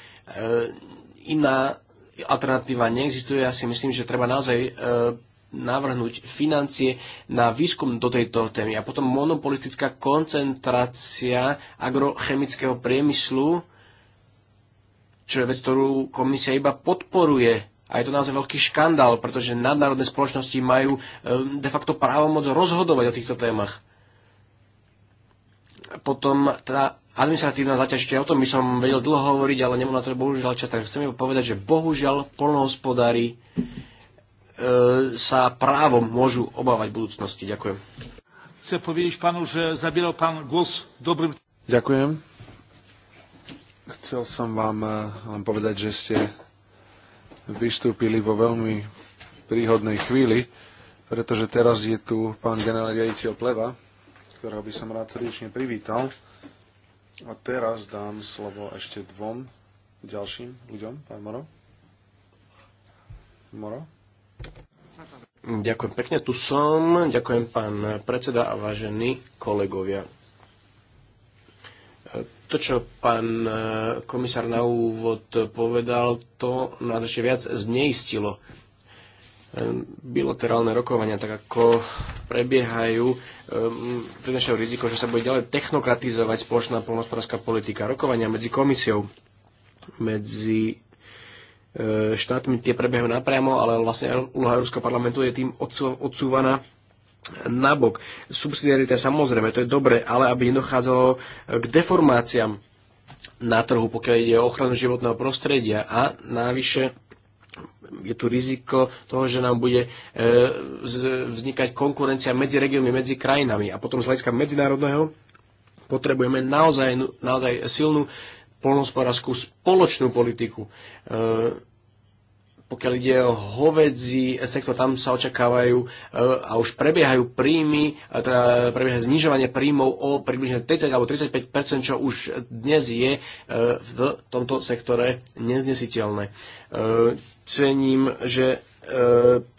iná alternatíva neexistuje. Ja si myslím, že treba naozaj e, navrhnúť financie na výskum do tejto témy. A potom monopolistická koncentrácia agrochemického priemyslu, čo je vec, ktorú komisia iba podporuje. A je to naozaj veľký škandál, pretože nadnárodné spoločnosti majú e, de facto právomoc rozhodovať o týchto témach potom tá administratívna zaťaž, o tom by som vedel dlho hovoriť, ale nemám na to bohužiaľ čas, tak chcem povedať, že bohužiaľ polnohospodári e, sa právom môžu obávať v budúcnosti. Ďakujem. Chcem povedať pánu, že zabieral pán Gos dobrým... Ďakujem. Chcel som vám e, len povedať, že ste vystúpili vo veľmi príhodnej chvíli, pretože teraz je tu pán generál riaditeľ Pleva, ktorého by som rád srdečne privítal. A teraz dám slovo ešte dvom ďalším ľuďom. Pán Moro. Moro. Ďakujem pekne, tu som. Ďakujem pán predseda a vážení kolegovia. To, čo pán eh, komisár na úvod povedal, to nás ešte viac zneistilo bilaterálne rokovania, tak ako prebiehajú, ehm, prinašajú riziko, že sa bude ďalej technokratizovať spoločná polnospodárska politika. Rokovania medzi komisiou, medzi e, štátmi tie prebiehajú napriamo, ale vlastne úloha Európskeho parlamentu je tým odsúvaná nabok. Subsidiarita samozrejme, to je dobre, ale aby nedochádzalo k deformáciám na trhu, pokiaľ ide o ochranu životného prostredia a návyše je tu riziko toho, že nám bude e, vznikať konkurencia medzi regiónmi, medzi krajinami. A potom z hľadiska medzinárodného potrebujeme naozaj, naozaj silnú polnospodárskú spoločnú politiku. E, pokiaľ ide o hovedzí sektor, tam sa očakávajú e, a už prebiehajú príjmy, teda prebieha znižovanie príjmov o približne 30 alebo 35 čo už dnes je v tomto sektore neznesiteľné cením, že e,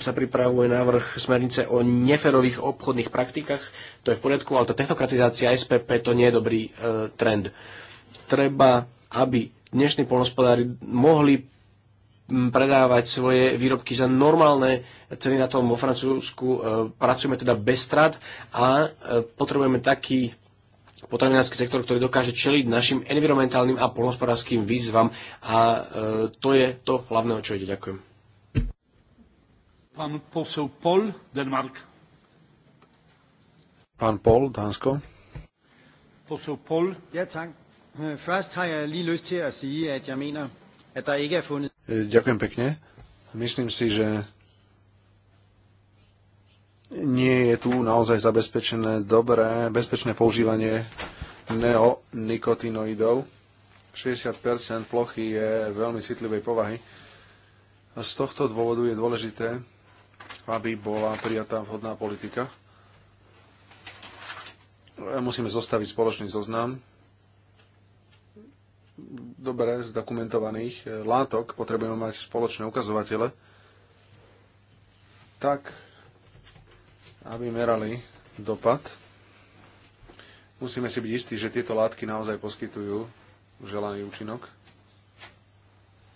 sa pripravuje návrh smernice o neferových obchodných praktikách. To je v poriadku, ale tá technokratizácia SPP to nie je dobrý e, trend. Treba, aby dnešní polnospodári mohli predávať svoje výrobky za normálne ceny na tom vo Francúzsku. E, pracujeme teda bez strat a e, potrebujeme taký potravinársky sektor, ktorý dokáže čeliť našim environmentálnym a polnospodárským výzvam a e, to je to hlavné, o čo ide. Ďakujem. Pán posel Pol, Denmark. Pán Pol, Dánsko. Posel Pol. Ja, tak. Først har jeg lige lyst til at sige, at jeg mener, at der ikke er fundet... E, ďakujem pekne. Myslím si, že nie je tu naozaj zabezpečené dobré, bezpečné používanie neonikotinoidov. 60% plochy je veľmi citlivej povahy. A z tohto dôvodu je dôležité, aby bola prijatá vhodná politika. Musíme zostaviť spoločný zoznam dobre zdokumentovaných látok. Potrebujeme mať spoločné ukazovatele. Tak, aby merali dopad. Musíme si byť istí, že tieto látky naozaj poskytujú želaný účinok.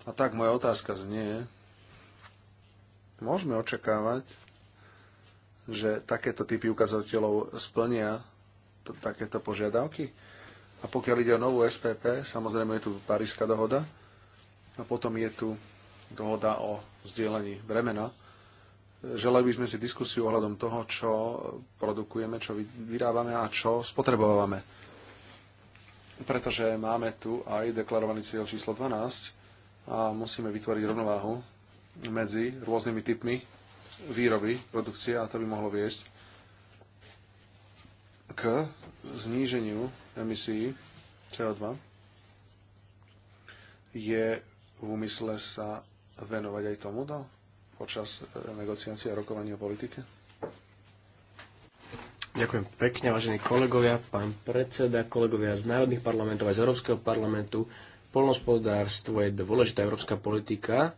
A tak moja otázka znie, môžeme očakávať, že takéto typy ukazovateľov splnia takéto požiadavky? A pokiaľ ide o novú SPP, samozrejme je tu Paríska dohoda a potom je tu dohoda o vzdielaní bremena. Želali by sme si diskusiu ohľadom toho, čo produkujeme, čo vyrábame a čo spotrebovávame. Pretože máme tu aj deklarovaný cieľ číslo 12 a musíme vytvoriť rovnováhu medzi rôznymi typmi výroby, produkcie a to by mohlo viesť k zníženiu emisí CO2. Je v úmysle sa venovať aj tomuto? počas e, negociácie a rokovania o politike? Ďakujem pekne, vážení kolegovia, pán predseda, kolegovia z národných parlamentov a z Európskeho parlamentu. Polnospodárstvo je dôležitá európska politika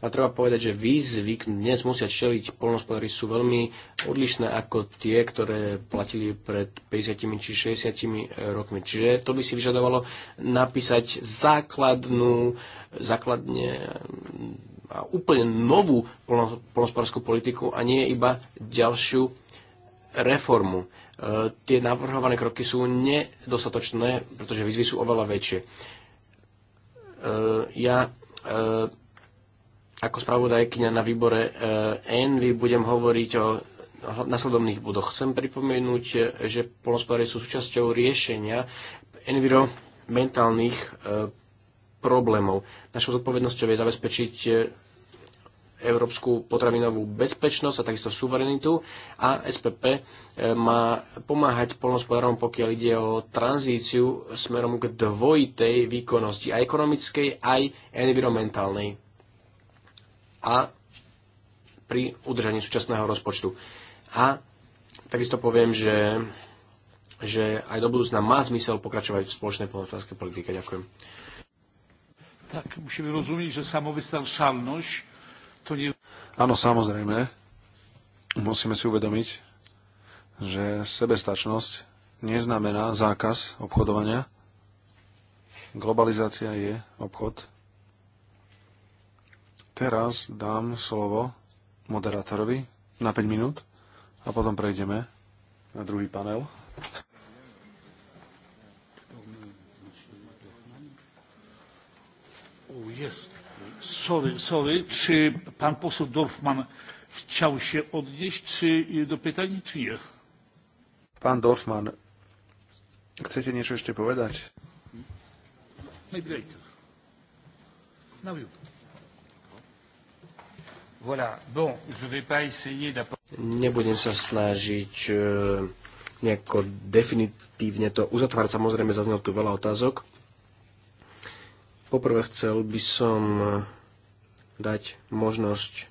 a treba povedať, že výzvy dnes musia čeliť polnospodári sú veľmi odlišné ako tie, ktoré platili pred 50 či 60 rokmi. Čiže to by si vyžadovalo napísať základnú, základne úplne novú polnospodárskú politiku a nie iba ďalšiu reformu. E, tie navrhované kroky sú nedostatočné, pretože výzvy sú oveľa väčšie. E, ja e, ako spravodajkyňa na výbore ENVY budem hovoriť o nasledovných bodoch. Chcem pripomenúť, že polnospodári sú súčasťou riešenia environmentálnych problémov. Našou zodpovednosťou je zabezpečiť e, európsku potravinovú bezpečnosť a takisto suverenitu a SPP e, má pomáhať polnospodárom, pokiaľ ide o tranzíciu smerom k dvojitej výkonnosti, aj ekonomickej, aj environmentálnej a pri udržaní súčasného rozpočtu. A takisto poviem, že, že aj do budúcna má zmysel pokračovať v spoločnej polnospodárskej politike. Ďakujem. Tak, musíme rozumieť, že samovystaršalnosť to nie... Áno, samozrejme. Musíme si uvedomiť, že sebestačnosť neznamená zákaz obchodovania. Globalizácia je obchod. Teraz dám slovo moderátorovi na 5 minút a potom prejdeme na druhý panel. jest. Sorry, sorry. Czy pan poseł Dorfman chciał się odnieść czy, do pytań, czy nie? Pan Dorfman, chcete niečo ešte povedať? Najbrejter. Na Voilà. Bon, je vais pas essayer Nebudem sa snažiť e, nejako definitívne to uzatvárať. Samozrejme, zaznelo tu veľa otázok. Poprvé chcel by som eh, dať možnosť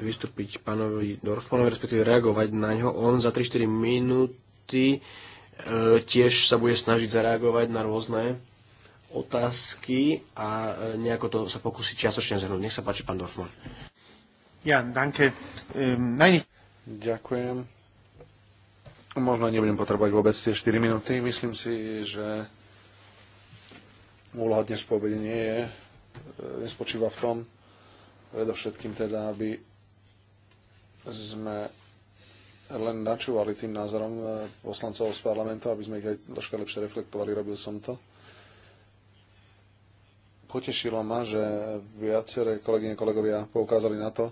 vystúpiť pánovi Dorfmanovi, respektíve reagovať na ňo. On za 3-4 minúty e, tiež sa bude snažiť zareagovať na rôzne otázky a e, nejako to sa pokusí čiastočne zhrnúť. Nech sa páči, pán Dorfman. Ja, danke. Ehm, nein. Ďakujem. Možno nebudem potrebovať vôbec tie 4 minúty. Myslím si, že úloha dnes po obede nie je, e, nespočíva v tom, predovšetkým teda, aby sme len načúvali tým názorom e, poslancov z parlamentu, aby sme ich aj troška lepšie reflektovali, robil som to. Potešilo ma, že viaceré kolegyne kolegovia poukázali na to,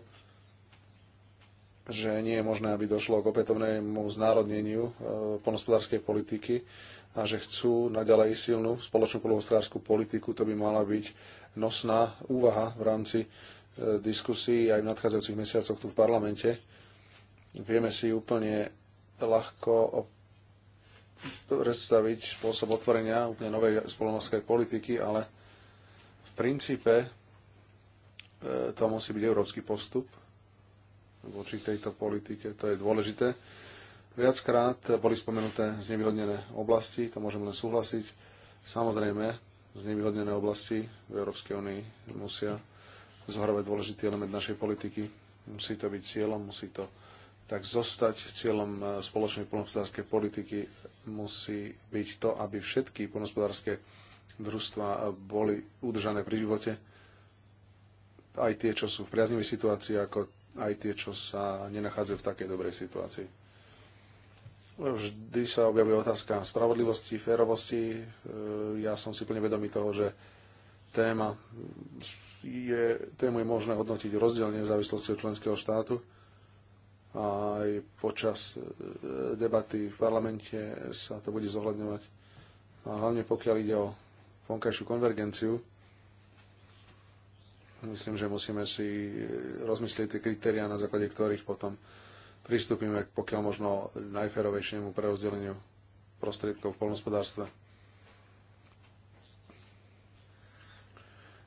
že nie je možné, aby došlo k opätovnému znárodneniu e, polnospodárskej politiky a že chcú naďalej silnú spoločnú polohospodárskú politiku. To by mala byť nosná úvaha v rámci e, diskusí aj v nadchádzajúcich mesiacoch tu v parlamente. Vieme si úplne ľahko predstaviť spôsob otvorenia úplne novej spoločenskej politiky, ale v princípe e, to musí byť európsky postup voči tejto politike, to je dôležité. Viackrát boli spomenuté znevýhodnené oblasti, to môžem len súhlasiť. Samozrejme, znevýhodnené oblasti v Európskej únii musia zohrávať dôležitý element našej politiky. Musí to byť cieľom, musí to tak zostať. Cieľom e, spoločnej poľnohospodárskej politiky musí byť to, aby všetky poľnohospodárske družstva e, boli udržané pri živote. Aj tie, čo sú v priaznivej situácii, ako aj tie, čo sa nenachádzajú v takej dobrej situácii. Vždy sa objavuje otázka spravodlivosti, férovosti. E, ja som si plne vedomý toho, že téma je, tému je možné hodnotiť rozdielne v závislosti od členského štátu. A aj počas e, debaty v parlamente sa to bude zohľadňovať. A hlavne pokiaľ ide o vonkajšiu konvergenciu, myslím, že musíme si e, rozmyslieť tie kritéria, na základe ktorých potom pristúpime k pokiaľ možno najferovejšiemu prerozdeleniu prostriedkov v polnospodárstve.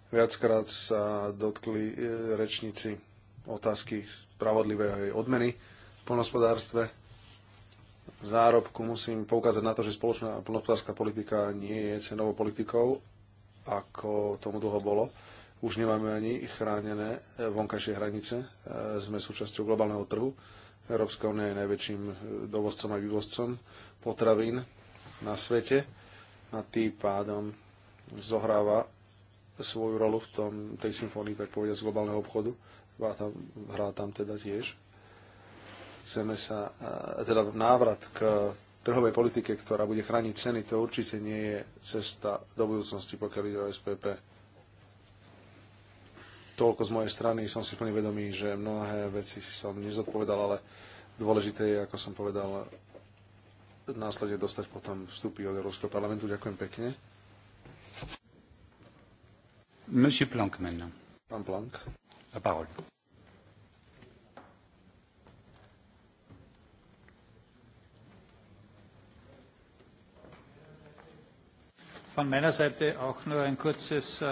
Viackrát sa dotkli e, rečníci otázky spravodlivej odmeny v polnospodárstve. Zárobku musím poukázať na to, že spoločná polnospodárska politika nie je cenovou politikou, ako tomu dlho bolo. Už nemáme ani chránené e, vonkajšie hranice, e, sme súčasťou globálneho trhu Európska únia je najväčším eh, dovozcom a vývozcom potravín na svete a tým pádom zohráva svoju rolu v tom, tej symfónii, tak povediať, z globálneho obchodu. Hrá tam, hrá tam teda tiež. Chceme sa, eh, teda návrat k trhovej politike, ktorá bude chrániť ceny, to určite nie je cesta do budúcnosti, pokiaľ ide o SPP toľko z mojej strany. Som si plne vedomý, že mnohé veci som nezodpovedal, ale dôležité je, ako som povedal, následne dostať potom vstupy od Európskeho parlamentu. Ďakujem pekne. Monsieur Planck maintenant. Pan Planck. La parole. Von meiner Seite auch nur ein kurzes äh,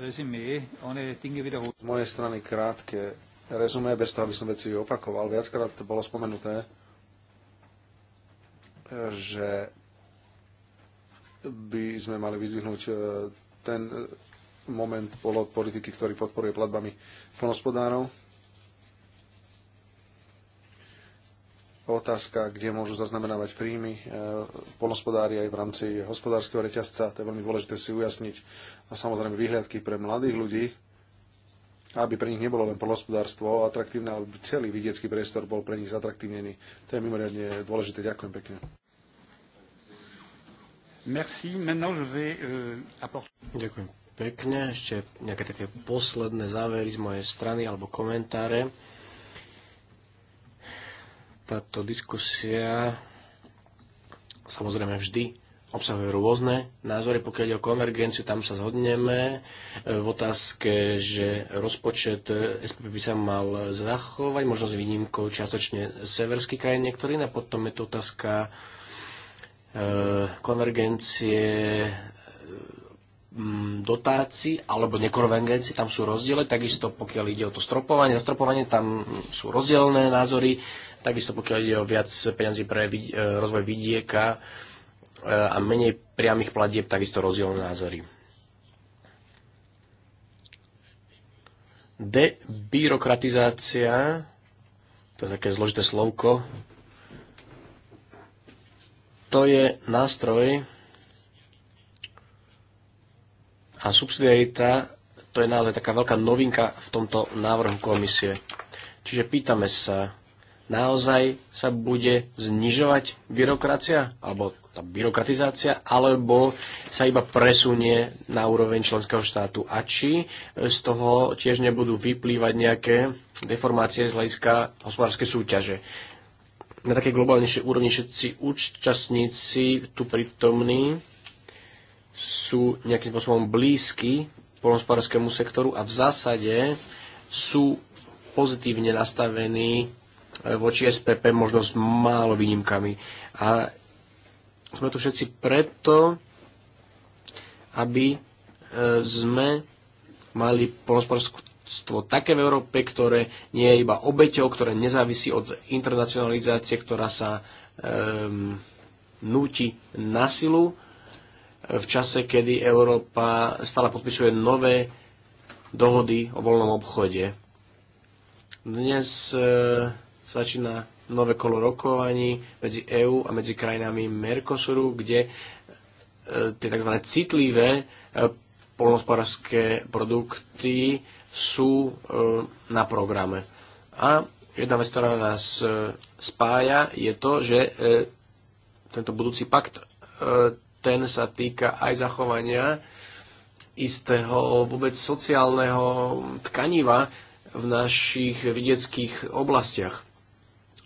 Resümee, ohne Dinge wiederholen. Z mojej strany krátke rezumé, bez toho, aby som veci opakoval. Viackrát to bolo spomenuté, e, že by sme mali vyzvihnúť e, ten e, moment politiky, ktorý podporuje platbami plnospodárov. otázka, kde môžu zaznamenávať príjmy e, polnospodári aj v rámci hospodárskeho reťazca. To je veľmi dôležité si ujasniť. A samozrejme vyhliadky pre mladých ľudí, aby pre nich nebolo len polnospodárstvo atraktívne, ale celý vidiecký priestor bol pre nich zatraktívnený. To je mimoriadne dôležité. Ďakujem pekne. Merci. Maintenant, je vais, euh, apporter... Ďakujem pekne. Ešte nejaké také posledné závery z mojej strany alebo komentáre táto diskusia samozrejme vždy obsahuje rôzne názory, pokiaľ ide o konvergenciu, tam sa zhodneme e, v otázke, že rozpočet e, SPP by sa mal zachovať, možno s výnimkou čiastočne severský krajín niektorý, a potom je tu otázka e, konvergencie dotácií alebo nekonvergencie, tam sú rozdiely, takisto pokiaľ ide o to stropovanie, zastropovanie, tam sú rozdielne názory, Takisto pokiaľ ide o viac peňazí pre e, rozvoj vidieka e, a menej priamých platieb, takisto rozdielne názory. Debyrokratizácia, to je také zložité slovko, to je nástroj a subsidiarita to je naozaj taká veľká novinka v tomto návrhu komisie. Čiže pýtame sa, naozaj sa bude znižovať byrokracia alebo tá byrokratizácia, alebo sa iba presunie na úroveň členského štátu. A či e, z toho tiež nebudú vyplývať nejaké deformácie z hľadiska hospodárskej súťaže. Na takej globálnejšej úrovni všetci účastníci tu prítomní sú nejakým spôsobom blízky polnospodárskému sektoru a v zásade sú pozitívne nastavení E, voči SPP možno s málo výnimkami. A sme tu všetci preto, aby e, sme mali polnospodárstvo také v Európe, ktoré nie je iba obeťou, ktoré nezávisí od internacionalizácie, ktorá sa um, núti na silu e, v čase, kedy Európa stále podpisuje nové dohody o voľnom obchode. Dnes začína nové kolo rokovaní medzi EÚ a medzi krajinami Mercosuru, kde e, tie tzv. citlivé e, polnospodárske produkty sú e, na programe. A jedna vec, ktorá nás spája, je to, že tento budúci pakt ten sa týka aj zachovania istého vôbec sociálneho tkaniva v našich vidieckých oblastiach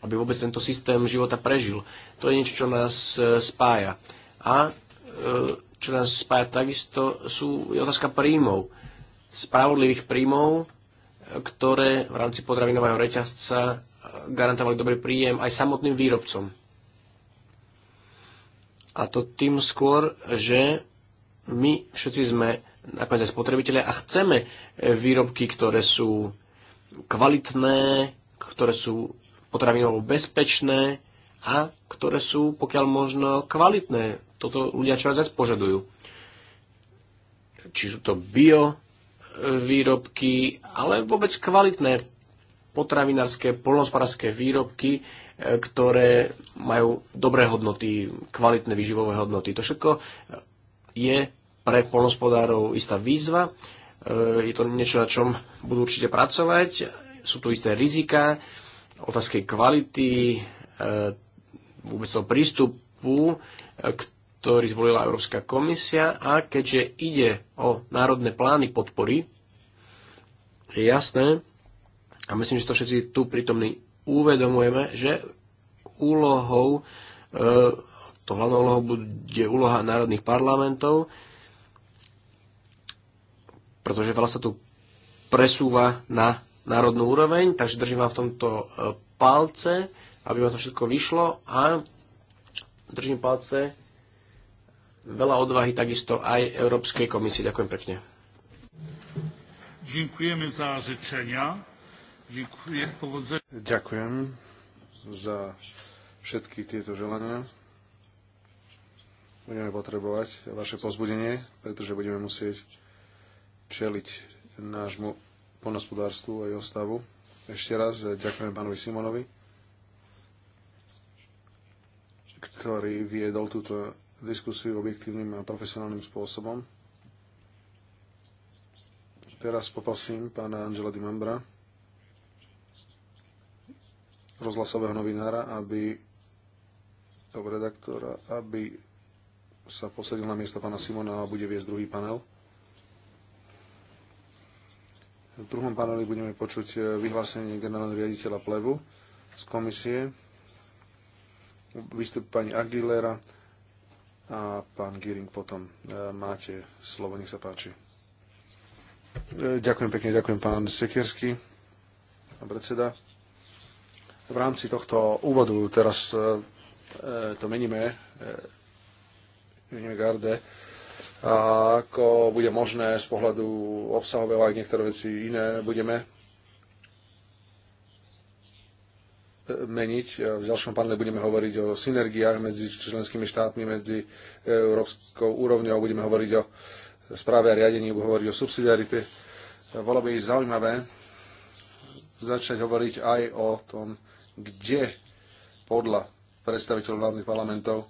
aby vôbec tento systém života prežil. To je niečo, čo nás e, spája. A e, čo nás spája takisto, sú otázka príjmov. Spravodlivých príjmov, e, ktoré v rámci potravinového reťazca garantovali dobrý príjem aj samotným výrobcom. A to tým skôr, že my všetci sme nakoniec aj spotrebitelia a chceme výrobky, ktoré sú kvalitné, ktoré sú potravinovo bezpečné a ktoré sú pokiaľ možno kvalitné. Toto ľudia čoraz viac požadujú. Či sú to bio e, výrobky, ale vôbec kvalitné potravinárske, polnospodárske výrobky, e, ktoré majú dobré hodnoty, kvalitné výživové hodnoty. To všetko je pre polnospodárov istá výzva, e, je to niečo, na čom budú určite pracovať, sú tu isté rizika, otázke kvality, e, vôbec toho prístupu, e, ktorý zvolila Európska komisia a keďže ide o národné plány podpory, je jasné, a myslím, že to všetci tu prítomní uvedomujeme, že úlohou, e, to hlavnou úlohou bude úloha národných parlamentov, pretože veľa sa tu presúva na národnú úroveň, takže držím vám v tomto e, palce, aby vám to všetko vyšlo a držím palce veľa odvahy takisto aj Európskej komisii. Ďakujem pekne. Ďakujeme za žečenia. Ďakujem za všetky tieto želania. Budeme potrebovať vaše pozbudenie, pretože budeme musieť čeliť nášmu Ponospodárstvu a jeho stavu. Ešte raz e, ďakujem pánovi Simonovi, ktorý viedol túto diskusiu objektívnym a profesionálnym spôsobom. Teraz poprosím pána Angela Dimambra, rozhlasového novinára, aby redaktora, aby sa posadil na miesto pána Simona a bude viesť druhý panel. V druhom paneli budeme počuť e, vyhlásenie generálneho riaditeľa Plevu z komisie, výstup pani Aguilera a pán Giring potom. E, máte slovo, nech sa páči. E, ďakujem pekne, ďakujem pán Sekierský, pán predseda. V rámci tohto úvodu teraz to meníme, meníme garde a ako bude možné z pohľadu obsahového aj niektoré veci iné budeme e, meniť. V ďalšom panele budeme hovoriť o synergiách medzi členskými štátmi, medzi európskou úrovňou, budeme hovoriť o správe a riadení, budeme hovoriť o subsidiarite. Bolo by zaujímavé začať hovoriť aj o tom, kde podľa predstaviteľov hlavných parlamentov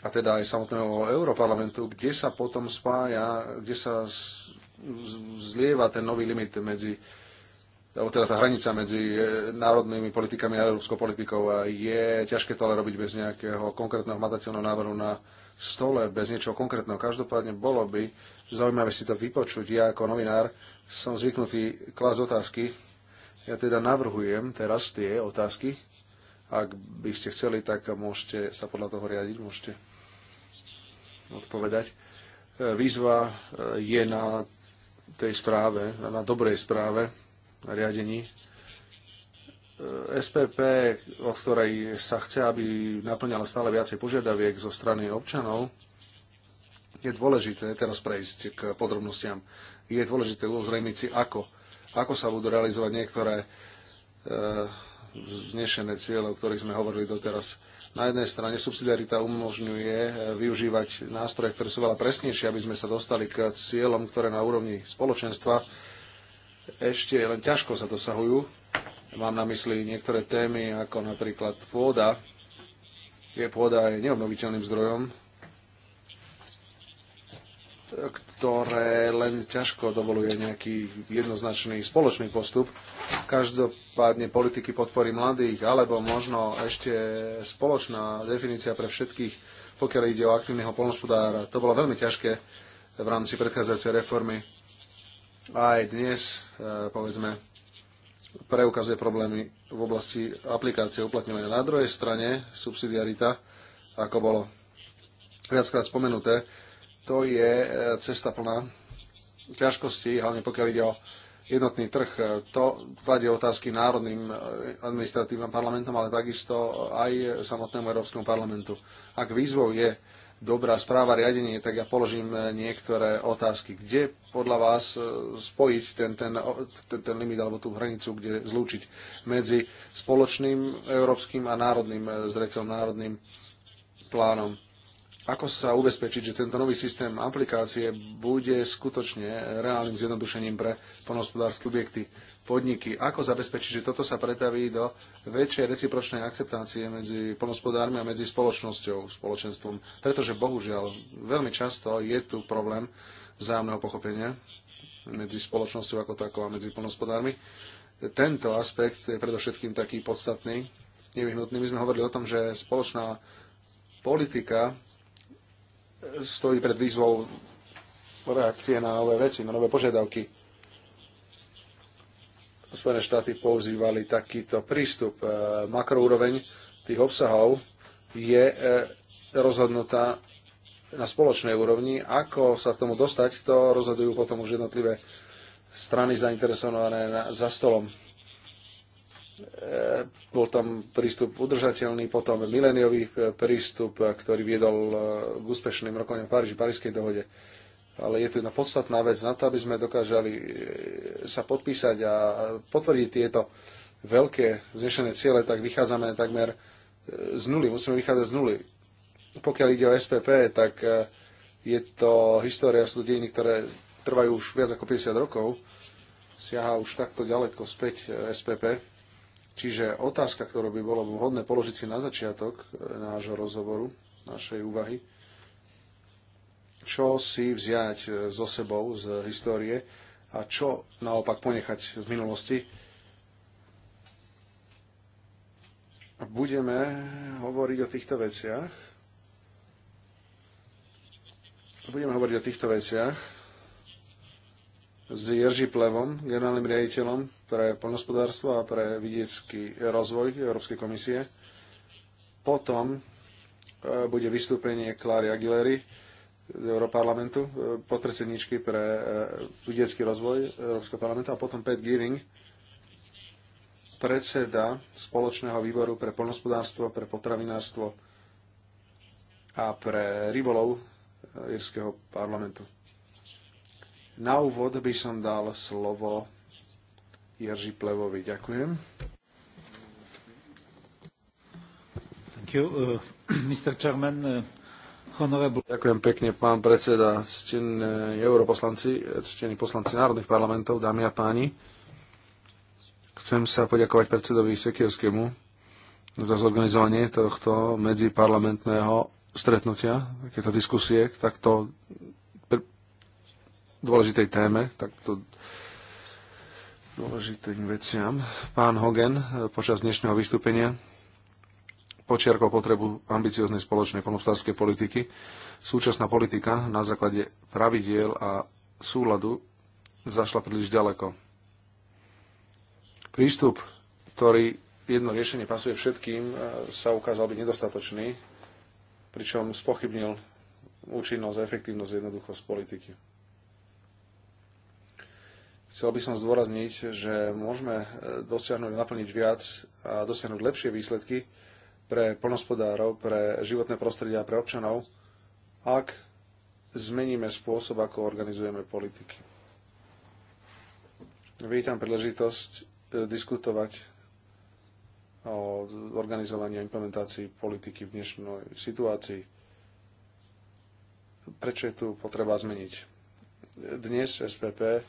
a teda aj samotného Európarlamentu, kde sa potom spája, kde sa zlieva ten nový limit medzi alebo teda tá hranica medzi e, národnými politikami a európskou politikou a je ťažké to ale robiť bez nejakého konkrétneho hmatateľného návrhu na stole, bez niečoho konkrétneho. Každopádne bolo by zaujímavé si to vypočuť. Ja ako novinár som zvyknutý klas otázky. Ja teda navrhujem teraz tie otázky. Ak by ste chceli, tak môžete sa podľa toho riadiť. Môžete odpovedať. E, výzva e, je na tej správe, na dobrej správe, na riadení e, SPP, od ktorej sa chce, aby naplňala stále viacej požiadaviek zo strany občanov, je dôležité teraz prejsť k podrobnostiam. Je dôležité uzrejmiť si, ako, ako sa budú realizovať niektoré e, znešené cieľe, o ktorých sme hovorili doteraz. Na jednej strane subsidiarita umožňuje eh, využívať nástroje, ktoré sú veľa presnejšie, aby sme sa dostali k cieľom, ktoré na úrovni spoločenstva ešte len ťažko sa dosahujú. Mám na mysli niektoré témy, ako napríklad pôda. Je pôda je neobnoviteľným zdrojom, ktoré len ťažko dovoluje nejaký jednoznačný spoločný postup. Každopádne prípadne politiky podpory mladých, alebo možno ešte spoločná definícia pre všetkých, pokiaľ ide o aktívneho polnospodára. To bolo veľmi ťažké v rámci predchádzajúcej reformy. A aj dnes, e, povedzme, preukazuje problémy v oblasti aplikácie uplatňovania. Na druhej strane subsidiarita, ako bolo viackrát spomenuté, to je e, cesta plná ťažkostí, hlavne pokiaľ ide o jednotný trh. E, to kladie otázky národným e, administratívnym parlamentom, ale takisto aj samotnému Európskemu parlamentu. Ak výzvou je dobrá správa, riadenie, tak ja položím e, niektoré otázky. Kde podľa vás spojiť ten, ten, ten, ten limit alebo tú hranicu, kde zlúčiť medzi spoločným európskym a národným, zreteľom národným plánom? Ako sa ubezpečiť, že tento nový systém aplikácie bude skutočne reálnym zjednodušením pre ponospodárske objekty, podniky? Ako zabezpečiť, že toto sa pretaví do väčšej recipročnej akceptácie medzi ponospodármi a medzi spoločnosťou, spoločenstvom? Pretože bohužiaľ veľmi často je tu problém vzájomného pochopenia medzi spoločnosťou ako takou a medzi ponospodármi. Tento aspekt je predovšetkým taký podstatný, nevyhnutný. My sme hovorili o tom, že spoločná politika stojí pred výzvou reakcie na nové veci, na nové požiadavky. Spojené štáty používali takýto prístup. E, makroúroveň tých obsahov je e, rozhodnutá na spoločnej úrovni. Ako sa k tomu dostať, to rozhodujú potom už jednotlivé strany zainteresované za stolom. E, bol tam prístup udržateľný, potom mileniový e, prístup, e, ktorý viedol k úspešným rokovaniam v Paríži, Parískej dohode. Ale je tu jedna podstatná vec na to, aby sme dokážali sa podpísať a potvrdiť tieto veľké znešené ciele, tak vychádzame takmer z nuly. Musíme vychádzať z nuly. Pokiaľ ide o SPP, tak je to história, sú to dejiny, ktoré trvajú už viac ako 50 rokov. Siaha už takto ďaleko späť SPP Čiže otázka, ktorú by bolo vhodné položiť si na začiatok e, nášho rozhovoru, našej úvahy, čo si vziať so e, sebou z histórie a čo naopak ponechať z minulosti. Budeme hovoriť o týchto veciach. Budeme hovoriť o týchto veciach s Jerži Plevom, generálnym riaditeľom pre poľnospodárstvo a pre vidiecký rozvoj Európskej komisie. Potom e, bude vystúpenie Klári Aguilery z Európarlamentu, e, podpredsedničky pre e, vidiecký rozvoj Európskeho parlamentu a potom Pat Giving, predseda spoločného výboru pre poľnospodárstvo, pre potravinárstvo a pre rybolov írskeho parlamentu. Na úvod by som dal slovo Jerži Plevovi. Ďakujem. Thank you, uh, [CLEARS THROAT] Mr. Chairman, uh... Ďakujem pekne, pán predseda, ctení eh, europoslanci, eh, ctení poslanci národných parlamentov, dámy a páni. Chcem sa poďakovať predsedovi Sekierskému za zorganizovanie tohto medziparlamentného stretnutia, takéto diskusie k takto dôležitej téme, takto dôležitým veciam. Pán Hogan eh, počas dnešného vystúpenia počiarkol potrebu ambicioznej spoločnej polnohospodárskej politiky. Súčasná politika na základe pravidiel a súladu zašla príliš ďaleko. Prístup, ktorý jedno riešenie pasuje všetkým, eh, sa ukázal byť nedostatočný, pričom spochybnil účinnosť a efektívnosť jednoducho z politiky. Chcel by som zdôrazniť, že môžeme e, dosiahnuť, naplniť viac a dosiahnuť lepšie výsledky pre plnospodárov, pre životné prostredie a pre občanov, ak zmeníme spôsob, ako organizujeme politiky. Vítam príležitosť e, diskutovať o organizovaní a implementácii politiky v dnešnej situácii. Prečo je tu potreba zmeniť? Dnes SPP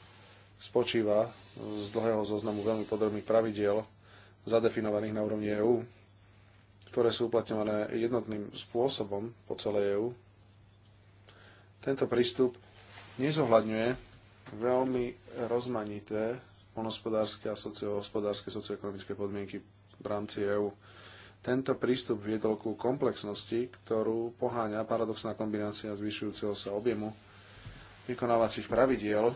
spočíva z dlhého zoznamu veľmi podrobných pravidiel zadefinovaných na úrovni EÚ, ktoré sú uplatňované jednotným spôsobom po celej EÚ. Tento prístup nezohľadňuje veľmi rozmanité monospodárske a sociohospodárske, socioekonomické podmienky v rámci EÚ. Tento prístup viedol ku komplexnosti, ktorú poháňa paradoxná kombinácia zvyšujúceho sa objemu vykonávacích pravidiel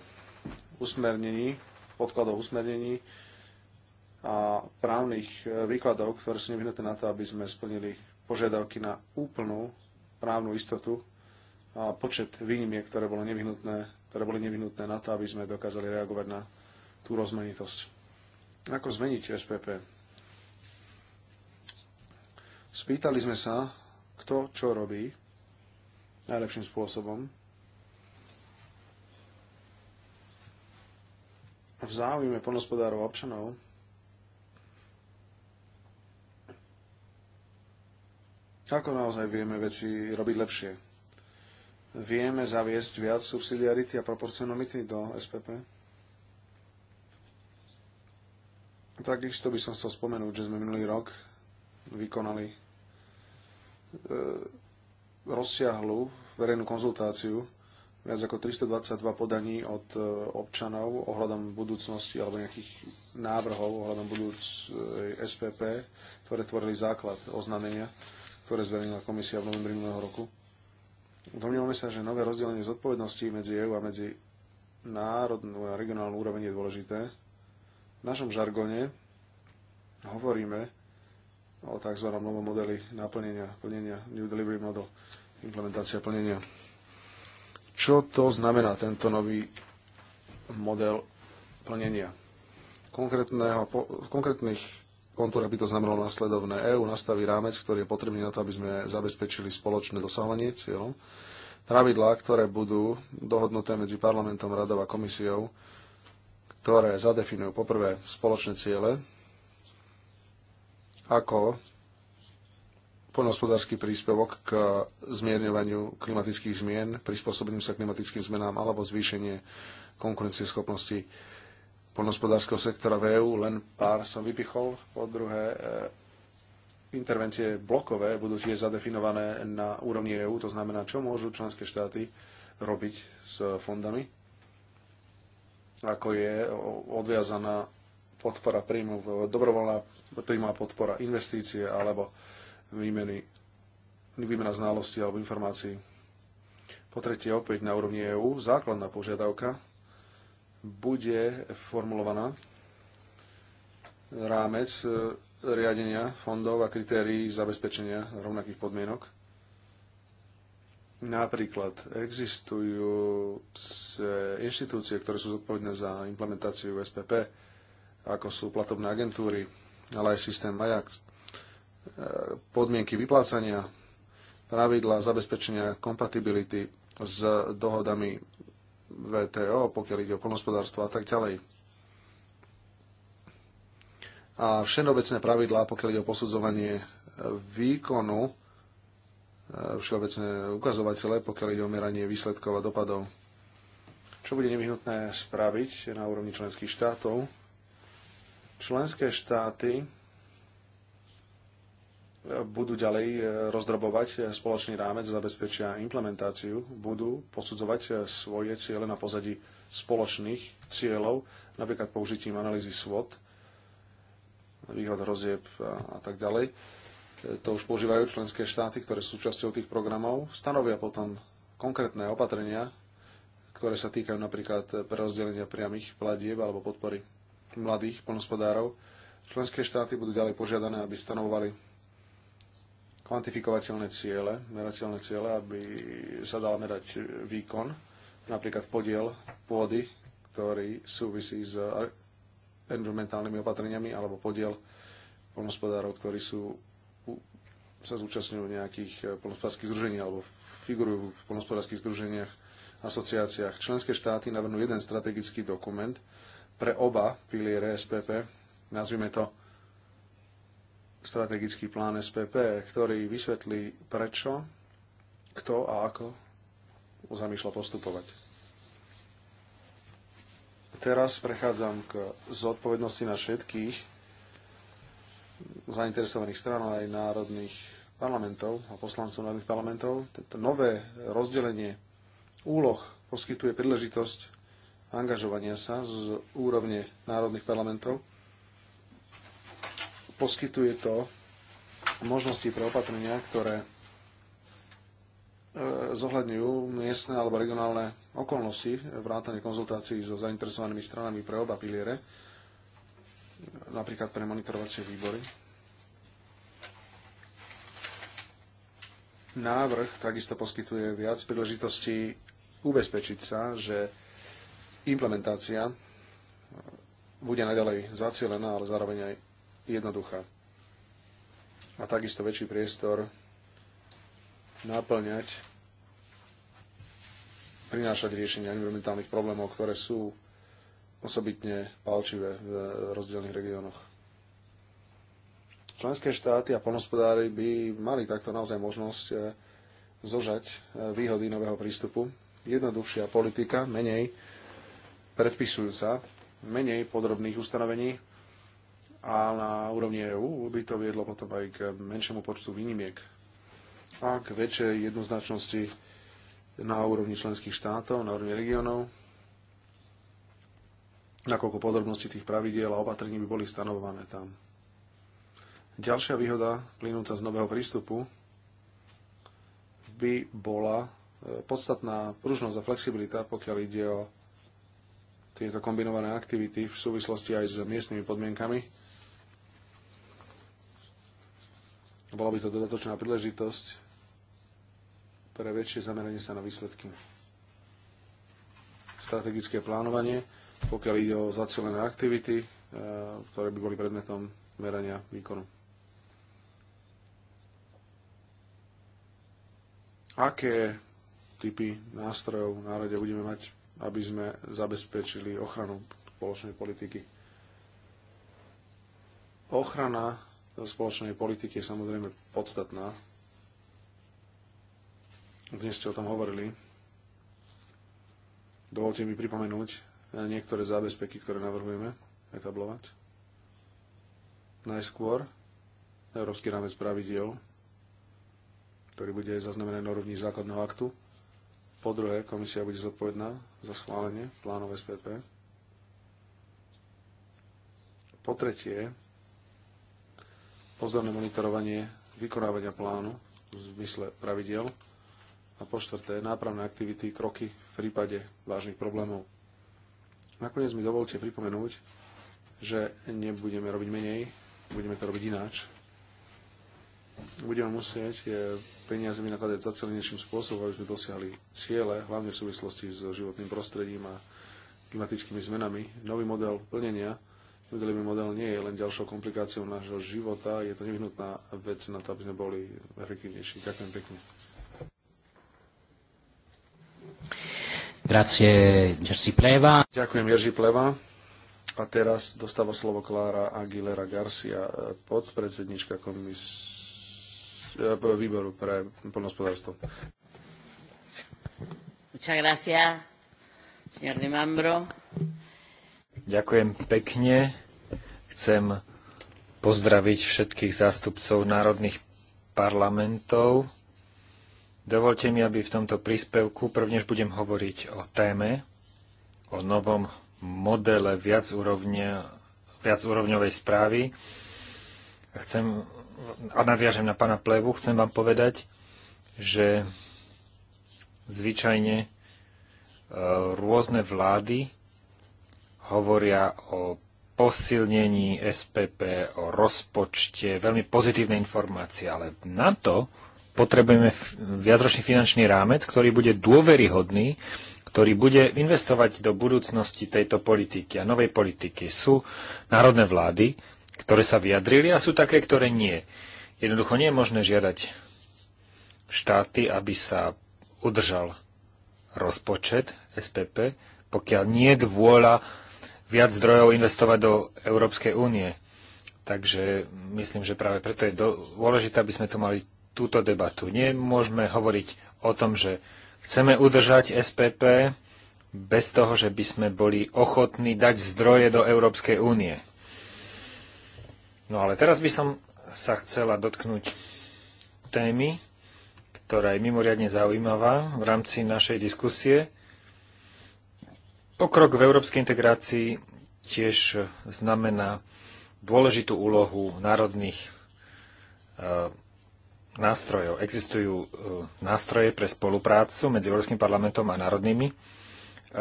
usmernení, podkladov usmernení a právnych e, výkladov, ktoré sú nevyhnuté na to, aby sme splnili požiadavky na úplnú právnu istotu a počet výnimiek, ktoré, bolo nevyhnutné, ktoré boli nevyhnutné na to, aby sme dokázali reagovať na tú rozmanitosť. Ako zmeniť SPP? Spýtali sme sa, kto čo robí najlepším spôsobom. v záujme poľnospodárov občanov Ako naozaj vieme veci robiť lepšie? Vieme zaviesť viac subsidiarity a proporcionality do SPP? Takisto by som chcel spomenúť, že sme minulý rok vykonali e, rozsiahlu verejnú konzultáciu viac ako 322 podaní od e, občanov ohľadom budúcnosti alebo nejakých návrhov ohľadom budúc e, SPP, ktoré tvorili základ oznámenia, ktoré zverejnila komisia v novembri minulého roku. Domnievame sa, že nové rozdelenie zodpovedností medzi EU a medzi národnú a regionálnu úroveň je dôležité. V našom žargone hovoríme o tzv. novom modeli naplnenia, plnenia, New Delivery Model, implementácia plnenia. Čo to znamená tento nový model plnenia? konkrétnych kontúrach by to znamenalo nasledovné EÚ nastaví rámec, ktorý je potrebný na to, aby sme zabezpečili spoločné dosahovanie cieľom. Pravidlá, ktoré budú dohodnuté medzi parlamentom, radou a komisiou, ktoré zadefinujú poprvé spoločné ciele, ako poľnohospodársky príspevok k zmierňovaniu klimatických zmien, prispôsobením sa klimatickým zmenám alebo zvýšenie konkurencieschopnosti poľnohospodárskeho sektora v EÚ. Len pár som vypichol. Po druhé, e, intervencie blokové budú tiež zadefinované na úrovni EÚ, to znamená, čo môžu členské štáty robiť s fondami, ako je odviazaná podpora príjmov, dobrovoľná príjmová podpora, investície alebo výmeny, výmena znalostí alebo informácií. Po tretie, opäť na úrovni EÚ, základná požiadavka bude formulovaná rámec e, riadenia fondov a kritérií zabezpečenia rovnakých podmienok. Napríklad existujú inštitúcie, ktoré sú zodpovedné za implementáciu SPP, ako sú platobné agentúry, ale aj systém Ajax, podmienky vyplácania, pravidla zabezpečenia kompatibility s dohodami VTO, pokiaľ ide o polnospodárstvo a tak ďalej. A všeobecné pravidlá, pokiaľ ide o posudzovanie výkonu, e, všeobecné ukazovatele, pokiaľ ide o meranie výsledkov a dopadov. Čo bude nevyhnutné spraviť na úrovni členských štátov? Členské štáty budú ďalej e, rozdrobovať e, spoločný rámec, zabezpečia implementáciu, budú posudzovať e, svoje ciele na pozadí spoločných cieľov, napríklad použitím analýzy SWOT, výhod hrozieb a tak ďalej. To už používajú členské štáty, ktoré sú súčasťou tých programov. Stanovia potom konkrétne opatrenia, ktoré sa týkajú napríklad prerozdelenia priamých pladieb alebo podpory mladých poľnospodárov. Členské štáty budú ďalej požiadané, aby stanovovali kvantifikovateľné ciele, merateľné ciele, aby sa dal merať výkon, napríklad podiel pôdy, ktorý súvisí s environmentálnymi opatreniami, alebo podiel polnospodárov, ktorí sú, sa zúčastňujú nejakých eh, polnospodárských združení alebo figurujú v polnospodárských združeniach, asociáciách. Členské štáty navrhnú jeden strategický dokument pre oba piliere SPP, nazvime to strategický plán SPP, ktorý vysvetlí prečo, kto a ako zamýšľa postupovať. Teraz prechádzam k zodpovednosti na všetkých zainteresovaných stran aj národných parlamentov a poslancov národných parlamentov. Toto nové rozdelenie úloh poskytuje príležitosť angažovania sa z úrovne národných parlamentov poskytuje to možnosti pre opatrenia, ktoré e, zohľadňujú miestne alebo regionálne okolnosti vrátane konzultácií so zainteresovanými stranami pre oba piliere, napríklad pre monitorovacie výbory. Návrh takisto poskytuje viac príležitostí ubezpečiť sa, že implementácia bude naďalej zacielená, ale zároveň aj jednoduchá. A takisto väčší priestor naplňať, prinášať riešenia environmentálnych problémov, ktoré sú osobitne palčivé v rozdielných regiónoch. Členské štáty a ponospodári by mali takto naozaj možnosť e, zožať e, výhody nového prístupu. Jednoduchšia politika, menej predpisujúca, menej podrobných ustanovení, a na úrovni EÚ by to viedlo potom aj k menšiemu počtu výnimiek a k väčšej jednoznačnosti na úrovni členských štátov, na úrovni regiónov, nakoľko podrobnosti tých pravidiel a opatrení by boli stanovované tam. Ďalšia výhoda plynúca z nového prístupu by bola e, podstatná pružnosť a flexibilita, pokiaľ ide o tieto kombinované aktivity v súvislosti aj s miestnymi podmienkami Bola by to dodatočná príležitosť pre väčšie zameranie sa na výsledky. Strategické plánovanie, pokiaľ ide o zacielené aktivity, e, ktoré by boli predmetom merania výkonu. Aké typy nástrojov na rade budeme mať, aby sme zabezpečili ochranu spoločnej politiky? Ochrana spoločnej politiky je samozrejme podstatná. Dnes ste o tom hovorili. Dovolte mi pripomenúť eh, niektoré zábezpeky, ktoré navrhujeme etablovať. Najskôr Európsky rámec pravidiel, ktorý bude zaznamenaný na úrovni základného aktu. Po druhé, komisia bude zodpovedná za schválenie plánov SPP. Po tretie, pozorné monitorovanie vykonávania plánu v zmysle pravidel a po štvrté nápravné aktivity, kroky v prípade vážnych problémov. Nakoniec mi dovolte pripomenúť, že nebudeme robiť menej, budeme to robiť ináč. Budeme musieť eh, peniazmi nakladať zacelenejším spôsobom, aby sme dosiahli ciele, hlavne v súvislosti s životným prostredím a klimatickými zmenami. Nový model plnenia Medelivý model nie je len ďalšou komplikáciou nášho života, je to nevyhnutná vec na to, aby sme boli efektívnejší. Ďakujem pekne. Grazie, Jerzy Pleva. Ďakujem, Jerzy Pleva. A teraz dostáva slovo Klára Aguilera Garcia, podpredsednička komis... Eh, výboru pre poľnohospodárstvo. Muchas gracias, señor de Mambro. Ďakujem pekne. Chcem pozdraviť všetkých zástupcov národných parlamentov. Dovolte mi, aby v tomto príspevku prvnež budem hovoriť o téme, o novom modele viacúrovňovej správy. Chcem, a naviažem na pána Plevu, chcem vám povedať, že zvyčajne e, rôzne vlády hovoria o posilnení SPP, o rozpočte, veľmi pozitívne informácie, ale na to potrebujeme viacročný finančný rámec, ktorý bude dôveryhodný, ktorý bude investovať do budúcnosti tejto politiky a novej politiky. Sú národné vlády, ktoré sa vyjadrili a sú také, ktoré nie. Jednoducho nie je možné žiadať štáty, aby sa udržal rozpočet SPP, pokiaľ nie je dôľa viac zdrojov investovať do Európskej únie. Takže myslím, že práve preto je dôležité, aby sme tu mali túto debatu. Nemôžeme hovoriť o tom, že chceme udržať SPP bez toho, že by sme boli ochotní dať zdroje do Európskej únie. No ale teraz by som sa chcela dotknúť témy, ktorá je mimoriadne zaujímavá v rámci našej diskusie Pokrok v európskej integrácii tiež znamená dôležitú úlohu národných e, nástrojov. Existujú e, nástroje pre spoluprácu medzi Európskym parlamentom a národnými e,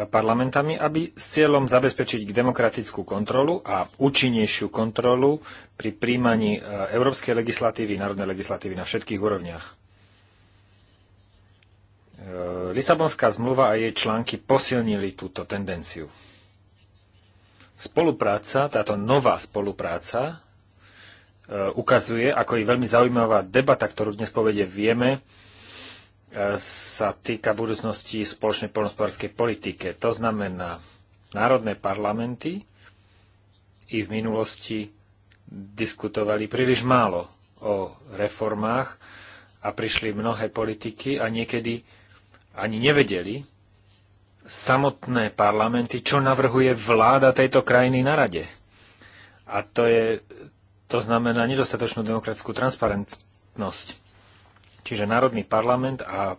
parlamentami, aby s cieľom zabezpečiť demokratickú kontrolu a účinnejšiu kontrolu pri príjmaní európskej legislatívy, národnej legislatívy na všetkých úrovniach. E, Lisabonská zmluva a jej články posilnili túto tendenciu. Spolupráca, táto nová spolupráca, e, ukazuje, ako je veľmi zaujímavá debata, ktorú dnes povede vieme, e, sa týka budúcnosti spoločnej poľnospodárskej politike. To znamená, národné parlamenty i v minulosti diskutovali príliš málo o reformách a prišli mnohé politiky a niekedy ani nevedeli samotné parlamenty, čo navrhuje vláda tejto krajiny na rade. A to, je, to znamená nedostatočnú demokratickú transparentnosť. Čiže Národný parlament a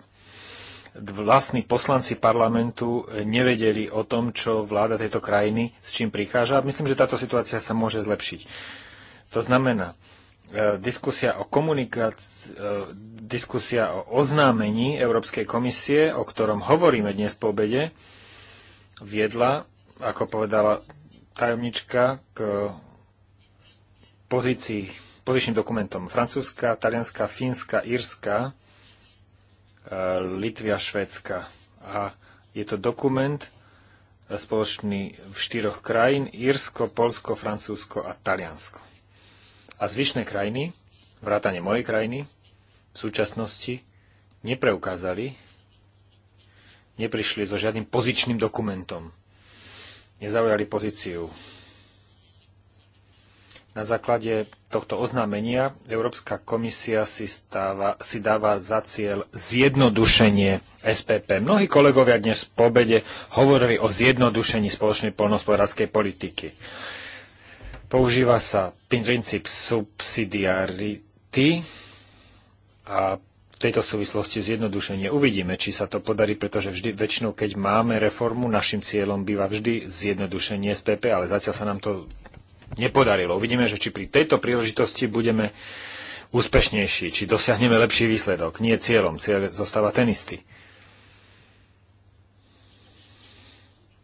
vlastní poslanci parlamentu nevedeli o tom, čo vláda tejto krajiny s čím prichádza. Myslím, že táto situácia sa môže zlepšiť. To znamená, e, diskusia o komunikácii E, diskusia o oznámení Európskej komisie, o ktorom hovoríme dnes po obede, viedla, ako povedala tajomnička, k pozícii, pozičným dokumentom Francúzska, Talianska, Fínska, Írska, e, Litvia, Švédska. A je to dokument e, spoločný v štyroch krajín, Írsko, Polsko, Francúzsko a Taliansko. A zvyšné krajiny, vrátane mojej krajiny, v súčasnosti nepreukázali, neprišli so žiadnym pozičným dokumentom. Nezaujali pozíciu. Na základe tohto oznámenia Európska komisia si, stáva, si dáva za cieľ zjednodušenie SPP. Mnohí kolegovia dnes v pobede hovorili o zjednodušení spoločnej polnospodárskej politiky. Používa sa princíp subsidiarity, a v tejto súvislosti zjednodušenie. Uvidíme, či sa to podarí, pretože vždy, väčšinou, keď máme reformu, našim cieľom býva vždy zjednodušenie SPP, ale zatiaľ sa nám to nepodarilo. Uvidíme, že či pri tejto príležitosti budeme úspešnejší, či dosiahneme lepší výsledok. Nie cieľom, cieľ zostáva ten istý.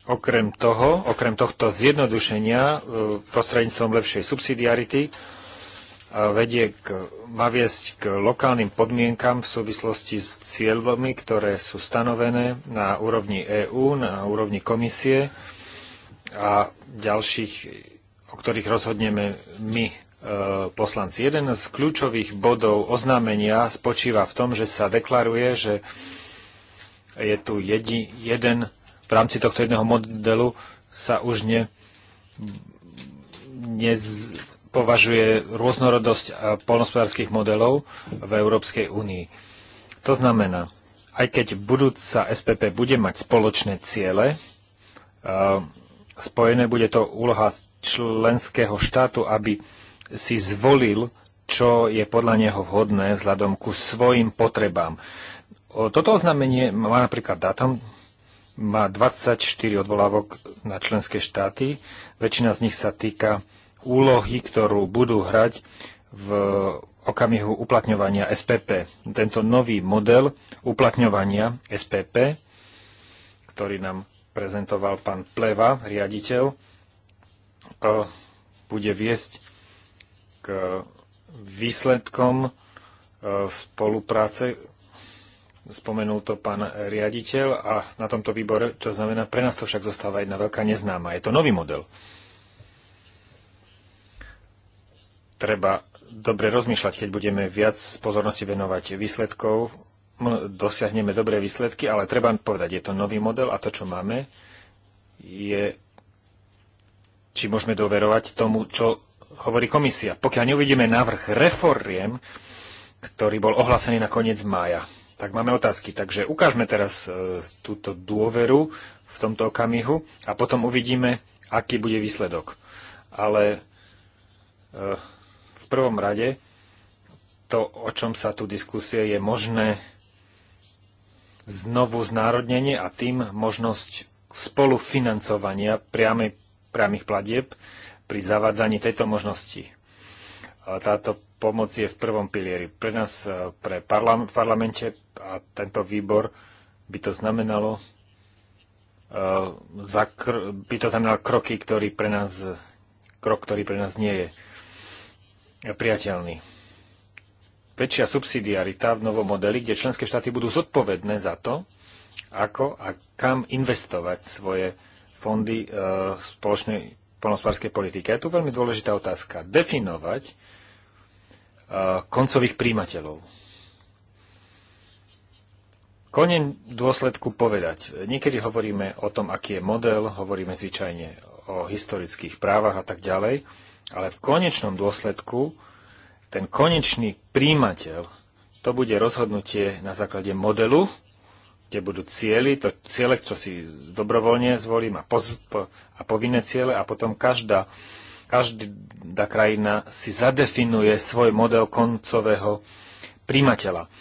Okrem toho, okrem tohto zjednodušenia e, prostredníctvom lepšej subsidiarity, vedie k, viesť k lokálnym podmienkam v súvislosti s cieľmi, ktoré sú stanovené na úrovni EÚ, na úrovni komisie a ďalších, o ktorých rozhodneme my, e, poslanci. Jeden z kľúčových bodov oznámenia spočíva v tom, že sa deklaruje, že je tu jedi, jeden, v rámci tohto jedného modelu sa už ne, nez, považuje rôznorodosť eh, polnospodárských modelov v Európskej únii. To znamená, aj keď budúca SPP bude mať spoločné ciele, eh, spojené bude to úloha členského štátu, aby si zvolil, čo je podľa neho vhodné vzhľadom ku svojim potrebám. Toto oznámenie má napríklad dátum, má 24 odvolávok na členské štáty, väčšina z nich sa týka úlohy, ktorú budú hrať v okamihu uplatňovania SPP. Tento nový model uplatňovania SPP, ktorý nám prezentoval pán Pleva, riaditeľ, e, bude viesť k výsledkom e, spolupráce. Spomenul to pán riaditeľ a na tomto výbore, čo znamená, pre nás to však zostáva jedna veľká neznáma. Je to nový model. treba dobre rozmýšľať, keď budeme viac pozornosti venovať výsledkov, dosiahneme dobré výsledky, ale treba povedať, je to nový model a to, čo máme, je, či môžeme doverovať tomu, čo hovorí komisia. Pokiaľ neuvidíme návrh reforiem, ktorý bol ohlásený na koniec mája, tak máme otázky. Takže ukážme teraz e, túto dôveru v tomto okamihu a potom uvidíme, aký bude výsledok. Ale e, prvom rade to, o čom sa tu diskusie, je možné znovu znárodnenie a tým možnosť spolufinancovania priame, priamých platieb pri zavádzaní tejto možnosti. Táto pomoc je v prvom pilieri. Pre nás, e, pre parlam- v parlamente a tento výbor by to znamenalo, uh, by to znamenalo kroky, ktorý pre nás, krok, ktorý pre nás nie je priateľný. Väčšia subsidiarita v novom modeli, kde členské štáty budú zodpovedné za to, ako a kam investovať svoje fondy e, v spoločnej polnospárskej politike. Je tu veľmi dôležitá otázka. Definovať e, koncových príjimateľov. Konen dôsledku povedať. Niekedy hovoríme o tom, aký je model, hovoríme zvyčajne o historických právach a tak ďalej. Ale v konečnom dôsledku ten konečný príjimateľ, to bude rozhodnutie na základe modelu, kde budú cieľy, to cieľe, čo si dobrovoľne zvolím a, poz, po, a povinné ciele a potom každá, každá krajina si zadefinuje svoj model koncového príjimateľa.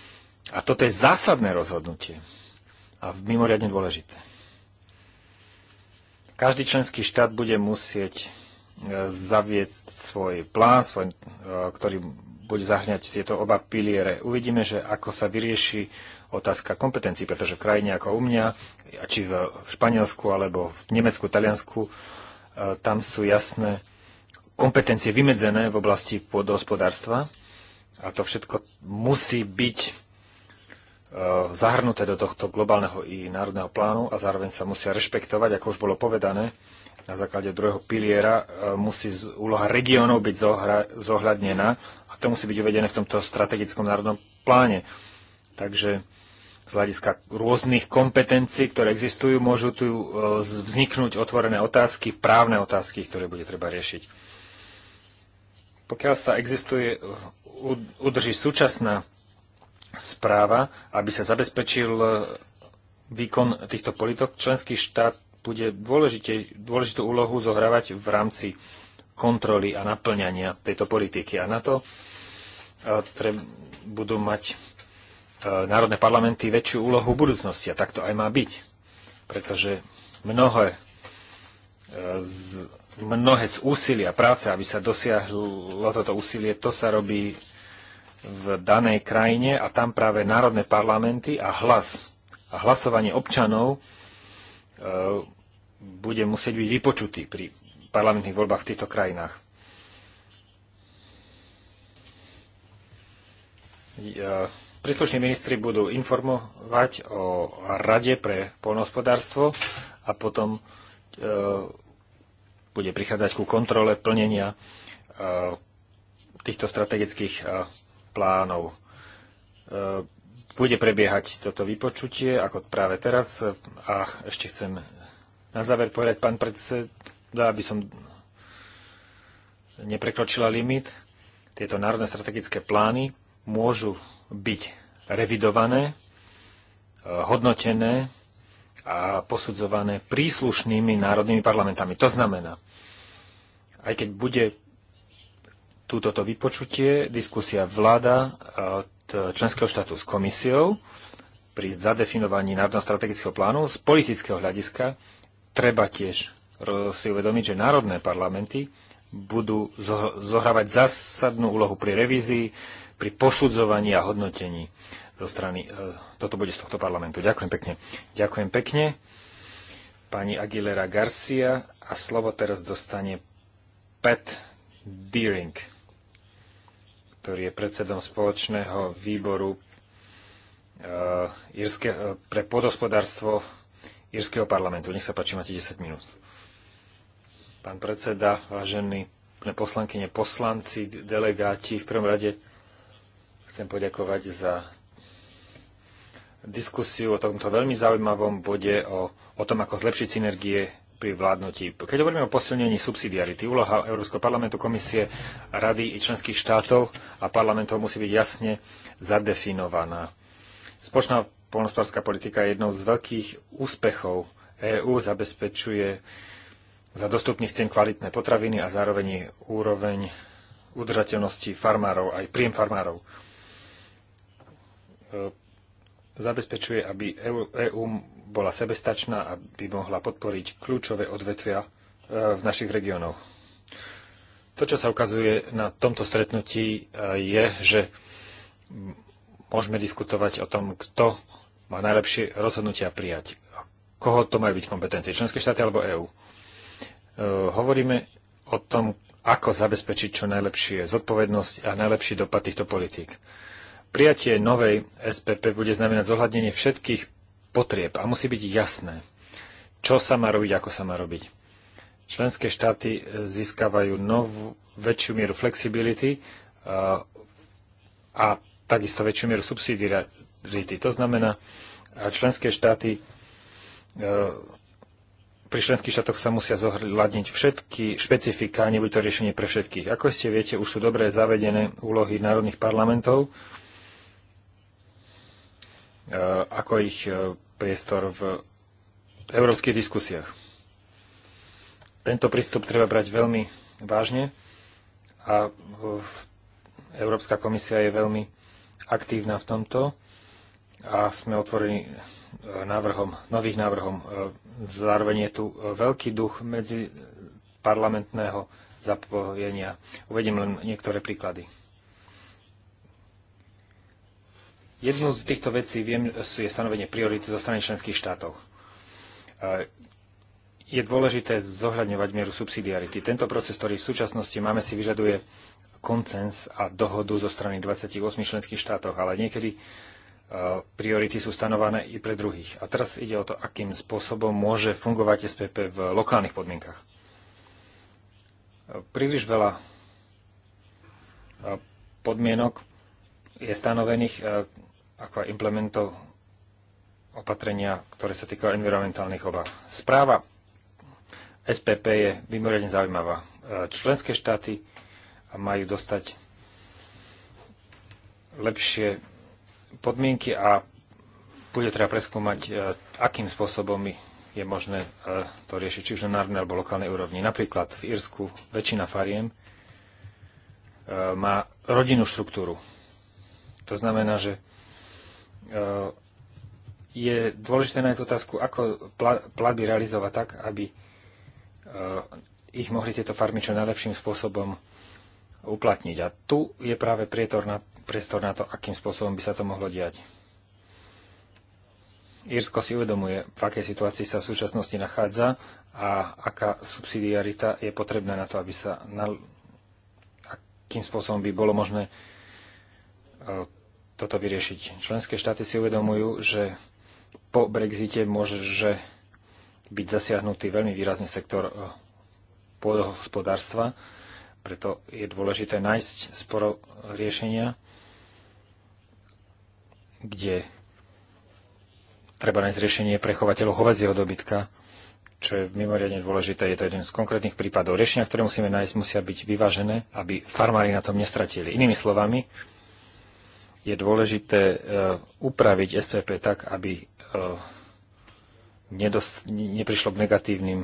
A toto je zásadné rozhodnutie a mimoriadne dôležité. Každý členský štát bude musieť E, zavieť svoj plán, svoj, e, ktorý bude zahňať tieto oba piliere. Uvidíme, že ako sa vyrieši otázka kompetencií, pretože v krajine ako u mňa, či v Španielsku alebo v Nemecku, Taliansku, e, tam sú jasné kompetencie vymedzené v oblasti pôdohospodárstva a to všetko musí byť zahrnuté do tohto globálneho i národného plánu a zároveň sa musia rešpektovať, ako už bolo povedané, na základe druhého piliera e, musí úloha regiónov byť zohľadnená a to musí byť uvedené v tomto strategickom národnom pláne. Takže z hľadiska rôznych kompetencií, ktoré existujú, môžu tu e, vzniknúť otvorené otázky, právne otázky, ktoré bude treba riešiť. Pokiaľ sa existuje, e, udrží súčasná správa, aby sa zabezpečil výkon týchto politok, členský štát bude dôležite, dôležitú úlohu zohrávať v rámci kontroly a naplňania tejto politiky. A na to e, treb, budú mať e, národné parlamenty väčšiu úlohu v budúcnosti. A tak to aj má byť. Pretože mnohé e, z, mnohé z úsilia práce, aby sa dosiahlo toto úsilie, to sa robí v danej krajine a tam práve národné parlamenty a hlas a hlasovanie občanov E, bude musieť byť vypočutý pri parlamentných voľbách v týchto krajinách. E, príslušní ministri budú informovať o Rade pre poľnohospodárstvo a potom e, bude prichádzať ku kontrole plnenia týchto strategických plánov bude prebiehať toto vypočutie, ako práve teraz. A ešte chcem na záver povedať, pán predseda, aby som neprekročila limit. Tieto národné strategické plány môžu byť revidované, eh, hodnotené a posudzované príslušnými národnými parlamentami. To znamená, aj keď bude túto vypočutie, diskusia vláda, eh, členského štátu s komisiou pri zadefinovaní národného strategického plánu z politického hľadiska treba tiež si uvedomiť, že národné parlamenty budú zohrávať zásadnú úlohu pri revízii, pri posudzovaní a hodnotení zo strany, e, toto bude z tohto parlamentu. Ďakujem pekne. Ďakujem pekne. Pani Aguilera Garcia a slovo teraz dostane Pat Deering ktorý je predsedom spoločného výboru Írske, e, e, pre podhospodárstvo Írskeho parlamentu. Nech sa páči, máte 10 minút. Pán predseda, vážení poslankyne, poslanci, delegáti, v prvom rade chcem poďakovať za diskusiu o tomto veľmi zaujímavom bode o, o tom, ako zlepšiť synergie pri vládnutí. Keď hovoríme o posilnení subsidiarity, úloha Európskeho parlamentu, komisie, rady i členských štátov a parlamentov musí byť jasne zadefinovaná. Spočná polnospodárska politika je jednou z veľkých úspechov EÚ, zabezpečuje za dostupných cien kvalitné potraviny a zároveň úroveň udržateľnosti farmárov, aj príjem farmárov. E, zabezpečuje, aby EÚ e bola sebestačná, aby mohla podporiť kľúčové odvetvia e, v našich regiónoch. To, čo sa ukazuje na tomto stretnutí, e, je, že môžeme diskutovať o tom, kto má najlepšie rozhodnutia prijať. Koho to majú byť kompetencie, členské štáty alebo EÚ. E, hovoríme o tom, ako zabezpečiť čo najlepšie zodpovednosť a najlepší dopad týchto politík. Prijatie novej SPP bude znamenať zohľadnenie všetkých potrieb a musí byť jasné, čo sa má robiť, ako sa má robiť. Členské štáty získavajú novú, väčšiu mieru flexibility a, a takisto väčšiu mieru subsidiarity. To znamená, členské štáty e, pri členských štátoch sa musia zohľadniť všetky špecifiká, nebude to riešenie pre všetkých. Ako ste viete, už sú dobre zavedené úlohy národných parlamentov E, ako ich e, priestor v európskych diskusiách. Tento prístup treba brať veľmi vážne a e, Európska komisia je veľmi aktívna v tomto a sme otvorení návrhom, nových návrhom. Zároveň je tu veľký duch medzi parlamentného zapojenia. Uvedím len niektoré príklady. Jednu z týchto vecí viem, je stanovenie priority zo strany členských štátov. Je dôležité zohľadňovať mieru subsidiarity. Tento proces, ktorý v súčasnosti máme, si vyžaduje koncens a dohodu zo strany 28 členských štátov, ale niekedy e, priority sú stanované i pre druhých. A teraz ide o to, akým spôsobom môže fungovať SPP v lokálnych podmienkach. E, príliš veľa e, podmienok je stanovených, ako aj implementov opatrenia, ktoré sa týkajú environmentálnych obav. Správa SPP je mimoriadne zaujímavá. Členské štáty majú dostať lepšie podmienky a bude treba preskúmať, e, akým spôsobom je možné e, to riešiť, či už na národnej alebo lokálnej úrovni. Napríklad v Írsku väčšina fariem e, má rodinnú štruktúru. To znamená, že Eh, je dôležité nájsť otázku, ako platby realizovať tak, aby eh, ich mohli tieto farmy čo najlepším spôsobom uplatniť. A tu je práve prietor na, priestor na to, akým spôsobom by sa to mohlo diať. Írsko si uvedomuje, v akej situácii sa v súčasnosti nachádza a aká subsidiarita je potrebná na to, aby sa na, akým spôsobom by bolo možné eh, toto vyriešiť. Členské štáty si uvedomujú, že po Brexite môže byť zasiahnutý veľmi výrazný sektor eh, pôdohospodárstva, preto je dôležité nájsť sporo riešenia, kde treba nájsť riešenie pre chovateľov hovedzieho dobytka, čo je mimoriadne dôležité. Je to jeden z konkrétnych prípadov. Riešenia, ktoré musíme nájsť, musia byť vyvážené, aby farmári na tom nestratili. Inými slovami, je dôležité e, upraviť SPP tak, aby e, nedost, neprišlo k negatívnym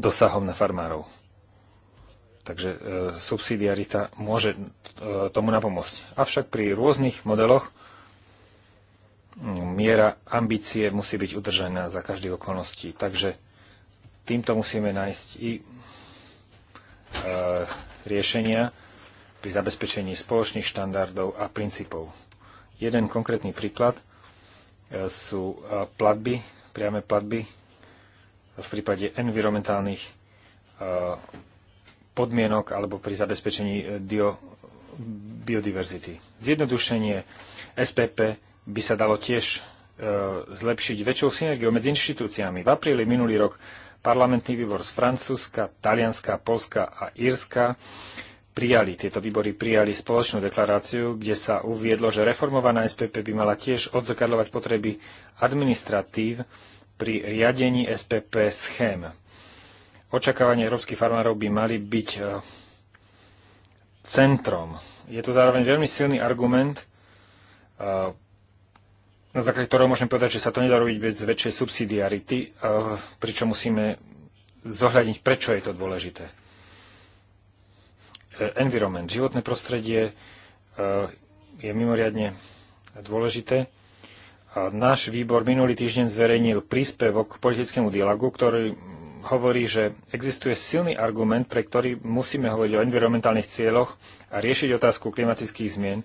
dosahom na farmárov. Takže e, subsidiarita môže e, tomu napomôcť. Avšak pri rôznych modeloch miera ambície musí byť udržaná za každých okolností. Takže týmto musíme nájsť i e, riešenia, pri zabezpečení spoločných štandardov a princípov. Jeden konkrétny príklad e, sú e, platby, priame platby v prípade environmentálnych e, podmienok alebo pri zabezpečení biodiverzity. Zjednodušenie SPP by sa dalo tiež zlepšiť väčšou synergiou medzi inštitúciami. V apríli minulý rok parlamentný výbor z Francúzska, Talianska, Polska a Írska prijali, tieto výbory prijali spoločnú deklaráciu, kde sa uviedlo, že reformovaná SPP by mala tiež odzrkadľovať potreby administratív pri riadení SPP schém. Očakávanie európskych farmárov by mali byť e, centrom. Je to zároveň veľmi silný argument, e, na základe ktorého môžeme povedať, že sa to nedá robiť bez väčšej subsidiarity, e, pričom musíme zohľadniť, prečo je to dôležité. E, environment, životné prostredie e, je mimoriadne dôležité. A náš výbor minulý týždeň zverejnil príspevok k politickému dialogu, ktorý hovorí, že existuje silný argument, pre ktorý musíme hovoriť o environmentálnych cieľoch a riešiť otázku klimatických zmien.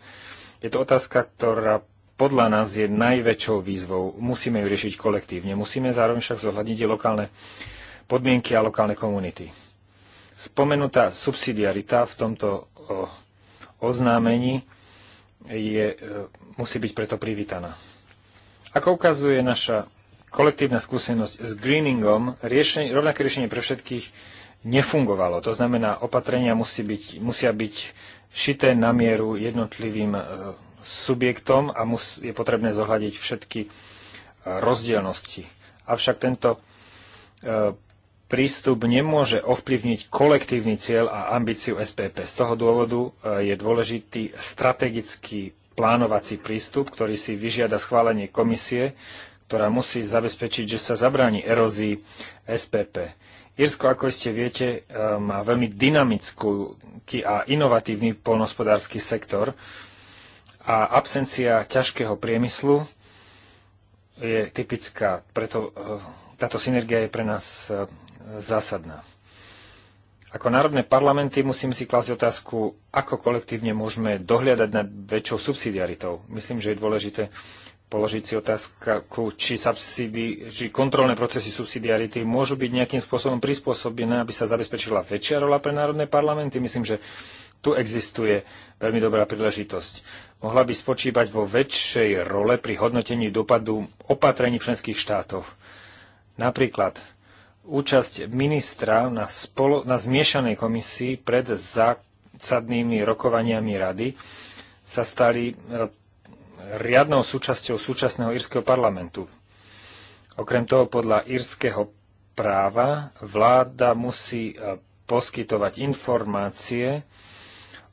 Je to otázka, ktorá podľa nás je najväčšou výzvou. Musíme ju riešiť kolektívne. Musíme zároveň však zohľadniť lokálne podmienky a lokálne komunity Spomenutá subsidiarita v tomto oznámení je, e, musí byť preto privítaná. Ako ukazuje naša kolektívna skúsenosť s greeningom, riešenie, rovnaké riešenie pre všetkých nefungovalo. To znamená, opatrenia musí byť, musia byť šité na mieru jednotlivým e, subjektom a mus, je potrebné zohľadiť všetky e, rozdielnosti. Avšak tento prístup nemôže ovplyvniť kolektívny cieľ a ambíciu SPP. Z toho dôvodu e, je dôležitý strategický plánovací prístup, ktorý si vyžiada schválenie komisie, ktorá musí zabezpečiť, že sa zabráni erózii SPP. Irsko, ako ste viete, e, má veľmi dynamický a inovatívny polnospodársky sektor a absencia ťažkého priemyslu je typická, preto e, táto synergia je pre nás zásadná. Ako národné parlamenty musíme si klásť otázku, ako kolektívne môžeme dohliadať nad väčšou subsidiaritou. Myslím, že je dôležité položiť si otázku, či, subsidi, či kontrolné procesy subsidiarity môžu byť nejakým spôsobom prispôsobené, aby sa zabezpečila väčšia rola pre národné parlamenty. Myslím, že tu existuje veľmi dobrá príležitosť. Mohla by spočívať vo väčšej role pri hodnotení dopadu opatrení členských štátov. Napríklad účasť ministra na, spolo, na zmiešanej komisii pred zásadnými rokovaniami rady sa stali e, riadnou súčasťou súčasného írskeho parlamentu. Okrem toho, podľa írskeho práva vláda musí e, poskytovať informácie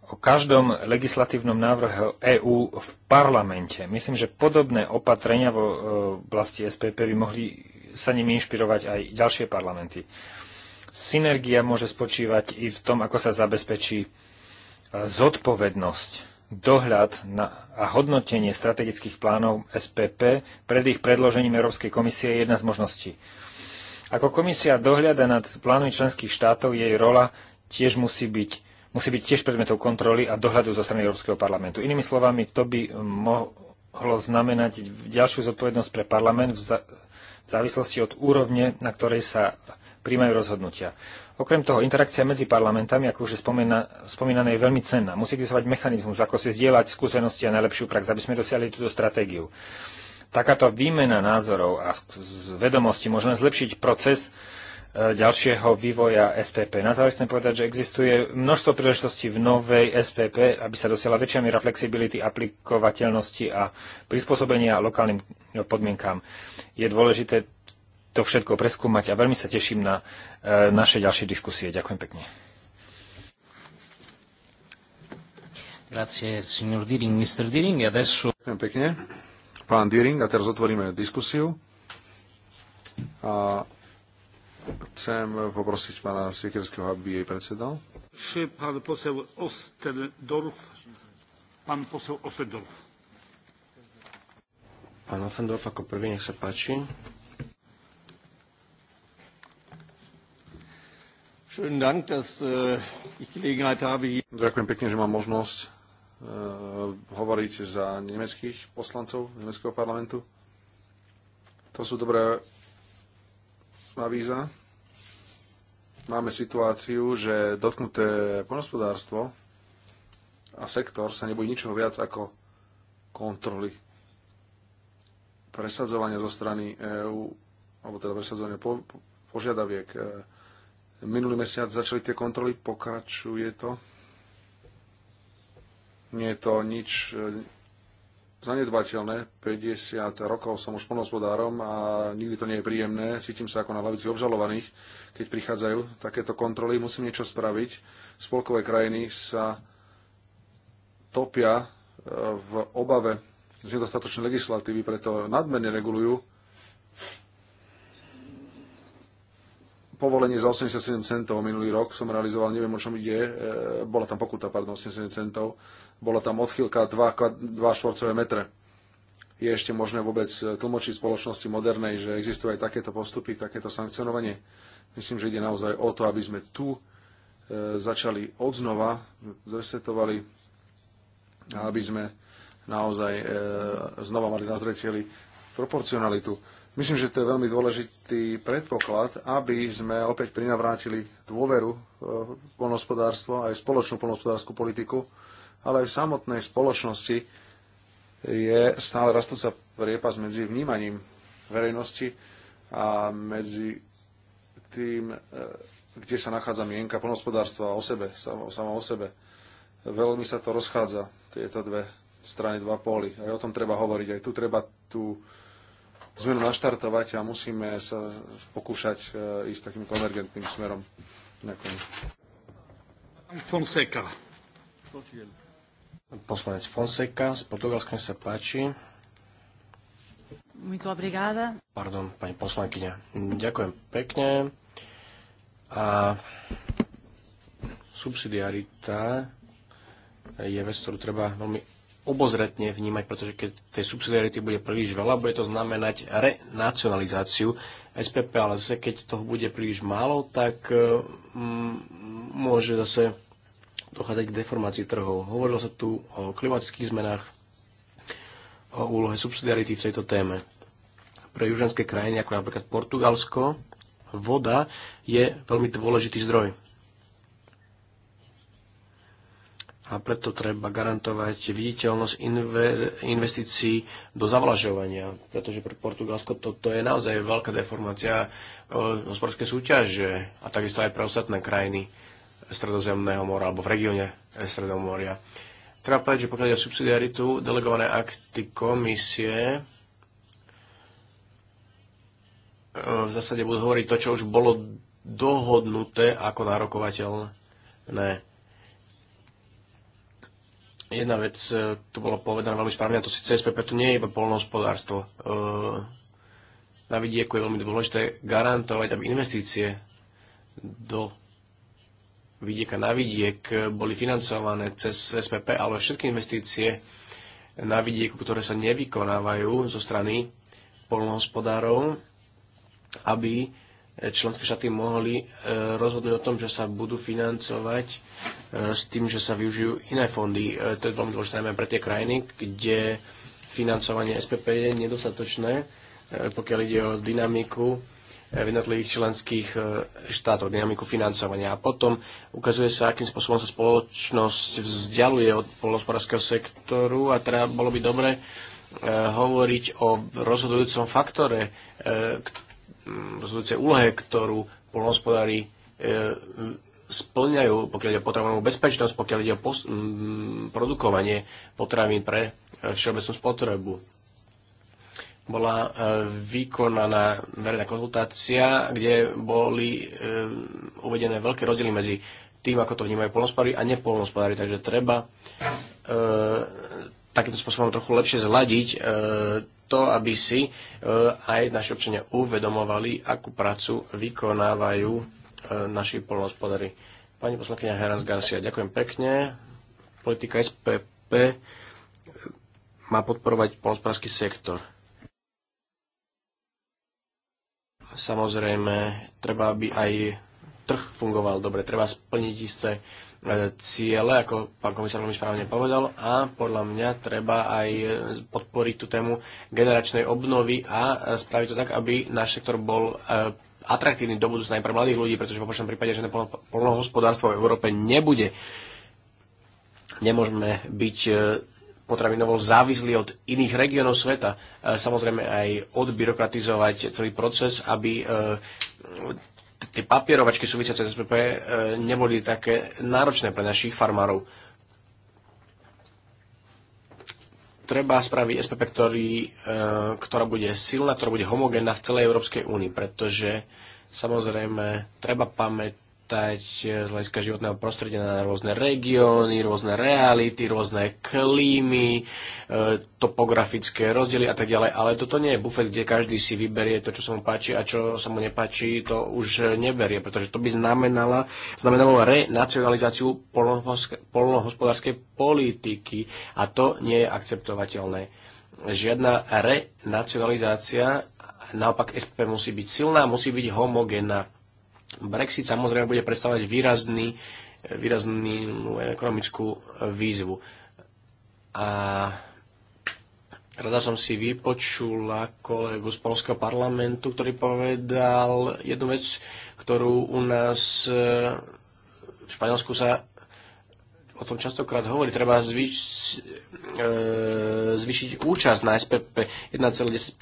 o každom legislatívnom návrhu EÚ v parlamente. Myslím, že podobné opatrenia vo e, oblasti SPP by mohli sa nimi inšpirovať aj ďalšie parlamenty. Synergia môže spočívať i v tom, ako sa zabezpečí e, zodpovednosť dohľad na, a hodnotenie strategických plánov SPP pred ich predložením Európskej komisie je jedna z možností. Ako komisia dohľada nad plánmi členských štátov, jej rola tiež musí byť, musí byť tiež predmetom kontroly a dohľadu zo strany Európskeho parlamentu. Inými slovami, to by mohlo znamenať ďalšiu zodpovednosť pre parlament v, v závislosti od úrovne, na ktorej sa príjmajú rozhodnutia. Okrem toho, interakcia medzi parlamentami, ako už je spomína, spomínané, je veľmi cenná. Musí existovať mechanizmus, ako si zdieľať skúsenosti a najlepšiu prax, aby sme dosiahli túto stratégiu. Takáto výmena názorov a vedomostí môže zlepšiť proces E, ďalšieho vývoja SPP. Na záver chcem povedať, že existuje množstvo príležitostí v novej SPP, aby sa dosiahla väčšia miera flexibility, aplikovateľnosti a prispôsobenia lokálnym podmienkám. Je dôležité to všetko preskúmať a veľmi sa teším na e, naše ďalšie diskusie. Ďakujem pekne. Grazie, signor Diring, Mr. Diring. Adesso... Ďakujem pekne. Pán Diring, a teraz otvoríme diskusiu. A Chcem poprosiť pána Sikerského, aby jej predsedal. Pán posel Ostendorf. Pán posel Ostendorf. Pán Ostendorf ako prvý, nech sa páči. Äh, Ďakujem pekne, že mám možnosť äh, hovoriť za nemeckých poslancov nemeckého parlamentu. To sú dobré víza. máme situáciu, že dotknuté poľnospodárstvo a sektor sa nebojí ničoho viac ako kontroly presadzovania zo strany EÚ, alebo teda presadzovania po, po, požiadaviek. E, minulý mesiac začali tie kontroly, pokračuje to. Nie je to nič zanedbateľné. 50 rokov som už plnohospodárom a nikdy to nie je príjemné. Cítim sa ako na lavici obžalovaných, keď prichádzajú takéto kontroly. Musím niečo spraviť. Spolkové krajiny sa topia e, v obave z nedostatočnej legislatívy, preto nadmerne regulujú povolenie za 87 centov minulý rok som realizoval, neviem o čom ide, e, bola tam pokuta, pardon, 87 centov, bola tam odchýlka 2, 2 štvorcové metre. Je ešte možné vôbec e, tlmočiť spoločnosti modernej, že existujú aj takéto postupy, takéto sankcionovanie. Myslím, že ide naozaj o to, aby sme tu e, začali odznova, zresetovali a aby sme naozaj znova mali na zreteli proporcionalitu Myslím, že to je veľmi dôležitý predpoklad, aby sme opäť prinavrátili dôveru v e, polnospodárstvo, aj v spoločnú polnospodárskú politiku, ale aj v samotnej spoločnosti je stále rastúca priepas medzi vnímaním verejnosti a medzi tým, e, kde sa nachádza mienka polnospodárstva o sebe, samo o sebe. Veľmi sa to rozchádza, tieto dve strany, dva póly. Aj o tom treba hovoriť. Aj tu treba tú zmenu naštartovať a musíme sa pokúšať e, ísť takým konvergentným smerom. Ďakujem. Fonseca. Poslanec Fonseca z Portugalska sa páči. Muito obrigada. Pardon, pani poslankyňa. Ďakujem pekne. A subsidiarita je vec, ktorú treba veľmi obozretne vnímať, pretože keď tej subsidiarity bude príliš veľa, bude to znamenať renacionalizáciu SPP, ale zase keď toho bude príliš málo, tak e, môže zase dochádzať k deformácii trhov. Hovorilo sa tu o klimatických zmenách, o úlohe subsidiarity v tejto téme. Pre južanské krajiny, ako napríklad Portugalsko, voda je veľmi dôležitý zdroj a preto treba garantovať viditeľnosť investícií do zavlažovania, pretože pre Portugalsko toto to je naozaj veľká deformácia e, hospodárskej súťaže a takisto aj pre ostatné krajiny Stredozemného mora alebo v regióne Stredomoria. Treba povedať, že pokiaľ je o subsidiaritu, delegované akty komisie e, v zásade budú hovoriť to, čo už bolo dohodnuté ako nárokovateľné. Jedna vec, e, tu bolo povedané veľmi správne, a to si CSPP, to nie je iba polnohospodárstvo. E, na vidieku je veľmi dôležité garantovať, aby investície do vidieka na vidiek boli financované cez SPP, ale všetky investície na vidieku, ktoré sa nevykonávajú zo strany polnohospodárov, aby členské štáty mohli e, rozhodnúť o tom, že sa budú financovať e, s tým, že sa využijú iné fondy. E, to je veľmi dôležité najmä pre tie krajiny, kde financovanie SPP je nedostatočné, pokiaľ ide o dynamiku v jednotlivých členských štátoch, dynamiku financovania. A potom ukazuje sa, akým spôsobom sa spoločnosť vzdialuje od polospodárskeho sektoru a teda bolo by dobre hovoriť o rozhodujúcom faktore, Mm, rozhodujúcej úlohe, ktorú polnohospodári e, splňajú, pokiaľ ide o potravinovú bezpečnosť, pokiaľ ide o pos- m, mm, produkovanie potravín pre e, všeobecnú spotrebu. Bola e, vykonaná verejná konzultácia, kde boli e, uvedené veľké rozdiely medzi tým, ako to vnímajú polnospodári a nepolnospodári, takže treba e, takýmto spôsobom trochu lepšie zladiť e, to, aby si e, aj naši občania uvedomovali, akú prácu vykonávajú e, naši polnohospodári. Pani poslankyňa Heras Garcia, ďakujem pekne. Politika SPP má podporovať polnohospodársky sektor. Samozrejme, treba, aby aj trh fungoval dobre, treba splniť isté E, ciele, ako pán komisár veľmi správne povedal, a podľa mňa treba aj podporiť tú tému generačnej obnovy a spraviť to tak, aby náš sektor bol e, atraktívny do budúcna aj pre mladých ľudí, pretože v opačnom prípade, že polnohospodárstvo v Európe nebude, nemôžeme byť e, potravinovo závislí od iných regiónov sveta. Samozrejme aj odbyrokratizovať celý proces, aby tie papierovačky súvisiace s SPP e, neboli také náročné pre našich farmárov. Treba spraviť SPP, ktorý, e, ktorá bude silná, ktorá bude homogénna v celej Európskej únii, pretože samozrejme treba pamäť pamätať eh, z hľadiska životného prostredia na rôzne regióny, rôzne reality, rôzne klímy, eh, topografické rozdiely a tak ďalej. Ale toto nie je bufet, kde každý si vyberie to, čo sa mu páči a čo sa mu nepáči, to už eh, neberie, pretože to by znamenalo, znamenalo renacionalizáciu polnohospodárskej politiky a to nie je akceptovateľné. Žiadna renacionalizácia naopak SP musí byť silná, musí byť homogénna. Brexit samozrejme bude predstavovať výrazný, výraznú ekonomickú výzvu. A rada som si vypočula kolegu z Polského parlamentu, ktorý povedal jednu vec, ktorú u nás e, v Španielsku sa o tom častokrát hovorí, treba zvýš, e, zvýšiť účasť na SPP 1,10,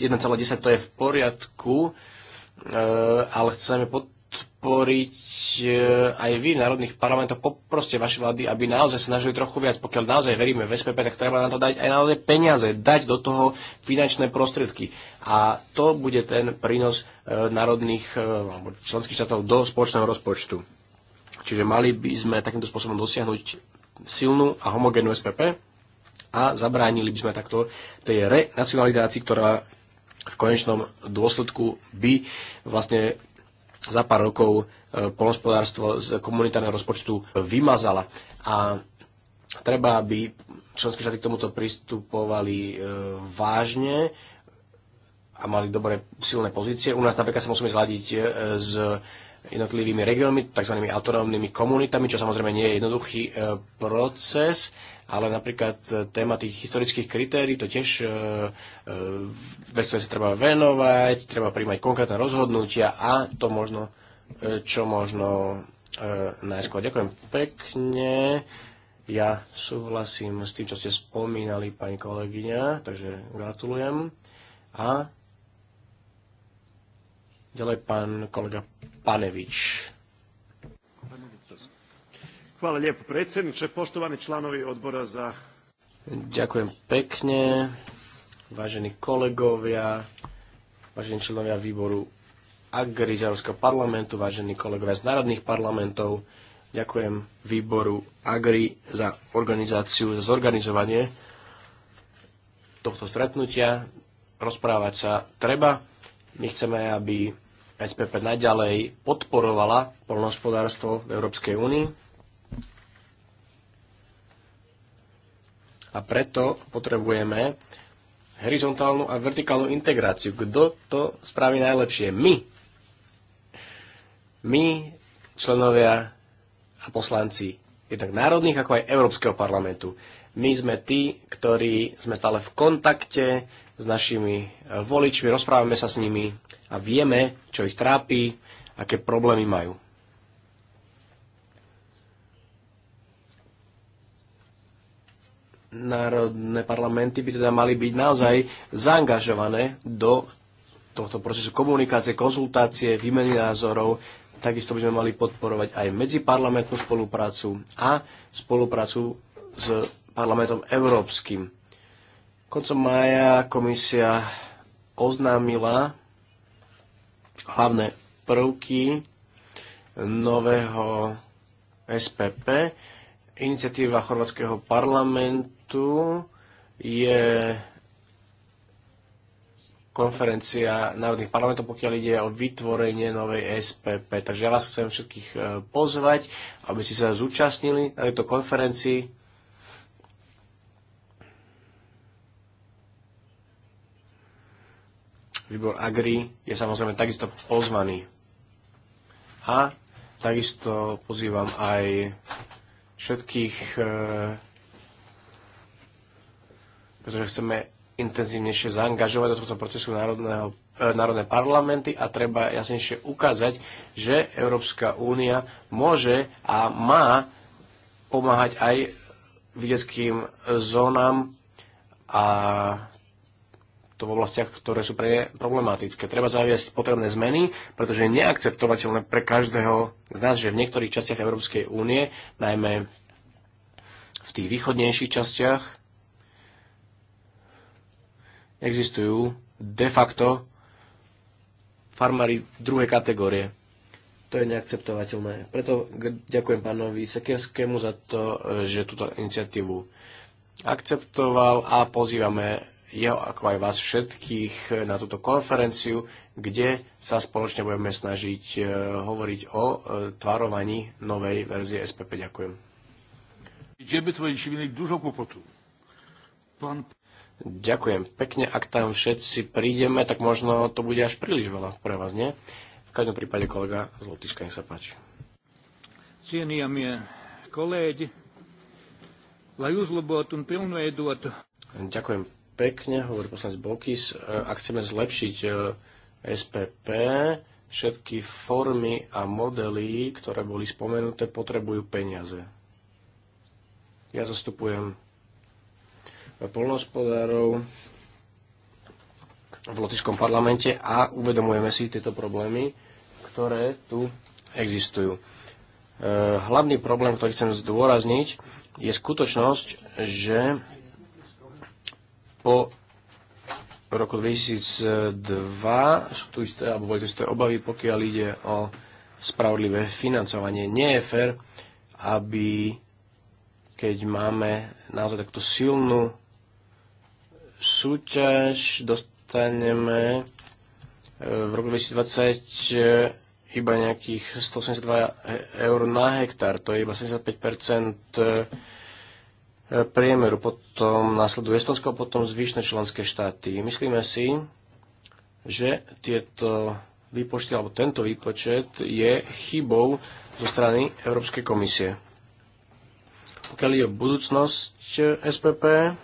1,10 to je v poriadku, e, Eh, ale chceme podporiť eh, aj vy, národných parlamentov, poproste vaše vlády, aby naozaj snažili trochu viac. Pokiaľ naozaj veríme v SPP, tak treba na to dať aj naozaj peniaze, dať do toho finančné prostriedky. A to bude ten prínos eh, národných alebo členských štátov do spoločného rozpočtu. Čiže mali by sme takýmto spôsobom dosiahnuť silnú a homogénnu SPP a zabránili by sme takto tej renacionalizácii, ktorá v konečnom dôsledku by vlastne za pár rokov e, polnospodárstvo z komunitárneho rozpočtu vymazala. A treba, aby členské štáty k tomuto pristupovali e, vážne a mali dobre silné pozície. U nás napríklad sa musíme zladiť e, s jednotlivými regiónmi, tzv. autonómnymi komunitami, čo samozrejme nie je jednoduchý proces, ale napríklad e, téma tých historických kritérií, to tiež e, e, vec, ktoré sa treba venovať, treba príjmať konkrétne rozhodnutia a to možno, čo možno najskôr. Ďakujem pekne. Ja súhlasím s tým, čo ste spomínali, pani kolegyňa, takže gratulujem. A ďalej pán kolega Panevič. Hvala lijepo predsjedniče, poštovani članovi odbora za... Ďakujem pekne, vážení kolegovia, vážení členovia výboru Agri z Európskeho parlamentu, vážení kolegovia z národných parlamentov, ďakujem výboru Agri za organizáciu, za zorganizovanie tohto stretnutia. Rozprávať sa treba. My chceme, aby SPP naďalej podporovala polnohospodárstvo v Európskej únii a preto potrebujeme horizontálnu a vertikálnu integráciu. Kto to spraví najlepšie? My. My, členovia a poslanci jednak národných, ako aj Európskeho parlamentu. My sme tí, ktorí sme stále v kontakte s našimi eh, voličmi, rozprávame sa s nimi a vieme, čo ich trápi, aké problémy majú. národné parlamenty by teda mali byť naozaj zaangažované do tohto procesu komunikácie, konzultácie, výmeny názorov. Takisto by sme mali podporovať aj medziparlamentnú spoluprácu a spoluprácu s parlamentom európskym. Koncom mája komisia oznámila hlavné prvky nového SPP. Iniciatíva chorvatského parlamentu je konferencia národných parlamentov, pokiaľ ide o vytvorenie novej SPP. Takže ja vás chcem všetkých e, pozvať, aby ste sa zúčastnili na tejto konferencii. Výbor Agri je samozrejme takisto pozvaný. A takisto pozývam aj všetkých, e, pretože chceme intenzívnejšie zaangažovať do tohto procesu národného, e, národné parlamenty a treba jasnejšie ukázať, že Európska únia môže a má pomáhať aj vedeckým zónam a to v oblastiach, ktoré sú pre ne problematické. Treba zaviesť potrebné zmeny, pretože je neakceptovateľné pre každého z nás, že v niektorých častiach Európskej únie, najmä v tých východnejších častiach, existujú de facto farmári druhej kategórie. To je neakceptovateľné. Preto ďakujem pánovi Sekerskému za to, že túto iniciatívu akceptoval a pozývame jeho, ako aj vás všetkých e, na túto konferenciu, kde sa spoločne budeme snažiť e, hovoriť o e, tvarovaní novej verzie SPP. Ďakujem. Ďakujem pekne. Ak tam všetci prídeme, tak možno to bude až príliš veľa pre vás, nie? V každom prípade kolega Zlotyška, nech sa páči. Ďakujem pekne, hovorí poslanec Bokis. E, ak chceme zlepšiť e, SPP, všetky formy a modely, ktoré boli spomenuté, potrebujú peniaze. Ja zastupujem polnohospodárov v Lotyšskom parlamente a uvedomujeme si tieto problémy, ktoré tu existujú. E, hlavný problém, ktorý chcem zdôrazniť, je skutočnosť, že po roku 2002 sú tu isté, alebo boli tu isté obavy, pokiaľ ide o spravodlivé financovanie. Nie je fér, aby keď máme naozaj takto silnú súťaž, dostaneme e, v roku 2020 e, iba nejakých 182 eur na hektár. To je iba 75 priemeru, potom následuje Estonsko, potom zvyšné členské štáty. Myslíme si, že tieto výpočty, alebo tento výpočet je chybou zo strany Európskej komisie. Pokiaľ je budúcnosť SPP,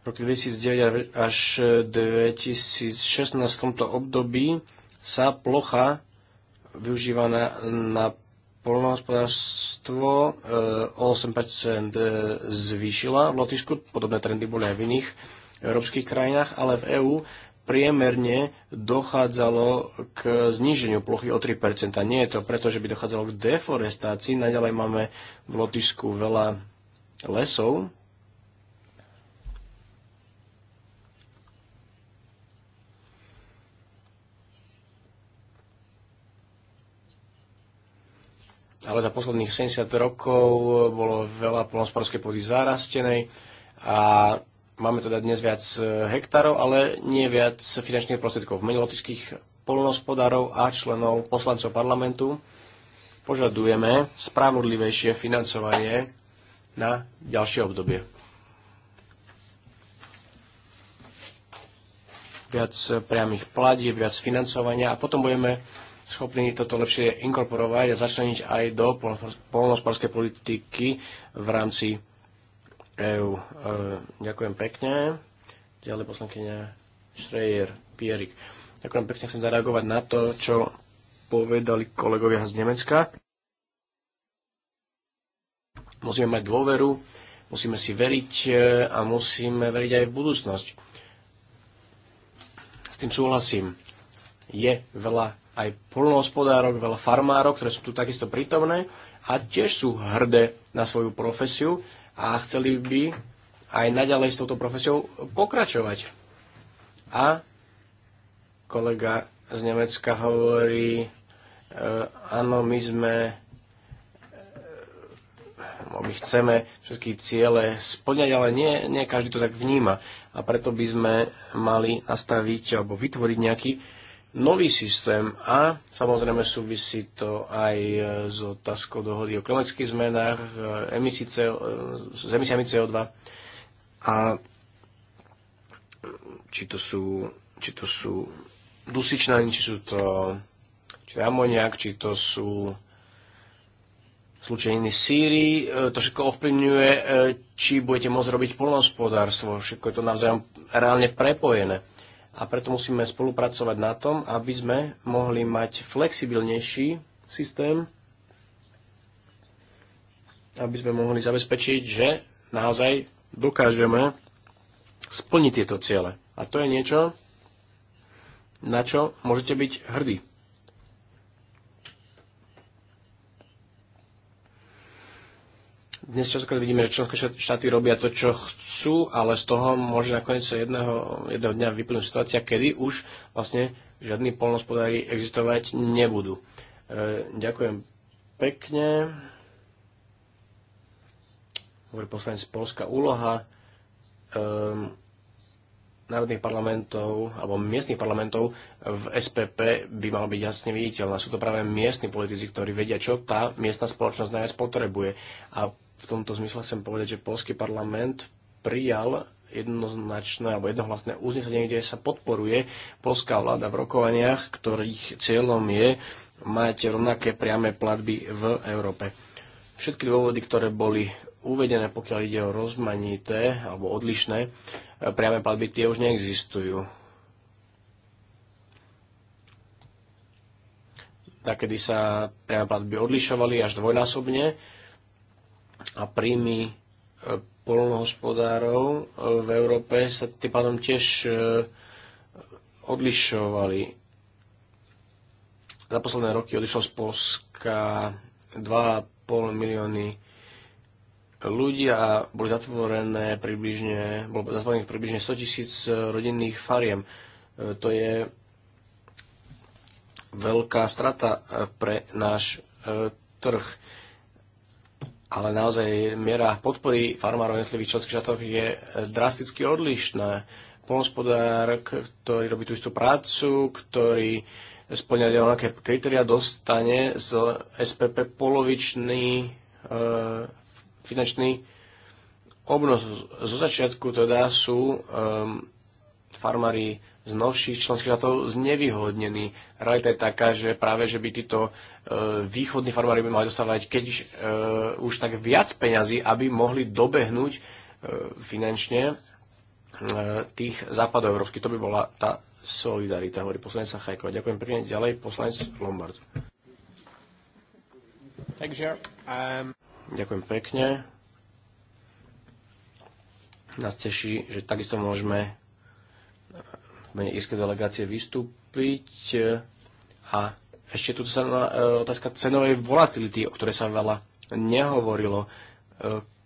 V roku 2009 až 2016 v tomto období sa plocha využívaná na polnohospodárstvo e, o 8% e, zvýšila v Lotyšsku, podobné trendy boli aj v iných európskych krajinách, ale v EÚ priemerne dochádzalo k zníženiu plochy o 3%. Nie je to preto, že by dochádzalo k deforestácii. Naďalej máme v Lotyšsku veľa lesov, ale za posledných 70 rokov bolo veľa polnospodárskej pôdy zarastenej a máme teda dnes viac e, hektárov, ale nie viac finančných prostriedkov. V menilotických polnospodárov a členov poslancov parlamentu požadujeme spravodlivejšie financovanie na ďalšie obdobie. Viac e, priamých platí, viac financovania a potom budeme schopní toto lepšie inkorporovať a začleniť aj do polnospodárskej politiky v rámci EÚ. E, ďakujem pekne. Ďalej poslankyňa Schreier, Pierik. Ďakujem pekne, chcem zareagovať na to, čo povedali kolegovia z Nemecka. Musíme mať dôveru, musíme si veriť e, a musíme veriť aj v budúcnosť. S tým súhlasím. Je veľa aj polnohospodárok, veľa farmárov, ktoré sú tu takisto prítomné a tiež sú hrdé na svoju profesiu a chceli by aj naďalej s touto profesiou pokračovať. A kolega z Nemecka hovorí, e, áno, my sme e, no, my chceme všetky ciele splňať, ale nie, nie každý to tak vníma. A preto by sme mali nastaviť alebo vytvoriť nejaký nový systém a samozrejme súvisí to aj e, s otázkou dohody o klimatických zmenách, e, emisí CO, e, s emisiami CO2 a či to sú, či to sú dusičná, či sú to či to amoniak, či to sú slučeniny síry, to všetko ovplyvňuje, či budete môcť robiť polnohospodárstvo, všetko je to navzájom reálne prepojené a preto musíme spolupracovať na tom, aby sme mohli mať flexibilnejší systém, aby sme mohli zabezpečiť, že naozaj dokážeme splniť tieto ciele. A to je niečo, na čo môžete byť hrdí. dnes často vidíme, že členské štáty robia to, čo chcú, ale z toho môže nakoniec jedného, jedného dňa vyplnúť situácia, kedy už vlastne žiadni polnospodári existovať nebudú. E, ďakujem pekne. Hovorí poslanec Polska úloha um, národných parlamentov alebo miestnych parlamentov v SPP by mala byť jasne viditeľná. Sú to práve miestni politici, ktorí vedia, čo tá miestna spoločnosť najviac potrebuje. A v tomto zmysle chcem povedať, že polský parlament prijal jednoznačné alebo jednohlasné uznesenie, kde sa podporuje polská vláda v rokovaniach, ktorých cieľom je mať rovnaké priame platby v Európe. Všetky dôvody, ktoré boli uvedené, pokiaľ ide o rozmanité alebo odlišné e, priame platby, tie už neexistujú. Takedy sa priame platby odlišovali až dvojnásobne, a príjmy e, polnohospodárov e, v Európe sa tým pádom tiež e, odlišovali. Za posledné roky odišlo z Polska 2,5 milióny ľudí a boli zatvorené približne, bolo zatvorených približne 100 tisíc rodinných fariem. To je veľká strata pre náš trh ale naozaj miera podpory farmárov jednotlivých členských štátoch je eh, drasticky odlišná. Pomospodár, ktorý robí tú istú prácu, ktorý splňa rovnaké kritéria, dostane z SPP polovičný e, finančný obnos. Zo začiatku teda sú e, farmári z novších členských štátov znevýhodnení. Realita je taká, že práve, že by títo e, východní farmári by mali dostávať keď už e, tak viac peňazí, aby mohli dobehnúť e, finančne tých západov európskych. To by bola tá solidarita, hovorí poslanec Sachajko. Ďakujem pekne. Ďalej poslanec Lombard. Takže, um... Ďakujem pekne. Nás teší, že takisto môžeme v mene írskej delegácie vystúpiť. A ešte tu sa na, e, otázka cenovej volatility, o ktorej sa veľa nehovorilo, e,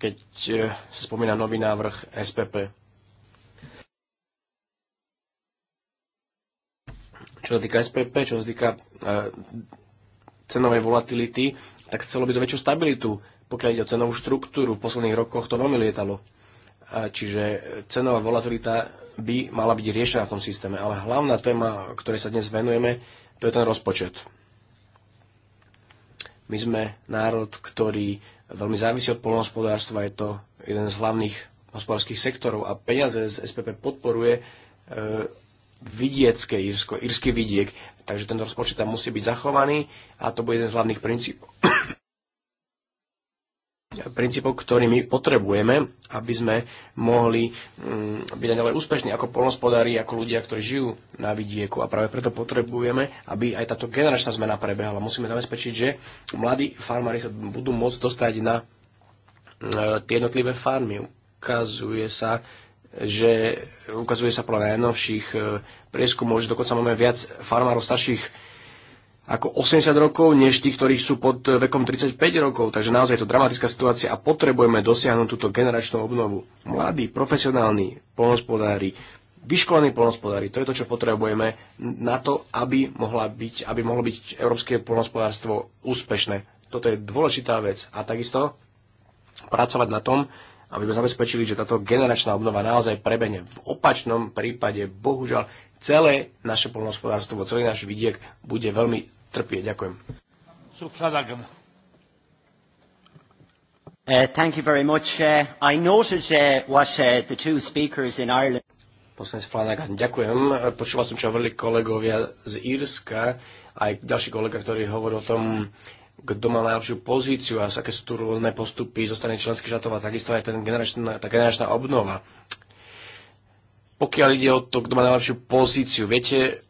keď e, sa spomína nový návrh SPP. Čo sa týka SPP, čo sa týka cenovej volatility, tak chcelo by to väčšiu stabilitu, pokiaľ ide o cenovú štruktúru. V posledných rokoch to veľmi lietalo. Čiže cenová volatilita by mala byť riešená v tom systéme. Ale hlavná téma, ktorej sa dnes venujeme, to je ten rozpočet. My sme národ, ktorý veľmi závisí od polnohospodárstva, je to jeden z hlavných hospodárskych sektorov a peniaze z SPP podporuje e, vidiecké Írsko, írsky vidiek, takže ten rozpočet tam musí byť zachovaný a to bude jeden z hlavných princípov princípov, ktorý my potrebujeme, aby sme mohli mm, byť ďalej úspešní ako polnospodári, ako ľudia, ktorí žijú na vidieku. A práve preto potrebujeme, aby aj táto generačná zmena prebehla. Musíme zabezpečiť, že mladí farmári sa budú môcť dostať na e, tie jednotlivé farmy. Ukazuje sa, že ukazuje sa podľa najnovších e, prieskumov, že dokonca máme viac farmárov starších ako 80 rokov, než tí, ktorí sú pod eh, vekom 35 rokov. Takže naozaj je to dramatická situácia a potrebujeme dosiahnuť túto generačnú obnovu. Mladí, profesionálni polnospodári, vyškolení polnospodári, to je to, čo potrebujeme na to, aby, mohla byť, aby mohlo byť európske polnospodárstvo úspešné. Toto je dôležitá vec. A takisto pracovať na tom, aby sme zabezpečili, že táto generačná obnova naozaj prebehne. V opačnom prípade, bohužiaľ, celé naše polnohospodárstvo, celý náš vidiek bude veľmi trpie. Ďakujem. Uh, uh, uh, poslanec Flanagan. Ďakujem. Počúval som, čo hovorili kolegovia z Írska, aj ďalší kolega, ktorý hovoril o tom, kto má najlepšiu pozíciu a aké sú tu rôzne postupy zo strany členských štátov a takisto aj ten generačná, tá generačná obnova. Pokiaľ ide o to, kto má najlepšiu pozíciu, viete,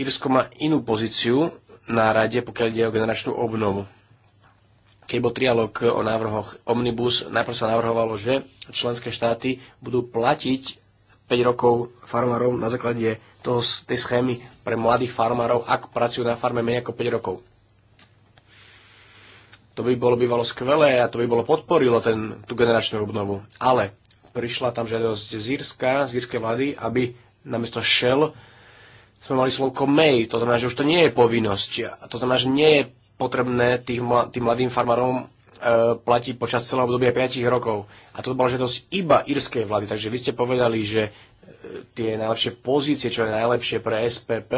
Írsko má inú pozíciu na rade, pokiaľ ide o generačnú obnovu. Keď bol trialog o návrhoch Omnibus, najprv sa navrhovalo, že členské štáty budú platiť 5 rokov farmárov na základe toho, tej schémy pre mladých farmárov, ak pracujú na farme menej ako 5 rokov. To by bolo bývalo skvelé a to by bolo podporilo ten, tú generačnú obnovu. Ale prišla tam žiadosť z Írska, z írskej vlády, aby namiesto Shell sme mali slovko may, to znamená, že už to nie je povinnosť. To znamená, že nie je potrebné tých, tým mladým farmárom e, platiť počas celého obdobia 5 rokov. A to bola žiadosť iba írskej vlády. Takže vy ste povedali, že e, tie najlepšie pozície, čo je najlepšie pre SPP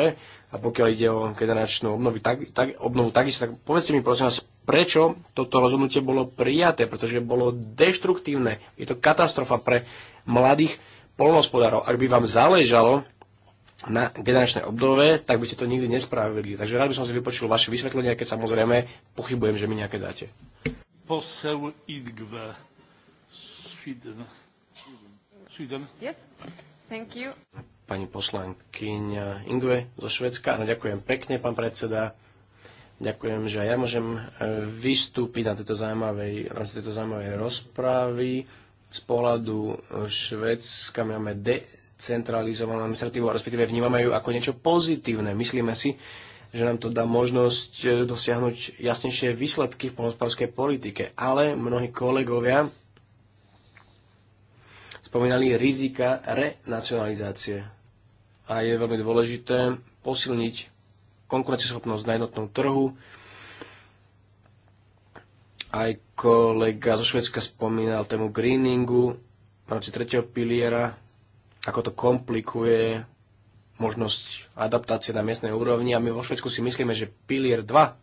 a pokiaľ ide o generačnú obnovu, tak, tak, obnovu takisto, tak povedzte mi prosím vás, prečo toto rozhodnutie bolo prijaté, pretože bolo deštruktívne. Je to katastrofa pre mladých polnospodárov. Ak by vám záležalo na generačné obdove, tak by ste to nikdy nespravili. Takže rád by som si vypočul vaše vysvetlenia, keď samozrejme pochybujem, že mi nejaké dáte. Posel Ingve, Sweden. Sweden. Yes. Thank you. Pani poslankyňa Ingve zo Švedska. No, ďakujem pekne, pán predseda. Ďakujem, že ja môžem e, vystúpiť na tejto zaujímavej, na tejto zaujímavej rozprávy. Z pohľadu e, Švedska máme de- centralizovanú administratívu a respektíve vnímame ju ako niečo pozitívne. Myslíme si, že nám to dá možnosť e, dosiahnuť jasnejšie výsledky v polnospodárskej politike. Ale mnohí kolegovia spomínali rizika renacionalizácie. A je veľmi dôležité posilniť konkurencieschopnosť na jednotnom trhu. Aj kolega zo Švedska spomínal tému greeningu v rámci tretieho piliera ako to komplikuje možnosť adaptácie na miestnej úrovni a my vo Švedsku si myslíme, že pilier 2,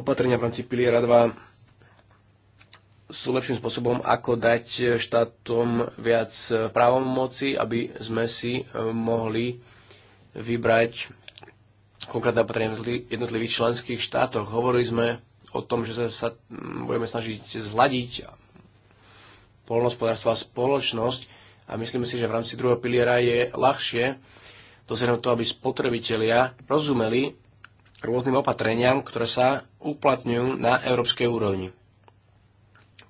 opatrenia v rámci piliera 2 sú lepším spôsobom, ako dať štátom viac právomoci, aby sme si eh, mohli vybrať konkrétne opatrenia v jednotlivých členských štátoch. Hovorili sme o tom, že sa mm, budeme snažiť zladiť polnospodárstvo a spoločnosť, a myslíme si, že v rámci druhého piliera je ľahšie dosiahnuť to, aby spotrebitelia rozumeli rôznym opatreniam, ktoré sa uplatňujú na európskej úrovni.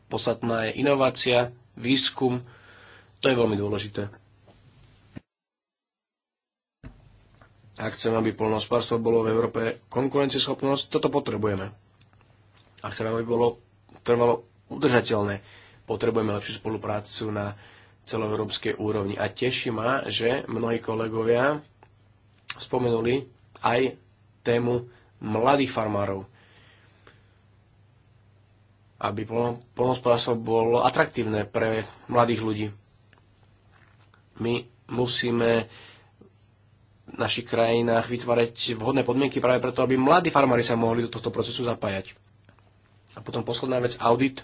Podstatná je inovácia, výskum, to je veľmi dôležité. Ak chceme, aby polnohospodárstvo bolo v Európe konkurencieschopnosť, toto potrebujeme. Ak chceme, aby bolo trvalo udržateľné, potrebujeme lepšiu spoluprácu na celoeurópskej úrovni. A teší ma, že mnohí kolegovia spomenuli aj tému mladých farmárov. Aby polnospodárstvo bolo atraktívne pre mladých ľudí. My musíme v našich krajinách vytvárať vhodné podmienky práve preto, aby mladí farmári sa mohli do tohto procesu zapájať. A potom posledná vec, audit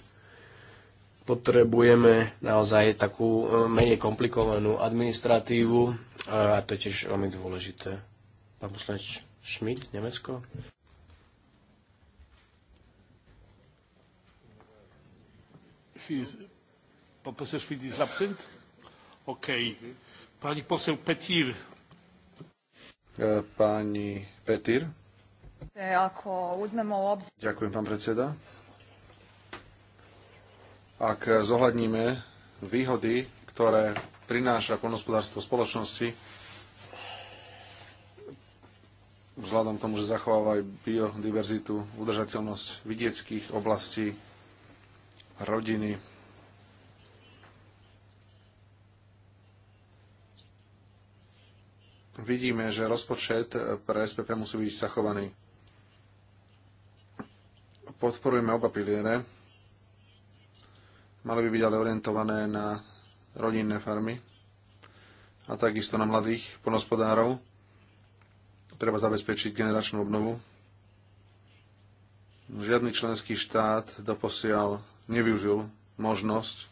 potrebujeme naozaj takú e, menej komplikovanú administratívu a to je tiež veľmi dôležité. Pán poslanec Schmidt, Nemecko. Pán poslanec Schmidt jest absent? OK. Pani posel Petir. E, pani Petir. E, ako uzmemo obzir... Ďakujem, pán predseda. Ak zohľadníme výhody, ktoré prináša poľnohospodárstvo spoločnosti, vzhľadom tomu, že zachováva aj biodiverzitu, udržateľnosť vidieckých oblastí, rodiny, vidíme, že rozpočet pre SPP musí byť zachovaný. Podporujeme oba piliere Mali by byť ale orientované na rodinné farmy a takisto na mladých ponospodárov. Treba zabezpečiť generačnú obnovu. Žiadny členský štát doposiaľ nevyužil možnosť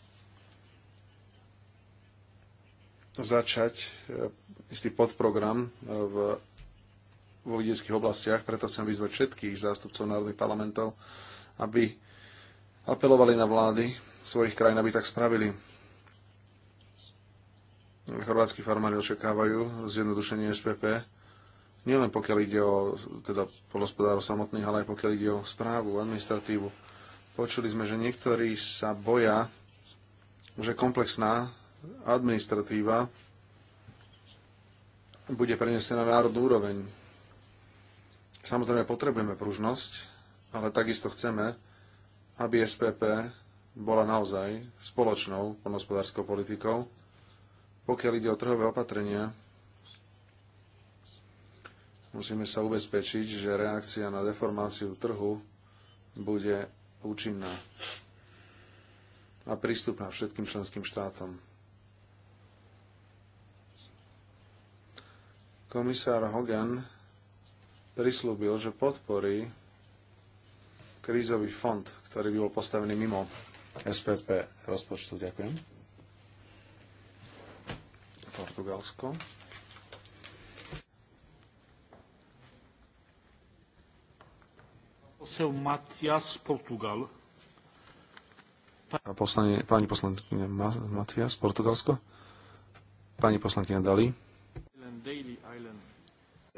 začať eh, istý podprogram eh, v vo vidieckých oblastiach, preto chcem vyzvať všetkých zástupcov národných parlamentov, aby apelovali na vlády, svojich krajín, aby tak spravili. Chorvátsky farmári očakávajú zjednodušenie SPP, nielen pokiaľ ide o teda polospodárov samotných, ale aj pokiaľ ide o správu, administratívu. Počuli sme, že niektorí sa boja, že komplexná administratíva bude prenesená na národnú úroveň. Samozrejme potrebujeme pružnosť, ale takisto chceme, aby SPP bola naozaj spoločnou poľnohospodárskou politikou. Pokiaľ ide o trhové opatrenia, musíme sa ubezpečiť, že reakcia na deformáciu trhu bude účinná a prístupná všetkým členským štátom. Komisár Hogan prislúbil, že podporí krízový fond, ktorý by bol postavený mimo SPP rozpočtu. Ďakujem. Portugalsko. Posel Matias, Portugal. Poslanie, pani poslankyňa Matias, Portugalsko. Pani poslankyňa Dali.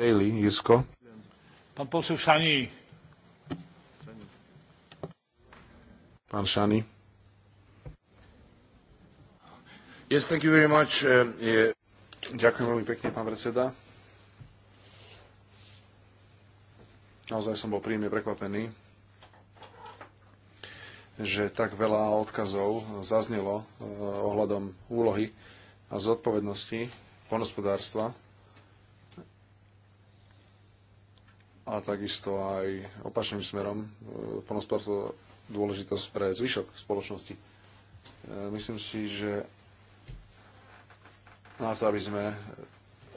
Daly, Irsko. Pán posel Szani. Pán Szani. Yes, thank you very much. Uh, Ďakujem veľmi pekne, pán predseda. Naozaj som bol príjemne prekvapený, že tak veľa odkazov zaznelo uh, ohľadom úlohy a zodpovednosti ponospodárstva a takisto aj opačným smerom uh, ponospodárstvo dôležitosť pre zvyšok spoločnosti. Myslím si, že na to, aby sme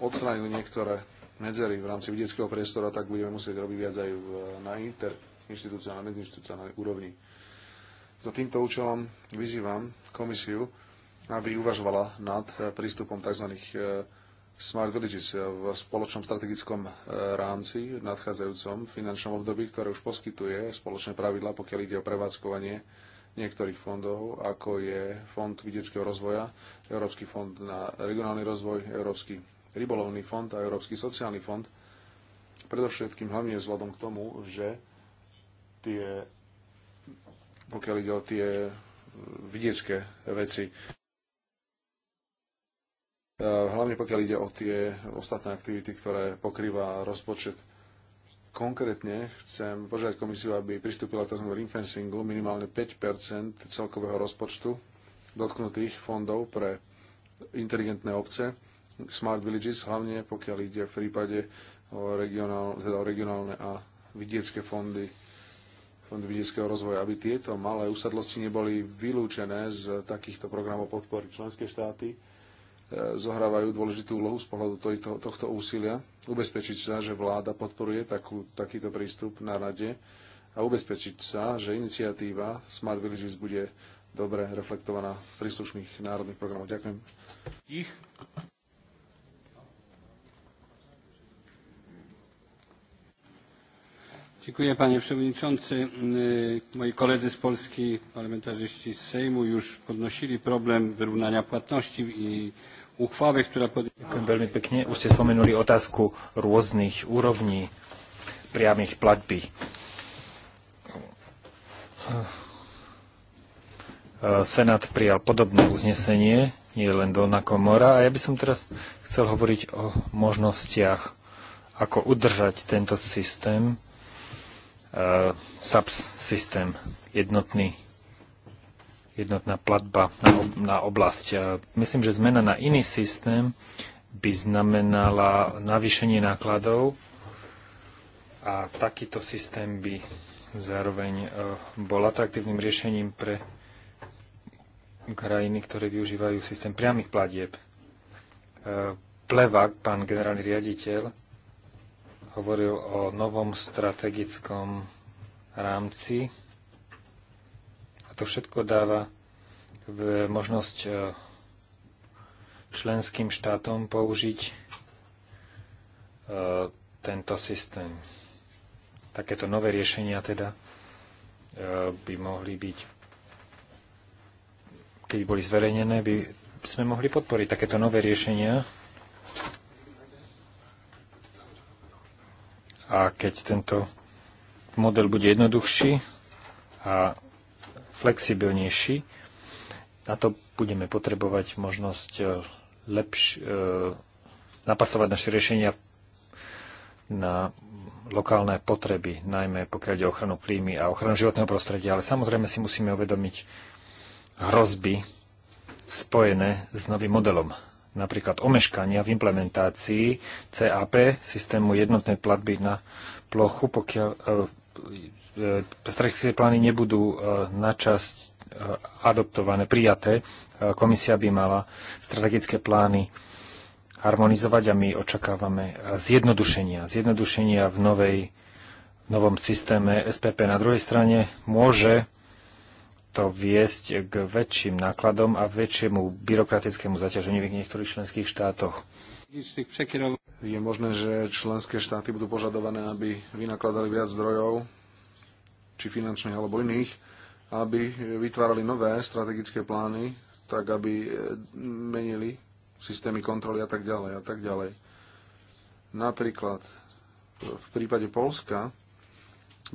odstránili niektoré medzery v rámci vedeckého priestora, tak budeme musieť robiť viac aj na interinstitucionálnej, medziinstitucionálnej úrovni. Za týmto účelom vyzývam komisiu, aby uvažovala nad eh, prístupom tzv. Eh, smart Villages eh, v spoločnom strategickom rámci v nadchádzajúcom finančnom období, ktoré už poskytuje spoločné pravidla, pokiaľ ide o prevádzkovanie niektorých fondov, ako je Fond vidieckého rozvoja, Európsky fond na regionálny rozvoj, Európsky rybolovný fond a Európsky sociálny fond. Predovšetkým hlavne vzhľadom k tomu, že tie, pokiaľ ide o tie vidiecké veci, hlavne pokiaľ ide o tie ostatné aktivity, ktoré pokrýva rozpočet Konkrétne chcem požiadať komisiu, aby pristúpila k tzv. ringfencingu minimálne 5 celkového rozpočtu dotknutých fondov pre inteligentné obce, smart villages, hlavne pokiaľ ide v prípade o, regionálne, teda o regionálne a vidiecké fondy, fondy vidieckého rozvoja, aby tieto malé usadlosti neboli vylúčené z takýchto programov podpory členské štáty zohrávajú dôležitú úlohu z pohľadu tohto, tohto úsilia. Ubezpečiť sa, že vláda podporuje takú, takýto prístup na rade a ubezpečiť sa, že iniciatíva Smart Villages bude dobre reflektovaná v príslušných národných programoch. Ďakujem. Ich. Dziękuję panie przewodniczący. Moi koledzy z Polski, parlamentarzyści z Sejmu już podnosili problem wyrównania płatności i uchwałę, która Ďakujem veľmi pekne. Už ste spomenuli otázku rôznych úrovní priamých platby. Eh, Senát prijal podobné uznesenie, nie len Dolná komora. A ja by som teraz chcel hovoriť o možnostiach, ako udržať tento systém, eh, SAPS systém, jednotný jednotná platba na oblasť. E, myslím, že zmena na iný systém by znamenala navýšenie nákladov a takýto systém by zároveň e, bol atraktívnym riešením pre krajiny, ktoré využívajú systém priamých platieb. E, Plevak, pán generálny riaditeľ, hovoril o novom strategickom rámci a to všetko dáva možnosť e, členským štátom použiť e, tento systém. Takéto nové riešenia teda e, by mohli byť, keby boli zverejnené, by sme mohli podporiť takéto nové riešenia. A keď tento model bude jednoduchší a flexibilnejší. Na to budeme potrebovať možnosť e, lepš- e, napasovať naše riešenia na lokálne potreby, najmä pokiaľ ide o ochranu klímy a ochranu životného prostredia. Ale samozrejme si musíme uvedomiť hrozby spojené s novým modelom napríklad omeškania v implementácii CAP, systému jednotnej platby na plochu, pokiaľ e, E, strategické plány nebudú e, na časť e, adoptované, prijaté. Komisia by mala strategické plány harmonizovať a my očakávame zjednodušenia. Zjednodušenia v, novej, v novom systéme SPP. Na druhej strane môže to viesť k väčším nákladom a väčšiemu byrokratickému zaťaženiu v niektorých členských štátoch. Je možné, že členské štáty budú požadované, aby vynakladali viac zdrojov či finančných alebo iných, aby vytvárali nové strategické plány, tak aby e, menili systémy kontroly a tak ďalej a tak ďalej. Napríklad v prípade Polska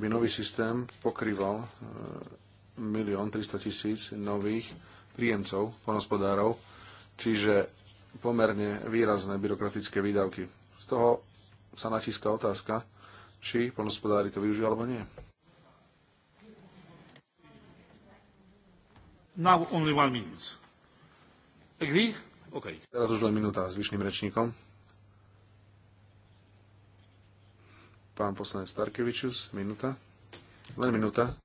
by nový systém pokrýval 1 e, 300 tisíc nových príjemcov, ponospodárov, čiže pomerne výrazné byrokratické výdavky. Z toho sa natíska otázka, či ponospodári to využijú alebo nie. Now only one minute. Agree? Okay. Teraz už len minúta s vyšným rečníkom. Pán poslanec Starkevičus, minúta. Len minúta.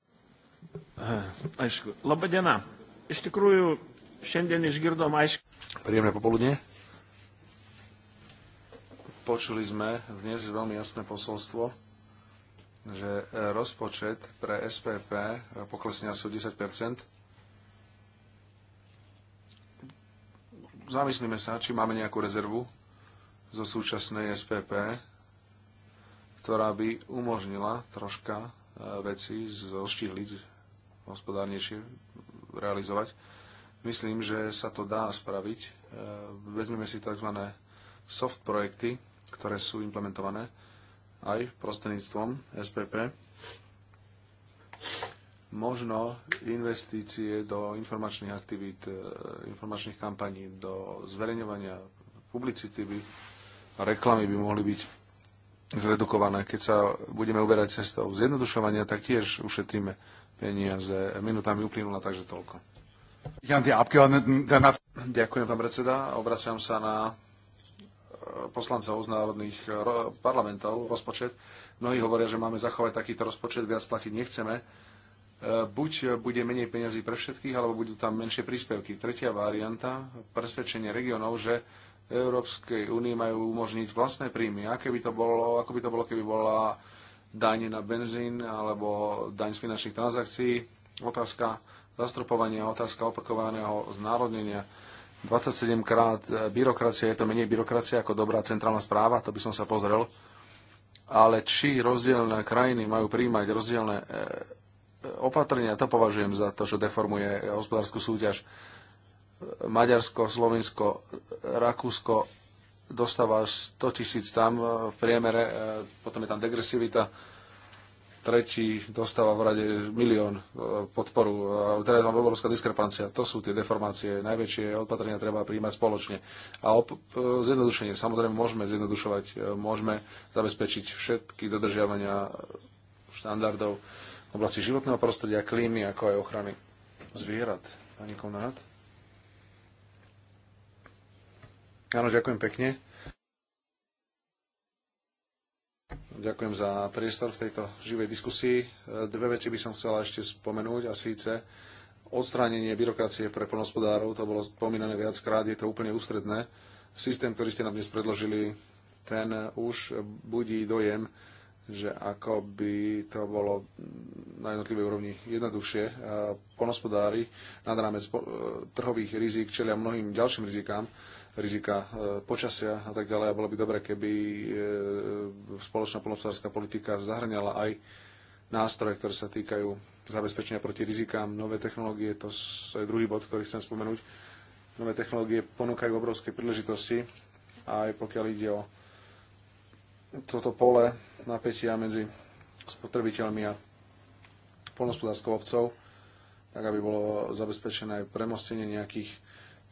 Aišku. Labą dieną. Iš tikrųjų, šiandien išgirdom aišku. Príjemné popoludne. Počuli sme dnes veľmi jasné posolstvo, že rozpočet pre SPP poklesne asi o 10 zamyslíme sa, či máme nejakú rezervu zo súčasnej SPP, ktorá by umožnila troška e, veci zoštihliť, hospodárnejšie realizovať. Myslím, že sa to dá spraviť. E, vezmeme si tzv. soft projekty, ktoré sú implementované aj prostredníctvom SPP možno investície do informačných aktivít, e, informačných kampaní, do zverejňovania publicity by, reklamy by mohli byť zredukované. Keď sa budeme uberať cestou zjednodušovania, tak tiež ušetríme peniaze. Minúta mi uplynula, takže toľko. Ďakujem, pán predseda. Obraciam sa na e, poslancov z národných e, parlamentov rozpočet. Mnohí hovoria, že máme zachovať takýto rozpočet, viac platiť nechceme Eh, buď bude menej peňazí pre všetkých, alebo budú tam menšie príspevky. Tretia varianta, presvedčenie regionov, že Európskej únie majú umožniť vlastné príjmy. Aké by to bolo, ako by to bolo, keby bola daň na benzín alebo daň z finančných transakcií. Otázka zastropovania, otázka opakovaného znárodnenia. 27 krát byrokracia, je to menej byrokracia ako dobrá centrálna správa, to by som sa pozrel. Ale či rozdielne krajiny majú príjmať rozdielne eh, opatrenia. To považujem za to, čo deformuje hospodárskú súťaž. Maďarsko, Slovinsko, Rakúsko dostáva 100 tisíc tam v priemere, e, potom je tam degresivita, tretí dostáva v rade milión e, podporu, e, teda je tam obrovská diskrepancia. To sú tie deformácie, najväčšie opatrenia treba príjmať spoločne. A op- zjednodušenie, samozrejme môžeme zjednodušovať, môžeme zabezpečiť všetky dodržiavania štandardov v oblasti životného prostredia, klímy, ako aj ochrany zvierat. Pani Konrad. Áno, ďakujem pekne. Ďakujem za priestor v tejto živej diskusii. Dve veci by som chcela ešte spomenúť a síce odstránenie byrokracie pre plnospodárov, to bolo spomínané viackrát, je to úplne ústredné. Systém, ktorý ste nám dnes predložili, ten už budí dojem že ako by to bolo na jednotlivej úrovni jednoduchšie. Ponospodári nad rámec e, trhových rizík čelia mnohým ďalším rizikám, rizika e, počasia a tak ďalej. A bolo by dobré, keby e, spoločná ponospodárska politika zahrňala aj nástroje, ktoré sa týkajú zabezpečenia proti rizikám. Nové technológie, to je druhý bod, ktorý chcem spomenúť. Nové technológie ponúkajú obrovské príležitosti, aj pokiaľ ide o toto pole napätia medzi spotrebiteľmi a polnospodárskou obcov, tak aby bolo zabezpečené aj premostenie nejakých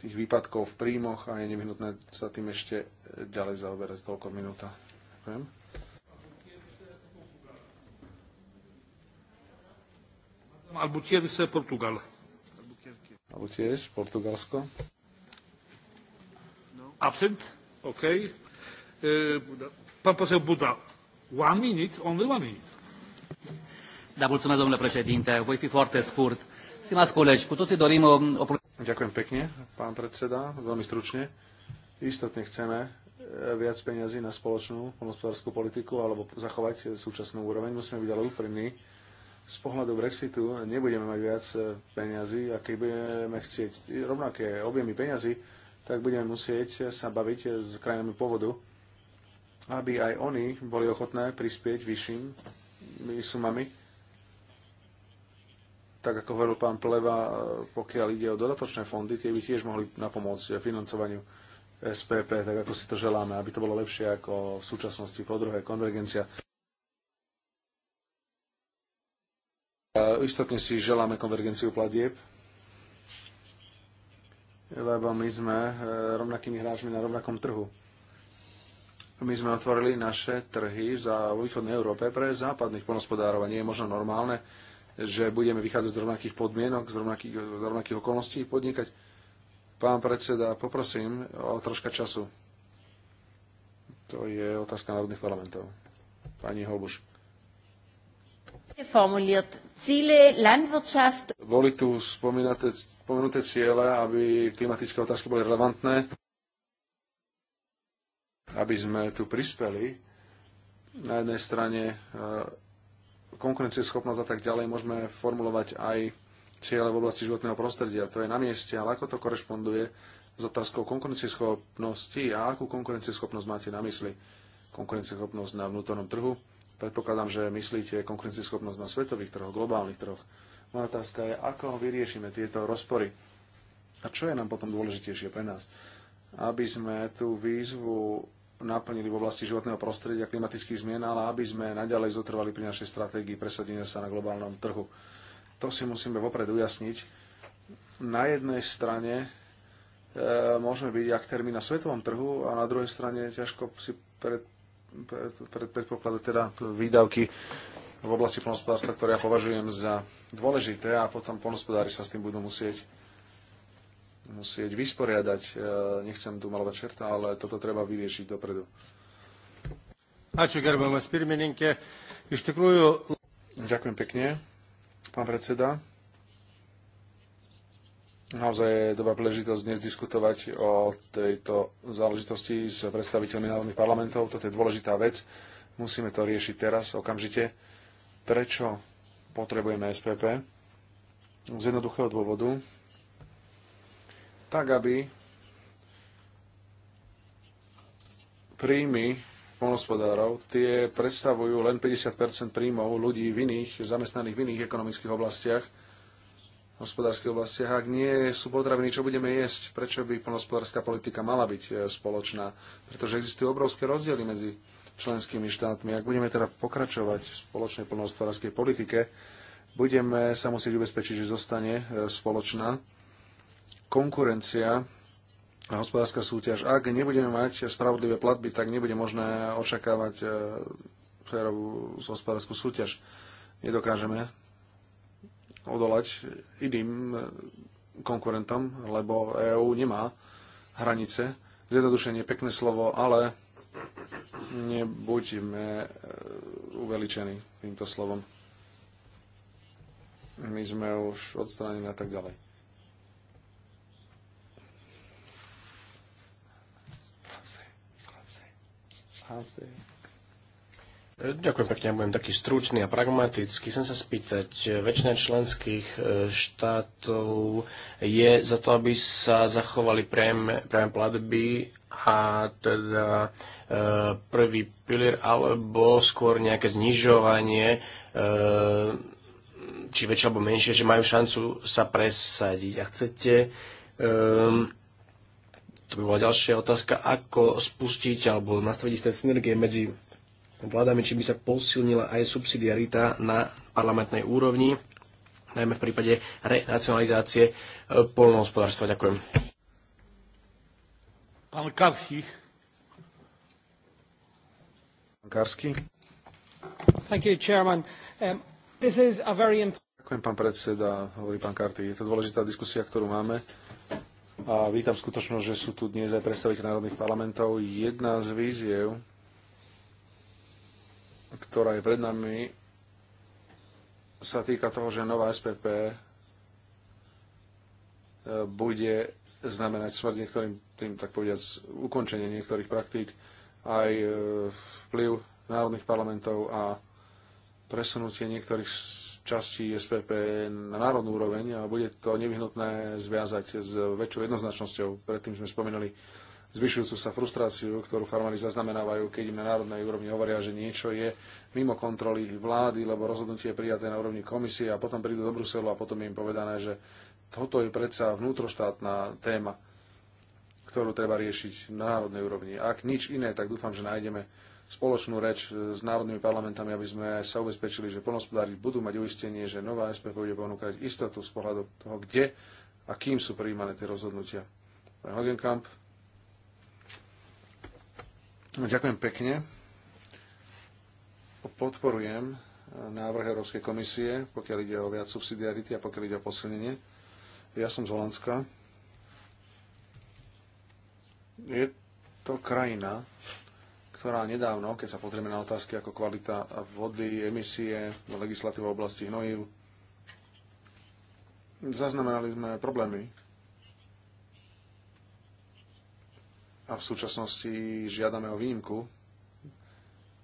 tých výpadkov v príjmoch a je nevyhnutné sa tým ešte ďalej zaoberať toľko minúta. Ďakujem. Albuquerque, Portugal. Albuquerque, Portugalsko. Absent? OK. E, Pán poseł Buda. One minute, only one minute. Da, mulțumesc, domnule președinte. Voi fi foarte scurt. Stimați colegi, cu toții dorim o... Ďakujem pekne, pán predseda, veľmi stručne. Istotne chceme eh, viac peňazí na spoločnú hospodárskú politiku alebo zachovať súčasnú úroveň. Musíme byť ale úprimní. Z pohľadu Brexitu nebudeme mať viac eh, peňazí a keď budeme chcieť rovnaké objemy peňazí, tak budeme musieť sa baviť s krajinami pôvodu aby aj oni boli ochotné prispieť vyšším sumami. Tak ako hovoril pán Pleva, e, pokiaľ ide o dodatočné fondy, tie by tiež mohli napomôcť financovaniu SPP, tak ako si to želáme, aby to bolo lepšie ako v súčasnosti. Po druhé, konvergencia. Istotne si želáme konvergenciu platieb, lebo my sme e, rovnakými hráčmi na rovnakom trhu. My sme otvorili naše trhy za východnej Európe pre západných ponospodárov a nie je možno normálne, že budeme vychádzať z rovnakých podmienok, z rovnakých, z rovnakých okolností podnikať. Pán predseda, poprosím o troška času. To je otázka národných parlamentov. Pani Holbuš. Boli tu spomenuté ciele, aby klimatické otázky boli relevantné aby sme tu prispeli. Na jednej strane e, konkurencieschopnosť a tak ďalej môžeme formulovať aj cieľe v oblasti životného prostredia. To je na mieste, ale ako to korešponduje s otázkou konkurencieschopnosti a akú konkurencieschopnosť máte na mysli? Konkurencieschopnosť na vnútornom trhu? Predpokladám, že myslíte konkurencieschopnosť na svetových trhoch, globálnych trhoch. Moja otázka je, ako vyriešime tieto rozpory? A čo je nám potom dôležitejšie pre nás? Aby sme tú výzvu naplnili v oblasti životného prostredia, klimatických zmien, ale aby sme naďalej zotrvali pri našej stratégii presadenia sa na globálnom trhu. To si musíme vopred ujasniť. Na jednej strane e, môžeme byť aktérmi na svetovom trhu a na druhej strane ťažko si pred, pred, pred, predpokladať teda výdavky v oblasti plnospodárstva, ktoré ja považujem za dôležité a potom plnospodári sa s tým budú musieť musieť vysporiadať. E, nechcem tu malovať čerta, ale toto treba vyriešiť dopredu. Ačiū, gerbiamas pirmininkė. Iš tikrųjų... Ďakujem pekne, pán predseda. Naozaj je dobrá príležitosť dnes diskutovať o tejto záležitosti s predstaviteľmi národných parlamentov. Toto je dôležitá vec. Musíme to riešiť teraz, okamžite. Prečo potrebujeme SPP? Z jednoduchého dôvodu tak aby príjmy polnospodárov, tie predstavujú len 50 príjmov ľudí v iných, zamestnaných v iných ekonomických oblastiach, hospodárskych oblastiach. Ak nie sú potraviny, čo budeme jesť? Prečo by polnospodárska politika mala byť e, spoločná? Pretože existujú obrovské rozdiely medzi členskými štátmi. Ak budeme teda pokračovať v spoločnej polnospodárskej politike, budeme sa musieť ubezpečiť, že zostane e, spoločná konkurencia a hospodárska súťaž. Ak nebudeme mať spravodlivé platby, tak nebude možné očakávať e, férovú hospodárskú súťaž. Nedokážeme odolať iným e, konkurentom, lebo EÚ nemá hranice. Zjednodušenie, pekné slovo, ale nebuďme e, uveličení týmto slovom. My sme už odstránili a tak ďalej. Ďakujem pekne, ja budem taký stručný a pragmatický. Chcem sa spýtať, väčšina členských e, štátov je za to, aby sa zachovali priame, platby a teda e, prvý pilier, alebo skôr nejaké znižovanie e, či väčšie alebo menšie, že majú šancu sa presadiť. A chcete to by bola ďalšia otázka, ako spustiť alebo nastaviť isté synergie medzi vládami, či by sa posilnila aj subsidiarita na parlamentnej úrovni, najmä v prípade renacionalizácie e, polnohospodárstva. Ďakujem. Pán Karský. Pán Karský. Thank you, Chairman. Um, this is a very Ďakujem, pán predseda, hovorí pán Karty. Je to dôležitá diskusia, ktorú máme a vítam skutočnosť, že sú tu dnes aj predstaviteľ národných parlamentov. Jedna z víziev, ktorá je pred nami, sa týka toho, že nová SPP e, bude znamenať smrť niektorým, tým tak povediať, ukončenie niektorých praktík, aj e, vplyv národných parlamentov a presunutie niektorých časti SPP na národnú úroveň a bude to nevyhnutné zviazať s väčšou jednoznačnosťou. Predtým sme spomenuli zvyšujúcu sa frustráciu, ktorú farmári zaznamenávajú, keď im na národnej úrovni hovoria, že niečo je mimo kontroly vlády, lebo rozhodnutie je prijaté na úrovni komisie a potom prídu do Bruselu a potom je im povedané, že toto je predsa vnútroštátna téma, ktorú treba riešiť na národnej úrovni. Ak nič iné, tak dúfam, že nájdeme spoločnú reč e, s národnými parlamentami, aby sme sa ubezpečili, že plnospodári budú mať uistenie, že nová SP bude ponúkať istotu z pohľadu toho, kde a kým sú prijímané tie rozhodnutia. Pán Hogenkamp. No, ďakujem pekne. Podporujem e, návrh Európskej komisie, pokiaľ ide o viac subsidiarity a pokiaľ ide o posilnenie. Ja som z Holandska. Je to krajina, ktorá nedávno, keď sa pozrieme na otázky ako kvalita vody, emisie, legislatíva v oblasti hnojív, zaznamenali sme problémy. A v súčasnosti žiadame o výnimku,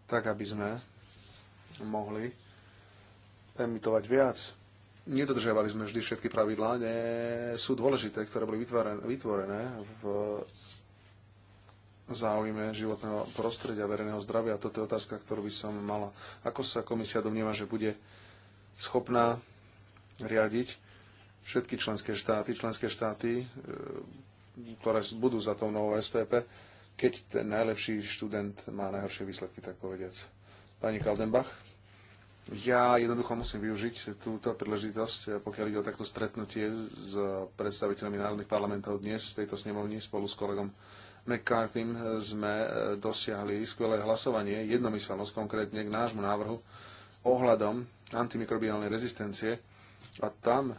tak aby sme mohli emitovať viac. Nedodržiavali sme vždy všetky pravidlá, nie sú dôležité, ktoré boli vytvorené, vytvorené v záujme životného prostredia, verejného zdravia. a Toto je otázka, ktorú by som mala. Ako sa komisia domnieva, že bude schopná riadiť všetky členské štáty, členské štáty, e, ktoré budú za tou novou SPP, keď ten najlepší študent má najhoršie výsledky, tak povediac. Pani Kaldenbach? Ja jednoducho musím využiť túto príležitosť, e, pokiaľ ide o takto stretnutie s predstaviteľmi národných parlamentov dnes v tejto snemovni spolu s kolegom McCartym eh, sme eh, dosiahli skvelé hlasovanie, jednomyselnosť konkrétne k nášmu návrhu ohľadom antimikrobiálnej rezistencie a tam eh,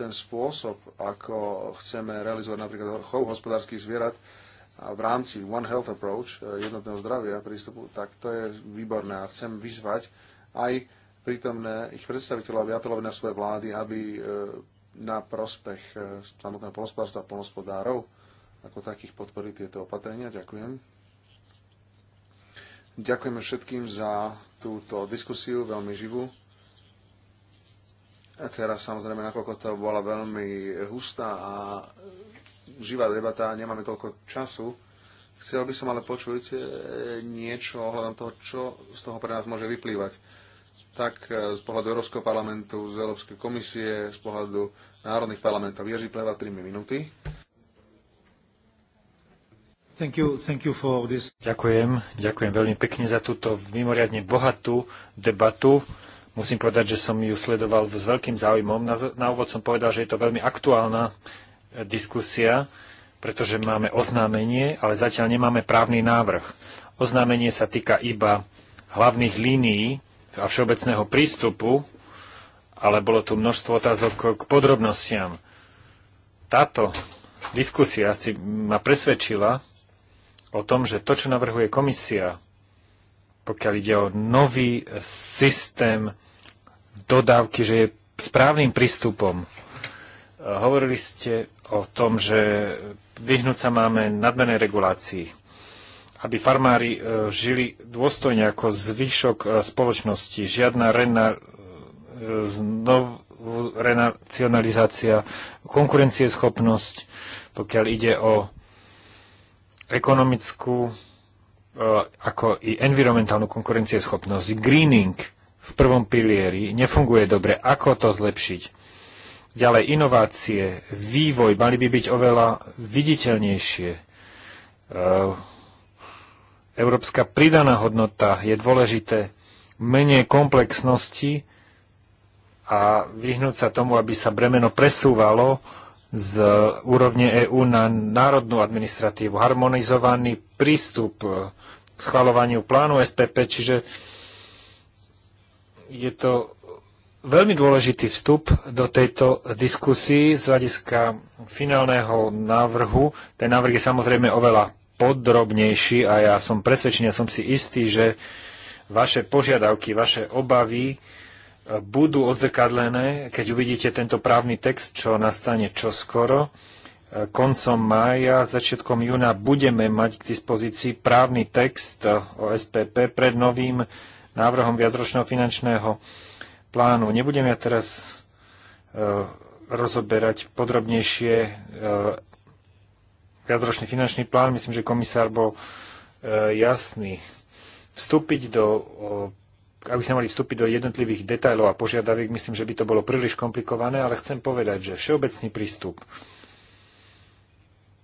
ten spôsob, ako chceme realizovať napríklad chov hospodárskych zvierat v rámci One Health Approach, jednotného zdravia prístupu, tak to je výborné a chcem vyzvať aj prítomné ich predstaviteľov, aby apelovali na svoje vlády, aby na prospech samotného polospodárstva a polospodárov ako takých podporiť tieto opatrenia. Ďakujem. Ďakujeme všetkým za túto diskusiu, veľmi živú. A teraz samozrejme, nakoľko to bola veľmi hustá a živá debata, nemáme toľko času, chcel by som ale počuť e, niečo ohľadom toho, čo z toho pre nás môže vyplývať tak e, z pohľadu Európskeho parlamentu, z Európskej komisie, z pohľadu národných parlamentov. Jerzy Pleva, 3 minúty. Ďakujem, ďakujem veľmi pekne za túto mimoriadne bohatú debatu. Musím povedať, že som ju sledoval s veľkým záujmom. Na, na úvod som povedal, že je to veľmi aktuálna e, diskusia, pretože máme oznámenie, ale zatiaľ nemáme právny návrh. Oznámenie sa týka iba hlavných línií a všeobecného prístupu, ale bolo tu množstvo otázok k podrobnostiam. Táto diskusia si ma presvedčila, o tom, že to, čo navrhuje komisia, pokiaľ ide o nový systém dodávky, že je správnym prístupom. E, hovorili ste o tom, že vyhnúť sa máme nadmernej regulácii, aby farmári e, žili dôstojne ako zvyšok e, spoločnosti. Žiadna rena, znov, renacionalizácia, konkurencieschopnosť, pokiaľ ide o ekonomickú e, ako i environmentálnu konkurencieschopnosť. Greening v prvom pilieri nefunguje dobre. Ako to zlepšiť? Ďalej inovácie, vývoj mali by byť oveľa viditeľnejšie. E, európska pridaná hodnota je dôležité menej komplexnosti a vyhnúť sa tomu, aby sa bremeno presúvalo z úrovne EÚ na národnú administratívu, harmonizovaný prístup k schvalovaniu plánu SPP, čiže je to veľmi dôležitý vstup do tejto diskusii z hľadiska finálneho návrhu. Ten návrh je samozrejme oveľa podrobnejší a ja som presvedčený, ja som si istý, že vaše požiadavky, vaše obavy budú odzrkadlené, keď uvidíte tento právny text, čo nastane čoskoro. E, koncom mája, začiatkom júna budeme mať k dispozícii právny text e, o SPP pred novým návrhom viacročného finančného plánu. Nebudem ja teraz e, rozoberať podrobnejšie viacročný finančný plán. Myslím, že komisár bol jasný. Vstúpiť do aby sme mali vstúpiť do jednotlivých detajlov a požiadaviek, myslím, že by to bolo príliš komplikované, ale chcem povedať, že všeobecný prístup,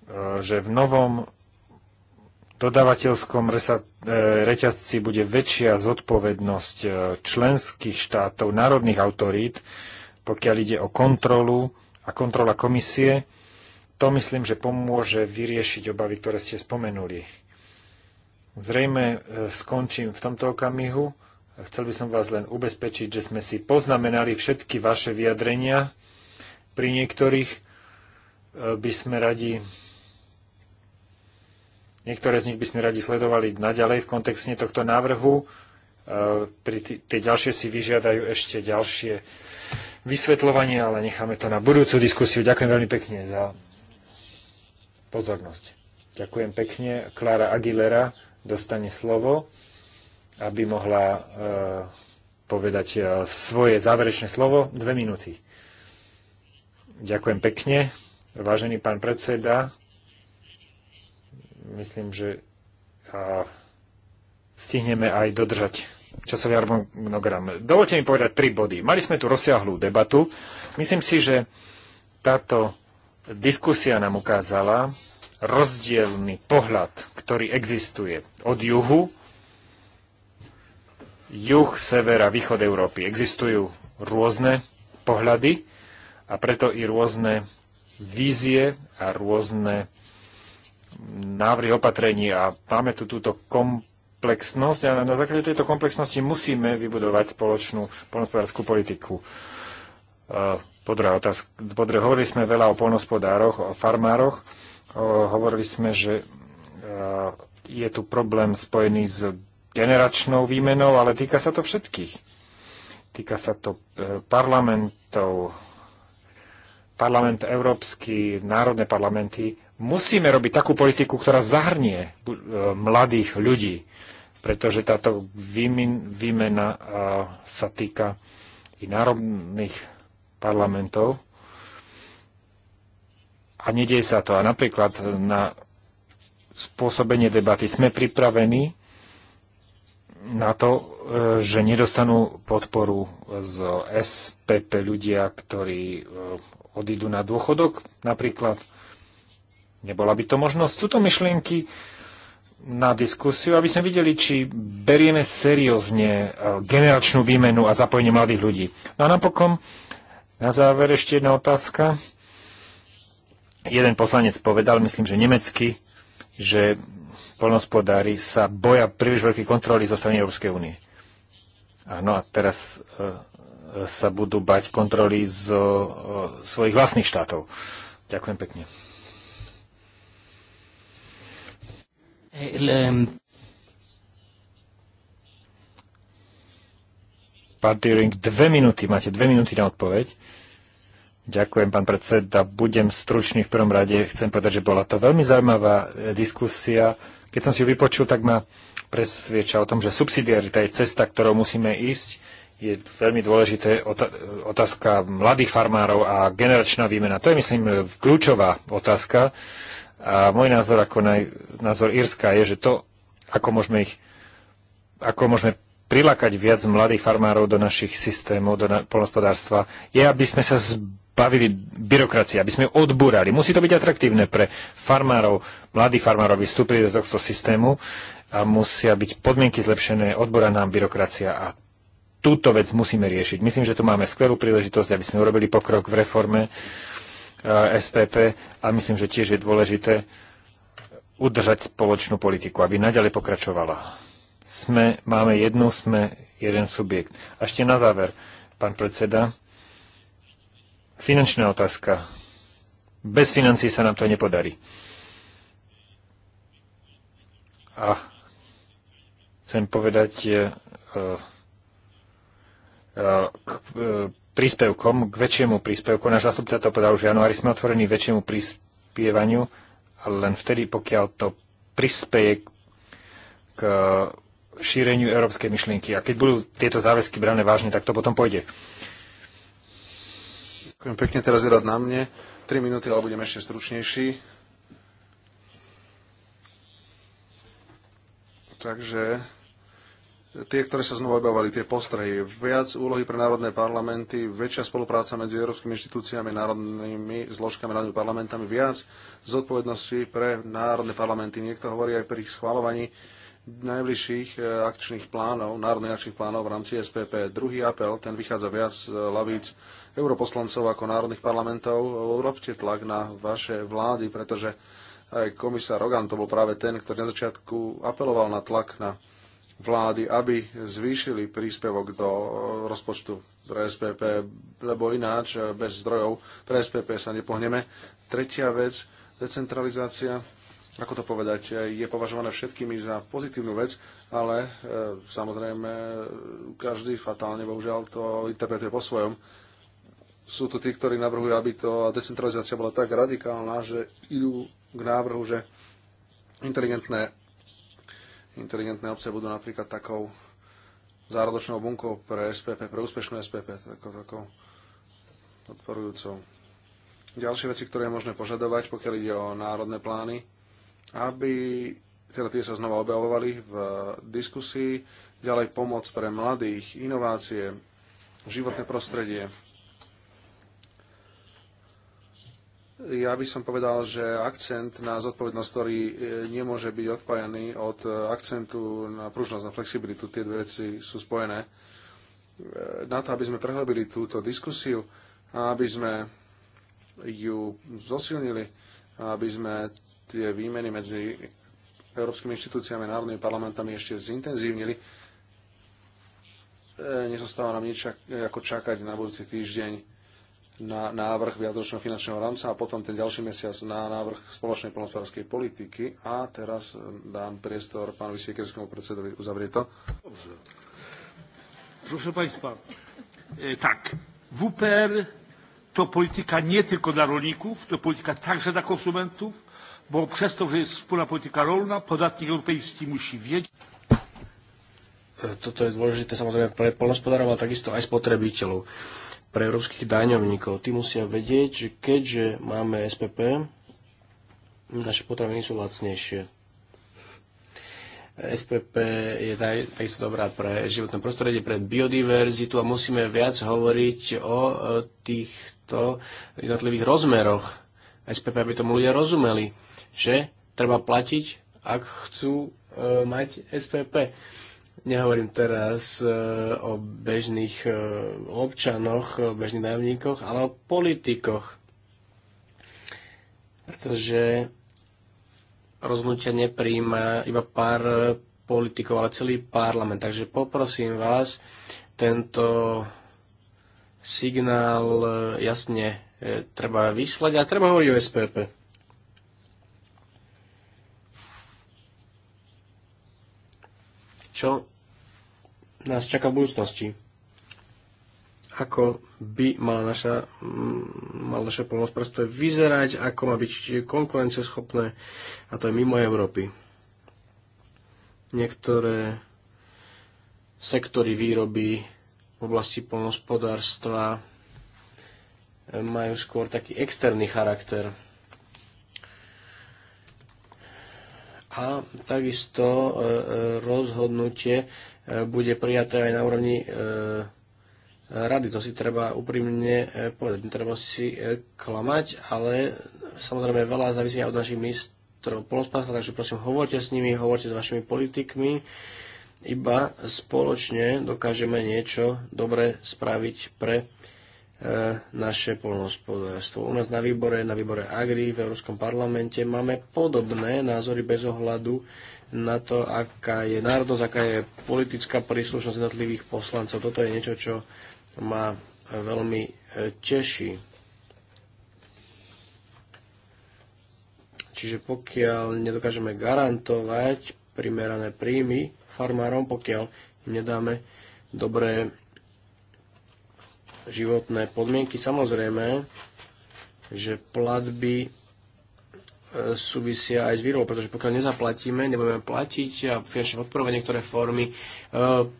e, že v novom dodávateľskom e, reťazci bude väčšia zodpovednosť e, členských štátov, národných autorít, pokiaľ ide o kontrolu a kontrola komisie, to myslím, že pomôže vyriešiť obavy, ktoré ste spomenuli. Zrejme skončím v tomto okamihu. Chcel by som vás len ubezpečiť, že sme si poznamenali všetky vaše vyjadrenia. Pri niektorých e, by sme radi Niektoré z nich by sme radi sledovali naďalej v kontexte tohto návrhu. E, pri tie ďalšie si vyžiadajú ešte ďalšie vysvetľovanie, ale necháme to na budúcu diskusiu. Ďakujem veľmi pekne za pozornosť. Ďakujem pekne. Klára Aguilera dostane slovo aby mohla e, povedať e, svoje záverečné slovo. Dve minúty. Ďakujem pekne. Vážený pán predseda, myslím, že stihneme aj dodržať časový harmonogram. Dovolte mi povedať tri body. Mali sme tu rozsiahlú debatu. Myslím si, že táto diskusia nám ukázala rozdielný pohľad, ktorý existuje od juhu juh, sever a východ Európy. Existujú rôzne pohľady a preto i rôzne vízie a rôzne návrhy opatrení a máme tu túto komplexnosť a na základe tejto komplexnosti musíme vybudovať spoločnú polnospodárskú politiku. E, Podre, hovorili sme veľa o poľnohospodároch, o farmároch. Hovorili sme, že e, je tu problém spojený s generačnou výmenou, ale týka sa to všetkých. Týka sa to e, parlamentov, parlament európsky, národné parlamenty. Musíme robiť takú politiku, ktorá zahrnie e, mladých ľudí, pretože táto výmena e, sa týka i národných parlamentov. A nedej sa to. A napríklad na spôsobenie debaty sme pripravení na to, e, že nedostanú podporu z SPP ľudia, ktorí e, odídu na dôchodok napríklad. Nebola by to možnosť. Sú to myšlienky na diskusiu, aby sme videli, či berieme seriózne e, generačnú výmenu a zapojenie mladých ľudí. No a napokon, na záver ešte jedna otázka. Jeden poslanec povedal, myslím, že nemecky, že polnospodári sa boja príliš veľké kontroly zo strany Európskej únie. Áno, a teraz e, e sa budú bať kontroly z e, svojich vlastných štátov. Ďakujem pekne. Pán Turing, dve minúty, máte dve minúty na odpoveď. Ďakujem, pán predseda. Budem stručný v prvom rade. Chcem povedať, že bola to veľmi zaujímavá e, diskusia. Keď som si ju vypočul, tak ma presvieča o tom, že subsidiarita je cesta, ktorou musíme ísť. Je veľmi dôležité otázka mladých farmárov a generačná výmena. To je, myslím, kľúčová otázka. A môj názor ako naj, názor Írska je, že to, ako môžeme ich ako môžeme prilákať viac mladých farmárov do našich systémov, do na, polnospodárstva, je, aby sme sa zbavili zbavili byrokracie, aby sme ju odbúrali. Musí to byť atraktívne pre farmárov, mladí farmárov, aby vstúpili do tohto systému a musia byť podmienky zlepšené, odbora nám byrokracia a túto vec musíme riešiť. Myslím, že tu máme skvelú príležitosť, aby sme urobili pokrok v reforme e, SPP a myslím, že tiež je dôležité udržať spoločnú politiku, aby naďalej pokračovala. Sme, máme jednu, sme jeden subjekt. A ešte na záver, pán predseda, Finančná otázka. Bez financí sa nám to nepodarí. A chcem povedať e, e, k e, príspevkom, k väčšiemu príspevku. Náš zastupca to povedal, už v januári sme otvorení väčšiemu prispievaniu, ale len vtedy, pokiaľ to prispieje k šíreniu európskej myšlienky. A keď budú tieto záväzky brané vážne, tak to potom pôjde. Ďakujem pekne, teraz je rád na mne. Tri minúty, ale budem ešte stručnejší. Takže tie, ktoré sa znova objavovali, tie postrehy. Viac úlohy pre národné parlamenty, väčšia spolupráca medzi európskymi inštitúciami, národnými zložkami, národnými parlamentami, viac zodpovednosti pre národné parlamenty. Niekto hovorí aj pri ich schvalovaní najbližších e, akčných plánov, národných akčných plánov v rámci SPP. Druhý apel, ten vychádza viac z e, lavíc europoslancov ako národných parlamentov. Urobte tlak na vaše vlády, pretože aj komisár Rogan to bol práve ten, ktorý na začiatku apeloval na tlak na vlády, aby zvýšili príspevok do e, rozpočtu pre SPP, lebo ináč bez zdrojov pre SPP sa nepohneme. Tretia vec, decentralizácia ako to povedať, eh, je považované všetkými za pozitívnu vec, ale e, samozrejme každý fatálne bohužiaľ to interpretuje po svojom. Sú tu tí, ktorí navrhujú, aby to decentralizácia bola tak radikálna, že idú k návrhu, že inteligentné, inteligentné obce budú napríklad takou zárodočnou bunkou pre SPP, pre úspešnú SPP, takou, takou podporujúcou. Ďalšie veci, ktoré je možné požadovať, pokiaľ ide o národné plány, aby teda tie sa znova objavovali v diskusii, ďalej pomoc pre mladých, inovácie, životné prostredie. Ja by som povedal, že akcent na zodpovednosť, ktorý e, nemôže byť odpájaný od e, akcentu na pružnosť, na flexibilitu, tie dve veci sú spojené. E, na to, aby sme prehlbili túto diskusiu a aby sme ju zosilnili, aby sme tie výmeny medzi európskymi inštitúciami a národnými parlamentami ešte zintenzívnili. E, nezostáva nám nič ako čakať na budúci týždeň na návrh viacročného finančného rámca a potom ten ďalší mesiac na návrh spoločnej polnospodárskej politiky. A teraz e, dám priestor pánovi Siekerskému predsedovi uzavrieť to. Proszę Państwa, e, tak, WPR to polityka nie tylko dla rolników, to polityka także dla konsumentów, bo przez to, że jest wspólna polityka rolna, podatnik europejski musi wiedzieć. E, toto je dôležité samozrejme pre polnospodárov, ale takisto aj spotrebiteľov. Pre európskych daňovníkov. Tí musia vedieť, že keďže máme SPP, naše potraviny sú lacnejšie. E, SPP je taj, takisto dobrá pre životné prostredie, pre biodiverzitu a musíme viac hovoriť o e, týchto jednotlivých rozmeroch SPP, aby tomu ľudia rozumeli že treba platiť, ak chcú e, mať SPP. Nehovorím teraz e, o bežných e, občanoch, o e, bežných najomníkoch, ale o politikoch. Pretože rozhodnutia nepríjma iba pár politikov, ale celý parlament. Takže poprosím vás, tento signál e, jasne e, treba vyslať a treba hovoriť o SPP. čo nás čaká v budúcnosti. Ako by mala naša, mm, mal naše polnospodárstvo vyzerať, ako má byť konkurencieschopné, a to je mimo Európy. Niektoré sektory výroby v oblasti polnospodárstva e, majú skôr taký externý charakter. a takisto e, e, rozhodnutie e, bude prijaté aj na úrovni rady. To si treba úprimne povedať. Netreba si klamať, ale samozrejme veľa závisí aj od našich ministrov polospadstva, takže prosím, hovorte s nimi, hovorte s vašimi politikmi. Iba spoločne dokážeme niečo dobre spraviť pre E, naše polnohospodárstvo. U nás na výbore, na výbore Agri v Európskom parlamente máme podobné názory bez ohľadu na to, aká je národnosť, aká je politická príslušnosť jednotlivých poslancov. Toto je niečo, čo ma veľmi e, teší. Čiže pokiaľ nedokážeme garantovať primerané príjmy farmárom, pokiaľ nedáme dobré životné podmienky. Samozrejme, že platby e, súvisia aj s výrobou, pretože pokiaľ nezaplatíme, nebudeme platiť a finančne podporovať niektoré formy e,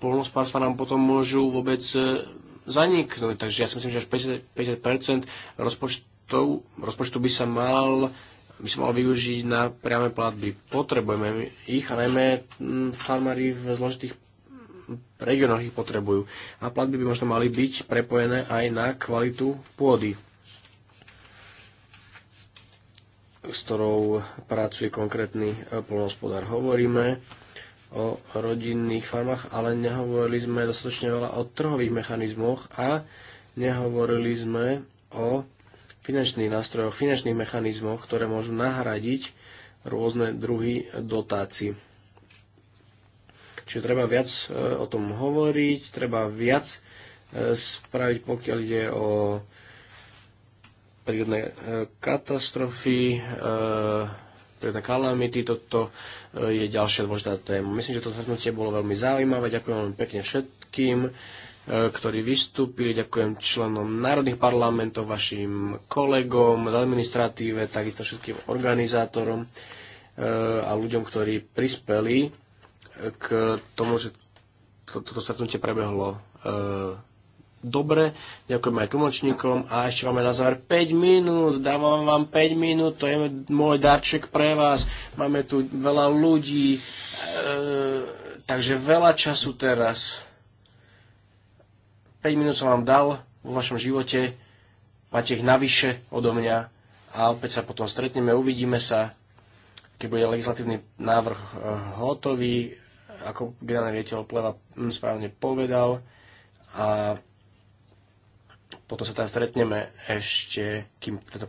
polnospárstva nám potom môžu vôbec e, zaniknúť. Takže ja si myslím, že až 50, 50% rozpočtu by sa mal by sa mal využiť na priame platby. Potrebujeme ich a najmä farmári v zložitých regionoch ich potrebujú. A platby by možno mali byť prepojené aj na kvalitu pôdy, s ktorou pracuje konkrétny e, polnohospodár. Hovoríme o rodinných farmách, ale nehovorili sme dostatočne veľa o trhových mechanizmoch a nehovorili sme o finančných nástrojoch, finančných mechanizmoch, ktoré môžu nahradiť rôzne druhy dotácií Čiže treba viac e, o tom hovoriť, treba viac e, spraviť, pokiaľ ide o prírodné e, katastrofy, prírodné kalamity, toto je ďalšia dôležitá téma. Myslím, že to zhrnutie bolo veľmi zaujímavé, ďakujem veľmi pekne všetkým ktorí vystúpili. Ďakujem členom národných parlamentov, vašim kolegom z administratíve, takisto všetkým organizátorom a ľuďom, ktorí prispeli k tomu, že to, toto stretnutie prebehlo e, dobre. Ďakujem aj tlmočníkom a ešte máme na záver 5 minút. Dávam vám 5 minút, to je môj darček pre vás. Máme tu veľa ľudí, e, takže veľa času teraz. 5 minút som vám dal vo vašom živote, máte ich navyše odo mňa a opäť sa potom stretneme, uvidíme sa, keď bude legislatívny návrh e, hotový ako generálny riaditeľ Pleva mm, správne povedal. A potom sa tam stretneme ešte, kým tento